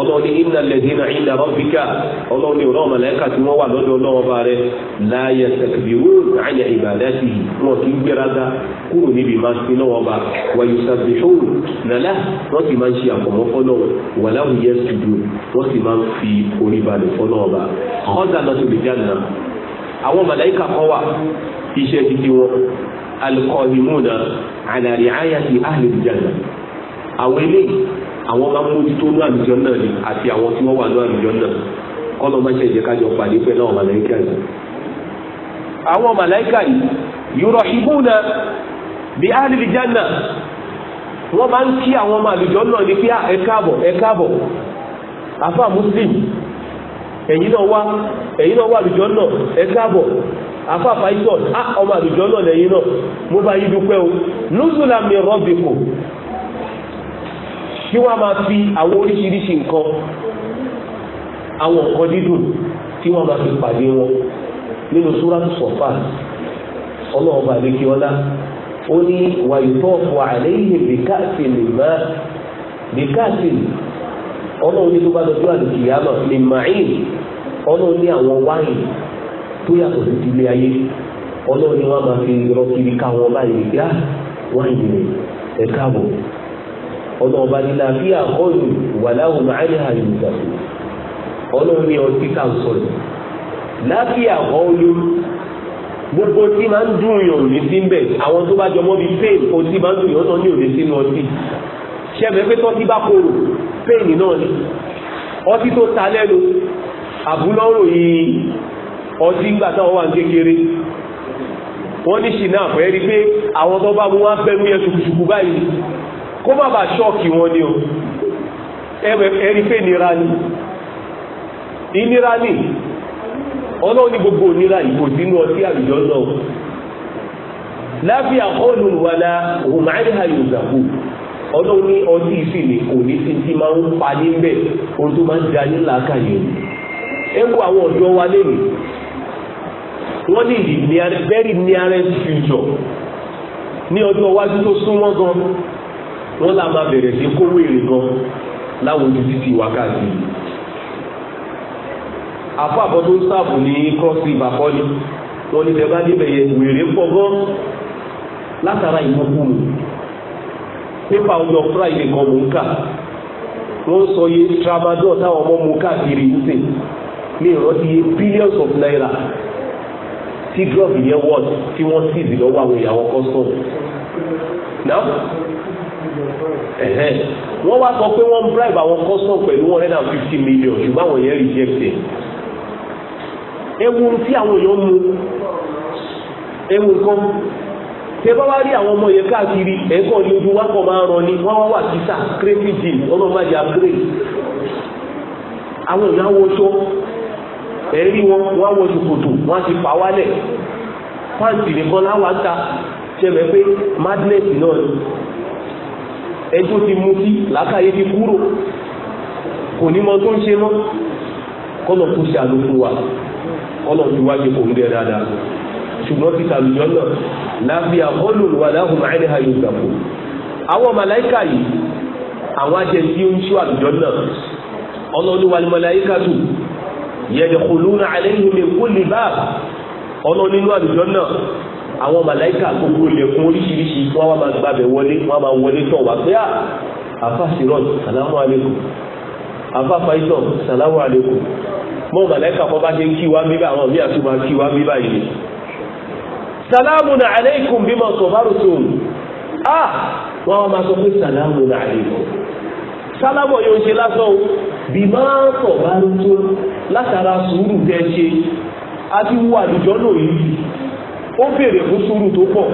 ọlọ́ọ̀ni iná lẹ́dínà iná rọ́bíkà ọlọ́ọ̀ni ọ̀rọ̀ ọmọlẹ́ka tí wọ́n wà lọ́dọ̀ ọlọ́ọ̀ba rẹ láàyè sẹ̀kìbìrú àyè ìbàdàtì wọn kì í gbéraga kúrò níbi máa fi náà ọba wàyí sàbìṣòwò nàlá wọ́n sì máa ń ṣe àpọ̀mọ́ fọ́nà wàláwù yẹn tùdù wọ́n sì máa ń fi orí balẹ̀ fọ́nà ọba ọ̀dà náà ala riayati ahli aljanna àwọn àwọn máa ń ní àlùjọ náà ni àti àwọn tí wọ́n wà ní àlùjọ náà kọ́nà máa ṣe ìjẹ́kájọ pàdé pẹ̀lú àwọn màláìkà yìí. àwọn màláìkà yìí yurahibuna bi ahli aljanna wọ́n máa ń kí àwọn ọmọ àlùjọ náà ní pé ẹ ẹ àfa muslim náà wá náà afáfá yíyọ̀ á ah, ọmọ àlùjọ náà lẹ́yìn náà mo bá yí dúpẹ́ o nùsùlà mi rọ́bìkù kí wọ́n máa fi àwọn oríṣiríṣi nǹkan àwọn nǹkan dídùn tí wọ́n máa fi pàdé wọn nínú súrátù sọ̀fà ọlọ́ọ̀bà àdékíọ́lá ó ní wàyùtọ́ọ̀fù àlẹ́yìn bìkáàsì nìmá bìkáàsì ọlọ́run ní tó bá lọ́jọ́ àdìkìyàmọ̀ nìmáìn ọlọ́run ní àwọn wáìnì tó yàtọ̀ sí ti ilé ayé ọlọ́run ni wọ́n máa fi rọ́kiri ká wọn báyìí yá wọ́n yìí ẹ̀ káàbọ̀ ọlọ́run bá nílá bí àkọ́yù wà láwùn máàlì àyè ìgbàgbọ́ ọlọ́run ni ọtí ká ń sọ̀rọ̀ láti àkọ́yù gbogbo tí máa ń dùn yàn ní síbẹ̀ àwọn tó bá jọmọ́ bíi pain otí máa ń dùn yàn náà ní òde sínú ọtí ṣẹ́mi pé tọ́tí bá korò pain náà ni ọtí tó ta lẹ́nu àbúlọ́rò yìí ọtí gbasa gbà táwọn wà ń kékeré wọ́n ní ṣìnà àpẹ́ rí pé àwọn tó bá mú wá bẹ́nu yẹn ṣùkùṣùkù báyìí kó má bà ṣọ́ọ̀kì wọn ni o ẹ̀rí pé ni ìnira ni ọlọ́run ní gbogbo nira ìbò sínú ọtí àlùjọ náà láfíà kọ́ọ̀lù wàlá ha ọlọ́run ní ọtí ìsìnì kò ní sí ti máa ń pa níbẹ̀ ohun tó máa ń da wọ́n ní the near very nearest future ní ọjọ́ iwájú tó súnmọ́ gan wọ́n là máa bẹ̀rẹ̀ sí kówó èrè gan láwọn ojú títí wákàtí àfọ àbọ̀ tó ń sáàbù ní kọ́ọ̀sì ìbàkọ́ni wọ́n ní bẹ́ẹ̀ bá débẹ̀ yẹ wèrè pọ̀ gan látara ìmọ̀kùnrin pépà ọjọ́ friday kan mò ń kà wọ́n sọ yé tramadol táwọn ọmọ mú káàkiri ń sè ní ìrántí billions of naira tí drug yẹn wọ̀ tí wọ́n sì dì lọ́wọ́ àwọn ìyàwó custom náà ẹ̀hẹ́n wọ́n wá sọ pé wọ́n ń bribe àwọn custom pẹ̀lú one hundred and fifty million ṣùgbọ́n àwọn yẹn reject ẹ̀ ewu tí àwọn èèyàn mu ewu nǹkan tẹ bá wá rí àwọn ọmọ yẹn káàkiri ẹ̀kọ́ ní ojú wákọ̀ máa ń rọni wọ́n wá wà kíta crazy jean ọmọ máa jà grey àwọn èèyàn awọṣọ ẹ̀rí wọn wọ́n wọ ṣòkòtò wọ́n ti fà wálẹ̀ pàǹtì nìkan láwa ń ta ṣẹlẹ̀ pé madness náà ni ẹjọ́ ti mú sí làákàyè ti kúrò kò ní mọ tó ń ṣe mọ́ kọ́lọ̀ tó ṣe àlòfún wa kọ́lọ̀ tó wájú kò ń bẹ dáadáa ṣùgbọ́n ti tàlùjọ́ náà láfi àkọlù wà láhùn àìní ha yóò gbàgbó àwọn màláìkà yìí àwọn ajẹ́ tí ó ń ṣó àlùjọ́ náà ọlọ́run wà ní màláìkà tù yadkhuluna alayhim min kulli bab ọlọ́ nínú àlùjọ náà àwọn màláìkà gbogbo lẹ̀kùn oríṣiríṣi wọ́n wá máa gbàbẹ̀ wọlé wọ́n máa wọlé tọ̀ wá pé ah, àfa sirọ́ọ̀tì sàlámù alẹ́kùn àfa faisọ̀ sàlámù alẹ́kùn mọ́ màláìkà kan bá ṣe ń kí wá bíbá àwọn míì àti máa kí wá bíbá yìí sàlámù alẹ́kùn bima sabartum ah wọ́n wá máa sọ pé sàlámù alẹ́kùn sàlámù látara sùúrù tẹ́ ṣe a ti wú àdìjọ́ náà yìí ó bèèrè fún sùúrù tó pọ̀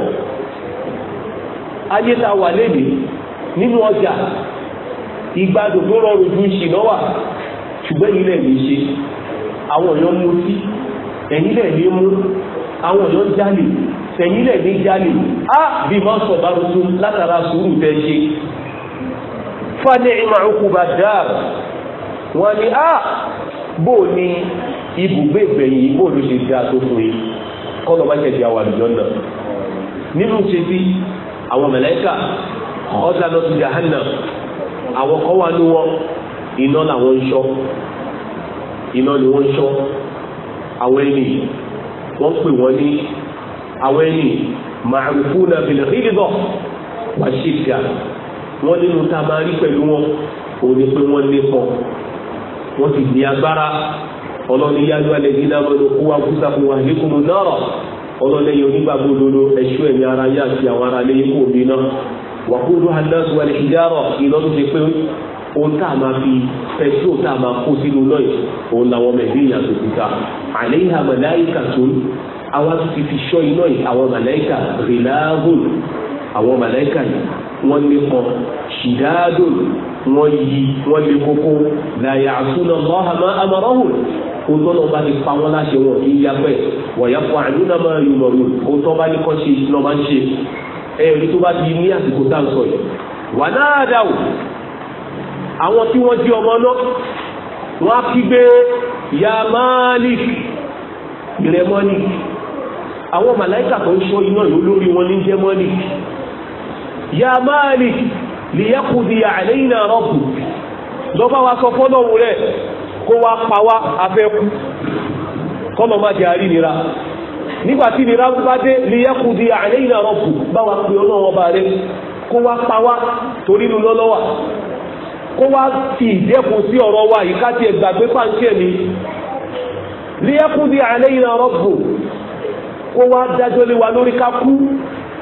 ayé ta wà nínú ọjà ìgbádùn tó rọrùn ju ìṣìná wà ṣùgbọ́n ilẹ̀ mi ṣe àwọn èèyàn mú sí ẹ̀yìn mi mú àwọn èèyàn ẹ̀yìn mi bó o ní ibùgbé ìgbẹ̀yìn bó o ló ṣe dáa tó fún yín kọ́nà bá ṣẹ̀ṣẹ̀ àwọn àlùjọ náà nínú ṣe bí àwọn mẹ̀lẹ́kà ọ̀dà lọ sí jahanna àwọn kan wà ní wọn iná làwọn ń ṣọ́ iná ni wọ́n ń ṣọ́ àwọn ẹni wọ́n pè wọ́n ní àwọn ẹni màrúfúnà bìlẹ̀ rídìbọ̀ wàṣíkà wọ́n nínú tá a máa rí pẹ̀lú wọn òun ni pé wọ́n nípọn wọ́n ti ní agbára ọlọ́ni yá ló alẹ́ nílá wọn kó wá kúta fún wa ní kùnú náà ọlọ́lẹ́ yóò nígbà gbódodo ẹ̀ṣọ́ ẹ̀mí ara yá àti àwọn ará lẹ́yìn kò bí náà wà kó ló hàn náà wà ní ìlọ́dún ti pé ohun tá a máa fi ẹ̀ṣọ́ tá a máa kó sínú náà òun làwọn mẹ̀bí ìyàtọ̀ síta àlẹ́yìn àmàláyíkà tó àwọn ti fi ṣọ́ iná yìí àwọn màláyíkà rìlágùn àwọn màláyíkà yìí wọ́n ní kan ṣìdáàdùn wọ́n yí wọ́n lé kókó làyà àtúnà mọ́hàmá amọ̀rọ́hùn kó tọ́nà bá ti pa wọ́n láṣẹ wọn kì í yàgbẹ́ wọ̀nyá fún àdúrà máa yọ mọ̀rún kó tọ́ bá ní kọ́ ṣe iná máa ń ṣe ẹ̀rí tó bá di ní àsìkò tá à ń sọ yìí wà náà dà o àwọn tí wọ́n jí ọmọ náà wọ́n á kígbe ya Malik rẹ̀ Malik àwọn màláìkà tó ń ṣọ́ iná yìí olórí wọn ní jẹ́ Malik ya Malik lìyẹ́kùdì àlẹ́yìn náà rọ́pù lọ́ba wa sọ fọ́lọ́wù rẹ̀ kó wa pa wá afẹ́kù kọ́nà má jẹ́ àrí nira nígbà tí nira bá dé lìyẹ́kùdì àlẹ́yìn náà bá wa pè ọlọ́run ọba rẹ̀ kó wa pa wá torí inú lọ́lọ́wà kó wa fi ìdẹ́kun sí ọ̀rọ̀ wa yìí ká tiẹ̀ gbàgbé pàǹtí ẹ̀ ni lìyẹ́kùdì kó wa dájọ́ lé wa lórí ká kú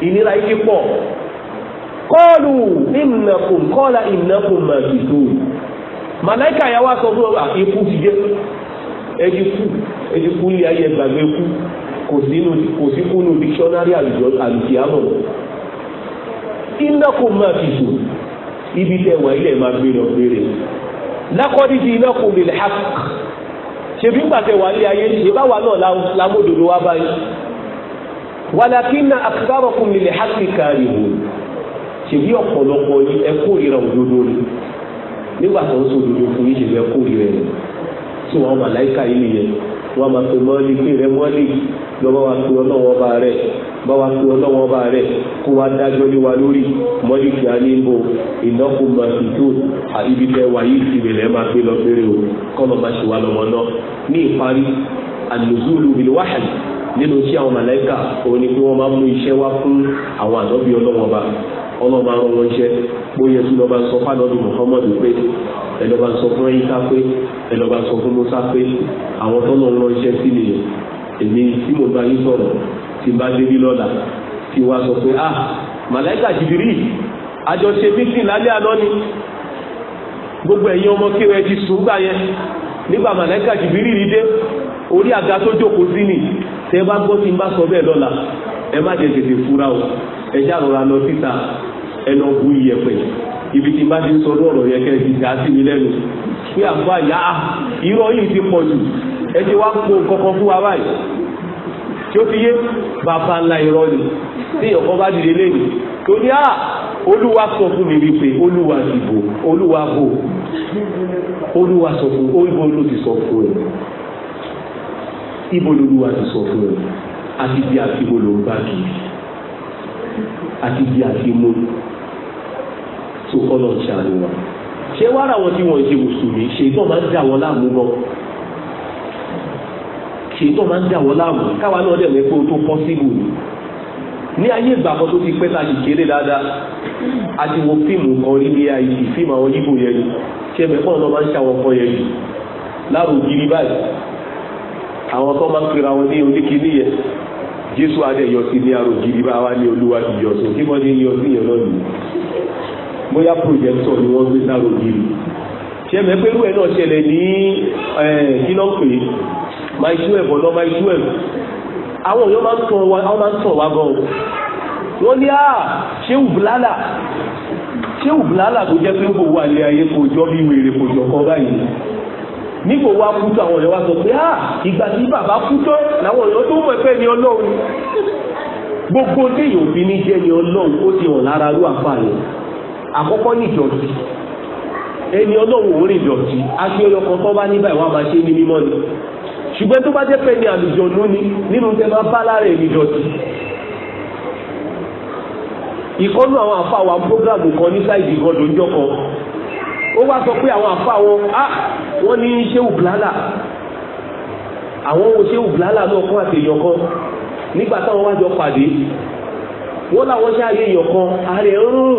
ìnira yìí pọ̀ kọ́ọ̀lù ìnàkùn kọ́ọ̀lá ìnàkùn màgìdù màláìkà yà wá sọ fún ọ ikú ti dé ẹdí kú ẹdí kú ní ayé gbàgbé kú kò sí kú nù dictionary àlùkìyàmọ̀ ìnàkùn màgìdù ibi tẹ wà ilẹ̀ máa gbé lọ gbére lákọ́dídì ìnàkùn lè hàk ṣèbí gbàtẹ wà ní ayé ṣèbáwa náà lámódodo wá báyìí wàlákínà àkàrọ̀kùn lè hàk kárìhùn ṣèbí ọ̀pọ̀lọpọ̀ ni ẹ kórìíra òdodo ni nígbà tó ń sọ òdodo fún yín ṣèbí ẹ kórìíra ẹ̀ tí wọ́n màláìka yìí nìyẹn wọ́n máa pe mọ́lì pé rẹ mọ́lì lọ́wọ́ wa pe ọlọ́wọ́ bá rẹ̀ bá wa pe ọlọ́wọ́ bá rẹ̀ kó wa dájọ́ lé wa lórí mọ́lì kí a ní bo ìnáko màtìtò àbíbi tẹ wa yìí ìsìnkú rẹ̀ máa pe lọ péré o kọ́mọ máa ṣe wa lọ́mọ náà ní ìparí àlùzúlù bìlú wáhàlì nínú iṣẹ́ àwọn màláìka òun ni pé wọ́n máa mú iṣẹ́ wá fún àwọn àdọ́bí ọlọ́wọ́ bá ọlọ́ba rán wọn iṣẹ́ bóyá sí lọ́ba sọ fálọ́bì Muhammad pé ẹlọ́ba sọ fún ẹ̀yíká pé ẹlọ́ba sọ fún Musa pé àwọn tọ́nà rán iṣẹ́ sí nìyẹn èmi tí mo bá yín sọ̀rọ̀ tí bá débí lọ́la tí wàá sọ pé ah màláìkà jìbìrì àjọṣe mítìn lálẹ́ àná ni gbogbo ẹ̀yin ọmọ kí ẹ ti sùn gbà yẹn nígbà màláìkà jìbìrì rí dé orí àga tó jókòó sí ni tẹ bá gbọ́ tí n bá sọ bẹ́ẹ̀ lọ́la ẹ má jẹ tètè fura o ẹjá rọra lọ síta ẹnà bu iyẹ̀pẹ̀ ibi tí bá ti sọ lọ́rọ̀ yẹ kẹ́ ti dá sí mi lẹ́nu pé àgbà yá irọ́ yìí ti pọ̀ jù ẹ ti wá kó kọ́kọ́ fún wa báyìí tí ó fi yé bàbá ńlá irọ́ ni tí ọkọ bá dìde lẹ́nu tó ní à olúwa sọ fún mi wípé olúwa dìbò olúwa bò olúwa sọ fún olúwa ló ti sọ fún ẹ ibo lolúwa ti sọ fún ẹ àti bí àfihàn ló ń bá kiri àti bí àti mú tó kọ́ lọ́ọ́ ṣàánú wa ṣé wàrà wọn tí wọ́n ṣe mùsùlùmí ṣe tó máa ń dà wọ́n láàmú gan ṣe tó máa ń dà wọ́n láàmú káwa náà dẹ̀ mẹ́kọ́ tó pọ́síbù ni ní ayé ìgbà kan tó ti pẹ́ ta kìkéré dáadáa a ti wo fíìmù kan rí ní ayé fíìmù àwọn yíbò yẹn ni ṣé mẹ́kọ́ náà máa ń ṣàwọn kan yẹn ni láàrú gidi báyìí àwọn kan máa ń pera wọn ní oníkìní yẹn jésù adé yọ sí ní arò gidi bá wá ní olúwa ti yọ sókè wọ́n ní yọ sí yẹn lọ́nìí bóyá projector ni wọ́n gbé sáró gidi ṣe mẹ́pẹ́rú ẹ̀ náà ṣẹlẹ̀ ní kí ló ń pè é my twelve ọ̀nà my twelve àwọn èèyàn máa ń tàn wá wọ́n máa ń tàn wá gan wọ́n ní à ah, ṣéwù bùlálà ṣéwù bùlálà tó jẹ́ pé gbogbo wà ní ayé kò jọ bí wèrè kò jọ kọ́ báyìí nígbò wá kú tó àwọn èèyàn wá sọ pé ah ìgbà tí bàbá kú tó làwọn èèyàn tó mọ̀ pé ni ọlọ́run gbogbo téèyàn òbí ní jẹ́ ni ọlọ́run ó ti hàn lára ló àfààní àkọ́kọ́ ní ìdọ̀tí ẹni ọlọ́run òun rìn ìdọ̀tí aṣọ ẹyọ kan tó bá ní báyìí wọ́n á máa ṣe ní mímọ́ ni ṣùgbọ́n tó bá jẹ́ pé ní àlùjọ̀nú ni nínú tẹ máa bá lára ẹ̀mí ìdọ̀tí ìkọ́nú àwọn àfa àwọn prógráàmù kan ní sáìdì gọdọ̀ ńjọ́ kan ó wá sọ pé àwọn àfa wọn á ah, wọ́n ní ṣéwù blálà àwọn wo ṣéwù blálà náà kọ́ àtẹ̀yàn kan nígbà táwọn wájọ pàdé wọ́n làwọn ṣe ayé èèyàn kan ààrẹ ń rún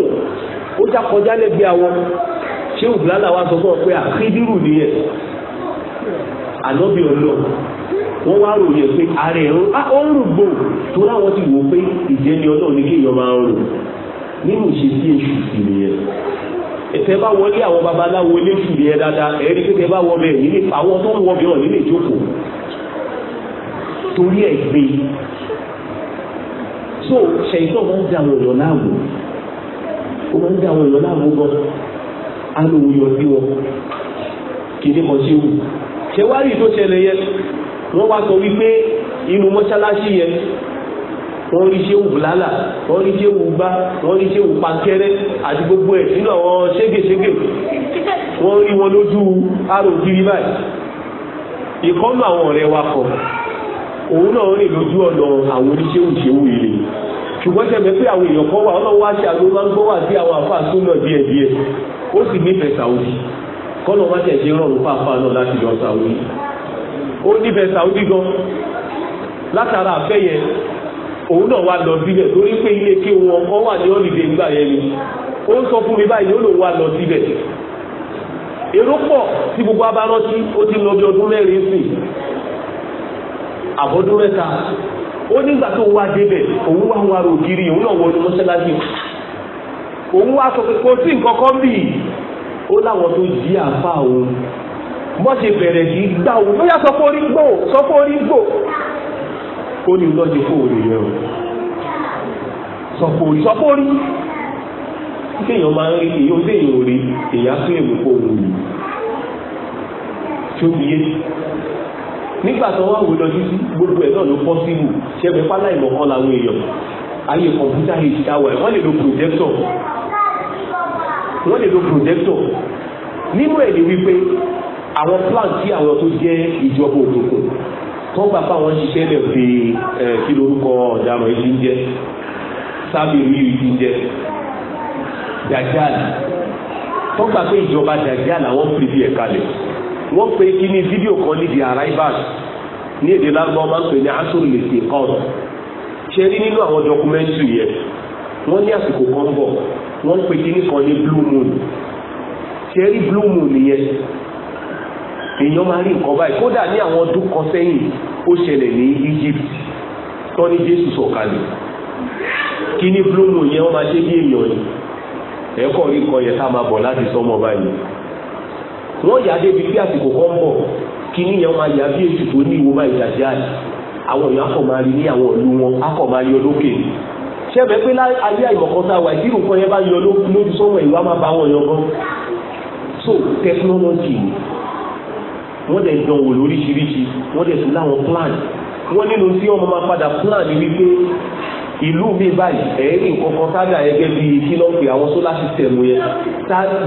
ó já kọjá lẹ́gbẹ̀ẹ́ àwọn ṣéwù blálà wá sọ fún ọ pé àkídírù ah, nìyẹn ànábì ọlọ wọ́n wá ròyìn pé ààrẹ ń rún ah, gbò tó láwọn ti wò pé ìjẹni ọlọ́run ní kéèyàn máa ń rùn nínú ìṣesí èṣù sí nìyẹn ìtẹ́ bá wọlé àwọn babaláwo eléfù yẹn dáadáa ẹ̀rí pé tẹ́ bá wọ bẹ́ẹ̀ yìí nípa àwọn tó ń wọ bẹ́ẹ̀ nílé ìjókòó torí ẹ̀ gbé so ṣèyítọ́ máa ń da àwọn èèyàn láàmú ó máa ń da àwọn èèyàn láàmú gan alówó yọ bí wọn kéde kan ṣe wù ṣé wá rí tó ṣẹlẹ̀ yẹn wọ́n wá sọ wípé inú mọ́ṣáláṣí yẹn wọ́n rí ṣéwù bùlálà wọ́n rí ṣéwù gbá wọ́n rí ṣéwù pankẹ́rẹ́ àti gbogbo ẹ̀ nínú àwọn ṣégeṣége wọ́n rí wọn lójú arò kiri báyìí ìkọ́nù àwọn ọ̀rẹ́ wa kọ̀ òun náà rìn lójú ọ̀nà àwọn oníṣéwù ṣéwù ilé ṣùgbọ́n tẹ̀mẹ́ pé àwọn èèyàn kan wà ọlọ́wọ́ àṣẹ àlọ́ máa ń wà sí àwọn àfáà tó lọ díẹ̀ díẹ̀ ó sì nífẹ̀ẹ́ sàwùdí kọ́nà wá tẹ̀ ṣe rọrùn fáfá náà láti lọ sàwùdí ó nífẹ̀ẹ́ sàwùdí gan látara àfẹ́ òun náà wa lọ síbẹ̀ torí pé ilé kí wọn ọ wà ní ọ̀nìdè nígbà yẹn ni ó ń sọ fún mi báyìí ó lòun wá lọ síbẹ̀ èrò pọ̀ tí gbogbo ó ti lọ bí ọdún mẹ́rin sí àbọ̀dún mẹ́ta ó nígbà tó wá débẹ̀ òun wá wá rògiri òun náà wọnú mọ́ṣáláṣí òun sọ pé kò sí nǹkan kan bì í ó láwọn tó jí àfa òun ó ní lọ́jọ́ kó òrì rẹ̀ o sọ̀kòrì sọ̀kòrì téèyàn máa ń rí èyí ó déèyàn ò rí èyí á tún èmú kó òun yìí tí ó fi yé nígbà tó wá wò lọ sí gbogbo ẹ̀ náà ló bọ́ síbù ṣẹ́gbẹ́ pálá ìmọ̀kan làwọn èèyàn ayé kọ̀ǹpútà yìí ṣáwà ẹ̀ wọ́n lè lo projector wọ́n lè lo projector nínú ẹ̀ ni wípé àwọn plan tí àwọn tó jẹ́ ìjọba òkùnkùn wọ́n gbà pé àwọn ṣiṣẹ́ lẹ̀ fi kí lórúkọ ọ̀daràn ìdí ń jẹ́ sábìrì ìdí ń jẹ́ dàjáàlì wọ́n gbà pé ìjọba dàjáàlì àwọn pèbí ẹ̀ka lẹ̀ wọ́n pe kí ní fídíò kan nídìí arrival ní èdè lágbọ́n máa ń pè ní asúrù lè ṣe kọ́ ṣe rí nínú àwọn dọkumẹ́ntì yẹn wọ́n ní àsìkò kan bọ̀ wọ́n pe kí ní kan ní blue moon ṣe rí blue moon yẹn èèyàn máa rí nǹkan báyìí kódà ní àwọn ọdún kan sẹ́yìn ó ṣẹlẹ̀ ní Egypt tó ní Jésù sọ̀kalẹ̀ kí ní blóòmù yẹn wọ́n máa ṣe bí èèyàn yìí ẹ̀kọ́ rí kan yẹn tá a máa bọ̀ láti sọmọ báyìí wọ́n yà á débi pé àsìkò kan bọ̀ kí ní yẹn máa yà bí èsù tó ní ìwò báyìí dàjẹ́ àyè àwọn èèyàn akọ̀ máa rí ní àwọn ìlú wọn akọ̀ máa yọ lókè ṣẹ́bẹ̀ pé ayé àìmọ̀kan wà ìdírù kan yẹn bá yọ lójú sọ́wọ́ ìwà máa bá wọn yọ gan so technology wọ́n dẹ̀ dán wò lóríṣiríṣi wọ́n dẹ̀ tún láwọn plan wọ́n nínú tí wọ́n máa padà plan ni wípé ìlú mi báyìí ẹ̀ẹ́rì kankan sábà gẹ́gẹ́ bí kílọ̀pì àwọn solar system yẹn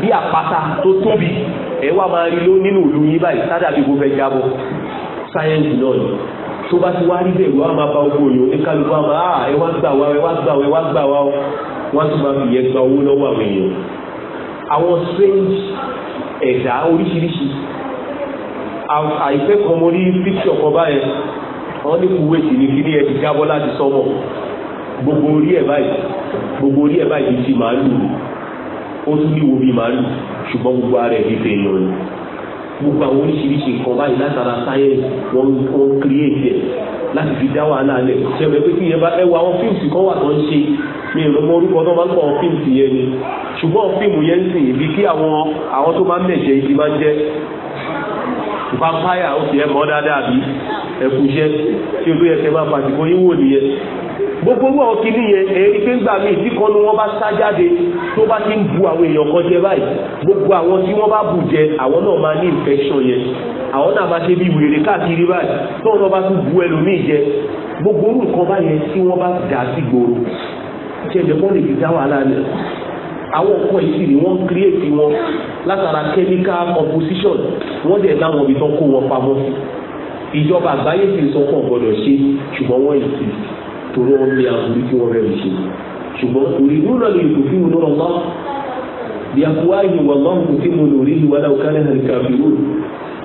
bí àpáta tó tóbi ẹ wá máa rí ló nínú ìlú yín báyìí sábà bí kò fẹ́ jábọ́ sáyẹ́ǹsì náà ni tó bá ti wá rí bẹ́ẹ̀ wá máa bá owó yòó ní kálukú àmọ́ à ah, ẹ wá gbà wá ẹ wá gbà wá ẹ wá gbà wá wọ́n tún máa fi yẹn gba owó lọ́wọ́ àwọn èèyàn àwọn strange ẹ̀dá oríṣiríṣi àìpẹ́ kan mo rí píṣọ̀ kan báyẹn wọ́n ní kúwèsì ní kíní ẹ̀ ti jábọ́ láti sọ́mọ̀ gbogbo orí ẹ̀ báyìí gbogbo orí ẹ̀ báyìí ti máa lù ó tún ní wo bí máa lù ṣùgbọ́n gbogbo ara ẹ̀ fífẹ́ yàn ni gbogbo àwọn oríṣiríṣi nǹkan báyìí látara sáyẹ́ǹsì wọ́n wọ́n kírèétì ẹ̀ láti fi dá wàhálà lẹ̀ ṣẹlẹ̀ pé kí yẹn bá ẹwà àwọn fíìmù kan wà tó ń ṣe mi ìlú mọ orúkọ tó máa ń pọ̀ fíìmù ti ni ṣùgbọ́n fíìmù yẹn ń sìn ibi kí àwọn àwọn tó máa ń mẹ̀jẹ̀ ibi máa ń jẹ́ vampire ó fi ẹ mọ́ dáadáa bí ẹ̀kúṣẹ́ tí o tó yẹ kẹ́ máa pàṣípò yín wò nìyẹn gbogbo owó ọ̀kì nìyẹn èyí pé ńgbà míì tí kan ní wọ́n bá sá jáde tó bá ti ń bu àwọn èèyàn kan jẹ báyìí gbogbo àwọn tí wọ́n bá bù jẹ àwọn náà máa ní infection yẹn àwọn náà máa ṣe bí wèrè káàkiri báyìí tó wọn bá tún bu ẹlòmíì jẹ gbogbo orú nǹkan báyẹn tí wọ́n bá dà sí gbòòrò jẹ́ ẹ̀dẹ̀kọ́ lè àwọn nǹkan ìsìn ni wọ́n kírètì wọn látara chemical composition wọ́n dẹ̀ láwọn ibi tó kó wọn pamọ́ sí ìjọba àgbáyé sì sọ fún ọ̀gbọ́dọ̀ ṣe ṣùgbọ́n wọ́n ìsìn torí wọn lé aburú tí wọ́n fẹ́ ṣe ṣùgbọ́n orí inú náà lè kò sí inú náà mọ́ bí akuwa yìí wọ́n mọ́ kò sí mo lórí ìwà náà kálẹ̀ hàn kàbírù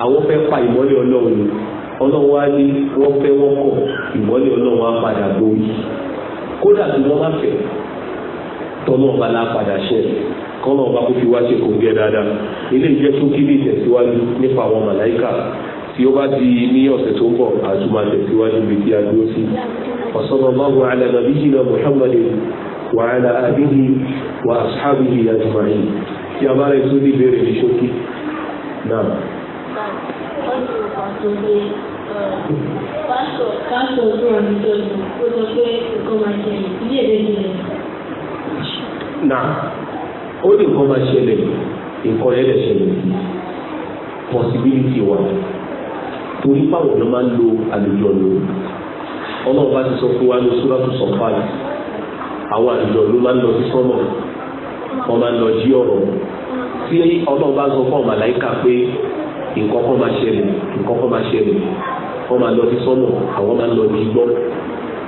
àwọn fẹ́ pa ìmọ́lẹ̀ ọlọ́run ọlọ́run á ní wọ́n fẹ́ wọ́n kọ̀ ìmọ́lẹ̀ ọlọ́run á padà gbóyè kódà tí wọ́n bá fẹ́ tọ́lọ́ ọba lápadà ṣe kọ́lọ́ ọba kó fi wá ṣe kò gẹ́ dáadáa ilé ìjẹ́ sókí ní ìtẹ̀síwájú nípa àwọn màláìkà tí ó bá di ní ọ̀sẹ̀ tó ń bọ̀ àtúmọ̀ àtẹ̀síwájú bí kí a dúró sí ọ̀sọ́nà máwùn alẹ́nà bí jìnnà muhammadin wà á la àbíyí wà á sábìyí àjùmáyì tí a bá rẹ̀ tó ní ìbéèrè ní ṣókí náà. pásítọ̀ pásítọ̀ tó wà ní ìjọba ó sọ pé nǹkan máa jẹ ìdílé rẹ̀ náà ó ní nǹkan máa ṣẹlẹ̀ nǹkan yẹn ṣẹlẹ̀ sí possibility wa torí báwo ló máa ń lo àlùjọ̀nù ọlọ́run bá ti sọ fún wa ní sóràtú sọ̀fàlì àwọn àlùjọ̀nù máa ń lọ sí sọ́nà wọ́n máa ń lọ jí ọ̀rọ̀ tí ọlọ́run bá sọ fún màláíkà pé nǹkan kan máa ṣẹlẹ̀ nǹkan kan máa ṣẹlẹ̀ wọ́n máa lọ sí sọ́nà àwọn máa ń lọ jí gbọ́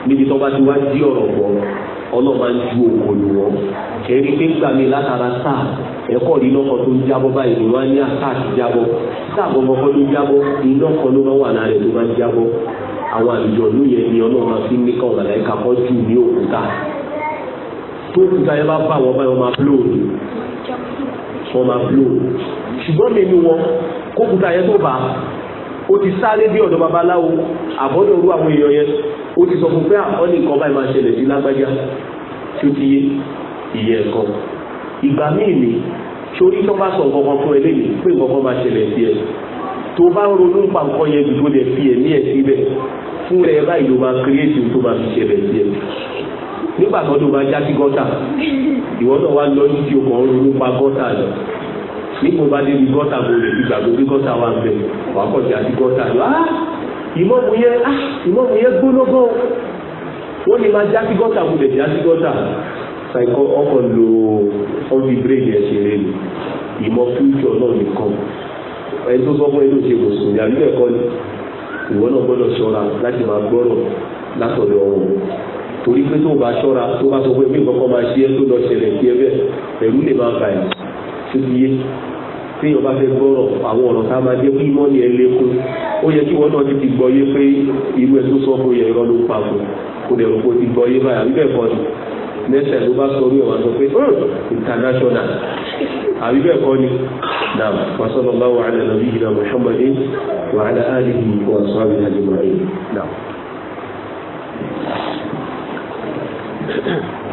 níbi tó bá ti wá jí ọ̀rọ̀ gbọ́ ọlọ́mọ ń ju òkò lù wọ́n ẹ̀rí pé gbà mí látara sáà ẹ̀kọ́ rí lọ́kọ̀ tó ń jábọ́ báyìí ni wọ́n á ní àkáàtì jábọ́ sáà gbọ́ngàn kọ́ ló jábọ́ iná kan ló máa wà lára ẹ̀ ló máa ń jábọ́ àwọn àlùjọ ló yẹ ni ọlọ́mọ fi ń níkà ọ̀gàdà ẹ̀ka kọ́ jù ní òkúta tó òkúta yẹn bá bá wọn báyọ̀ máa blóòdù wọn máa blóòdù ṣùgbọ́n mi ni wọn kókúta yẹn tó bá o ti sáré bí ọ̀dọ̀ babaláwo àbọ̀dọ̀ ru àwọn èèyàn yẹn ó ti sọ fún pé àkọ́lé ah, nǹkan báyìí máa ṣẹlẹ̀ sí lágbájá tí ó ti yé ìyẹn nǹkan ìgbà míì ni sórí tó bá sọ nǹkan kan fún ẹ lẹ́yìn pé nǹkan kan máa ṣẹlẹ̀ sí ẹ tó bá ń ronú pa nǹkan yẹn ju tó lè fi ẹ̀mí ẹ̀ síbẹ̀ fún ẹ báyìí ló máa kírètì tó máa fi ṣẹlẹ̀ sí ẹ nígbà tó bá já sí gọ́tà ìwọ náà wá lọ sí ọkọ̀ ronú pa gọ́tà lọ nígbà bá débi gọ́tà mo lè fi gbàgbọ́ bí gọ́tà wà ń bẹ̀ já sí gọ́tà lọ ah! ìmọ̀mù yẹn ah, ìmọ̀mù yẹn gbónógó wọ́n ní máa já sí gọ́tà mo lè já sí gọ́tà ṣàìkọ́ ọkọ̀ lo ọ́nbí bírèdì ẹ̀ṣẹ̀ rẹ̀ ni ìmọ̀ fíjọ náà nìkan ẹni tó sọ fún ẹni tó ṣe mùsùlùmí àbíbẹ̀ kọ́ ni ìwọ náà gbọ́dọ̀ ṣọ́ra láti máa gbọ́rọ̀ látọ̀dọ̀ wọn torí pé tó bá ṣọ́ra tó bá sọ pé mí nǹkan kan máa ṣe é tó lọ ṣẹlẹ̀ sí ẹ bẹ́ẹ̀ ẹ̀rú tí yóò bá fẹ́ gbọ́rọ̀ àwọn ọ̀rọ̀ tá a máa jẹ́ kí mọ́ ní ẹ lékún ó yẹ kí wọ́n náà ti ti gbọ́ yé pé irú ẹ̀ tó sọ fún yẹn irọ́ ló pa kù kò dẹ̀ rògbò ti gbọ́ yé báyà wípé ẹ̀kọ́ ni nẹ́sẹ̀ ló bá sọ orí ọ̀wá sọ pé hmm, international àbí bẹ́ẹ̀ kọ́ ni naam wa sallallahu ala nabiyyina muhammadin wa ala alihi wa ashabihi ajma'in naam.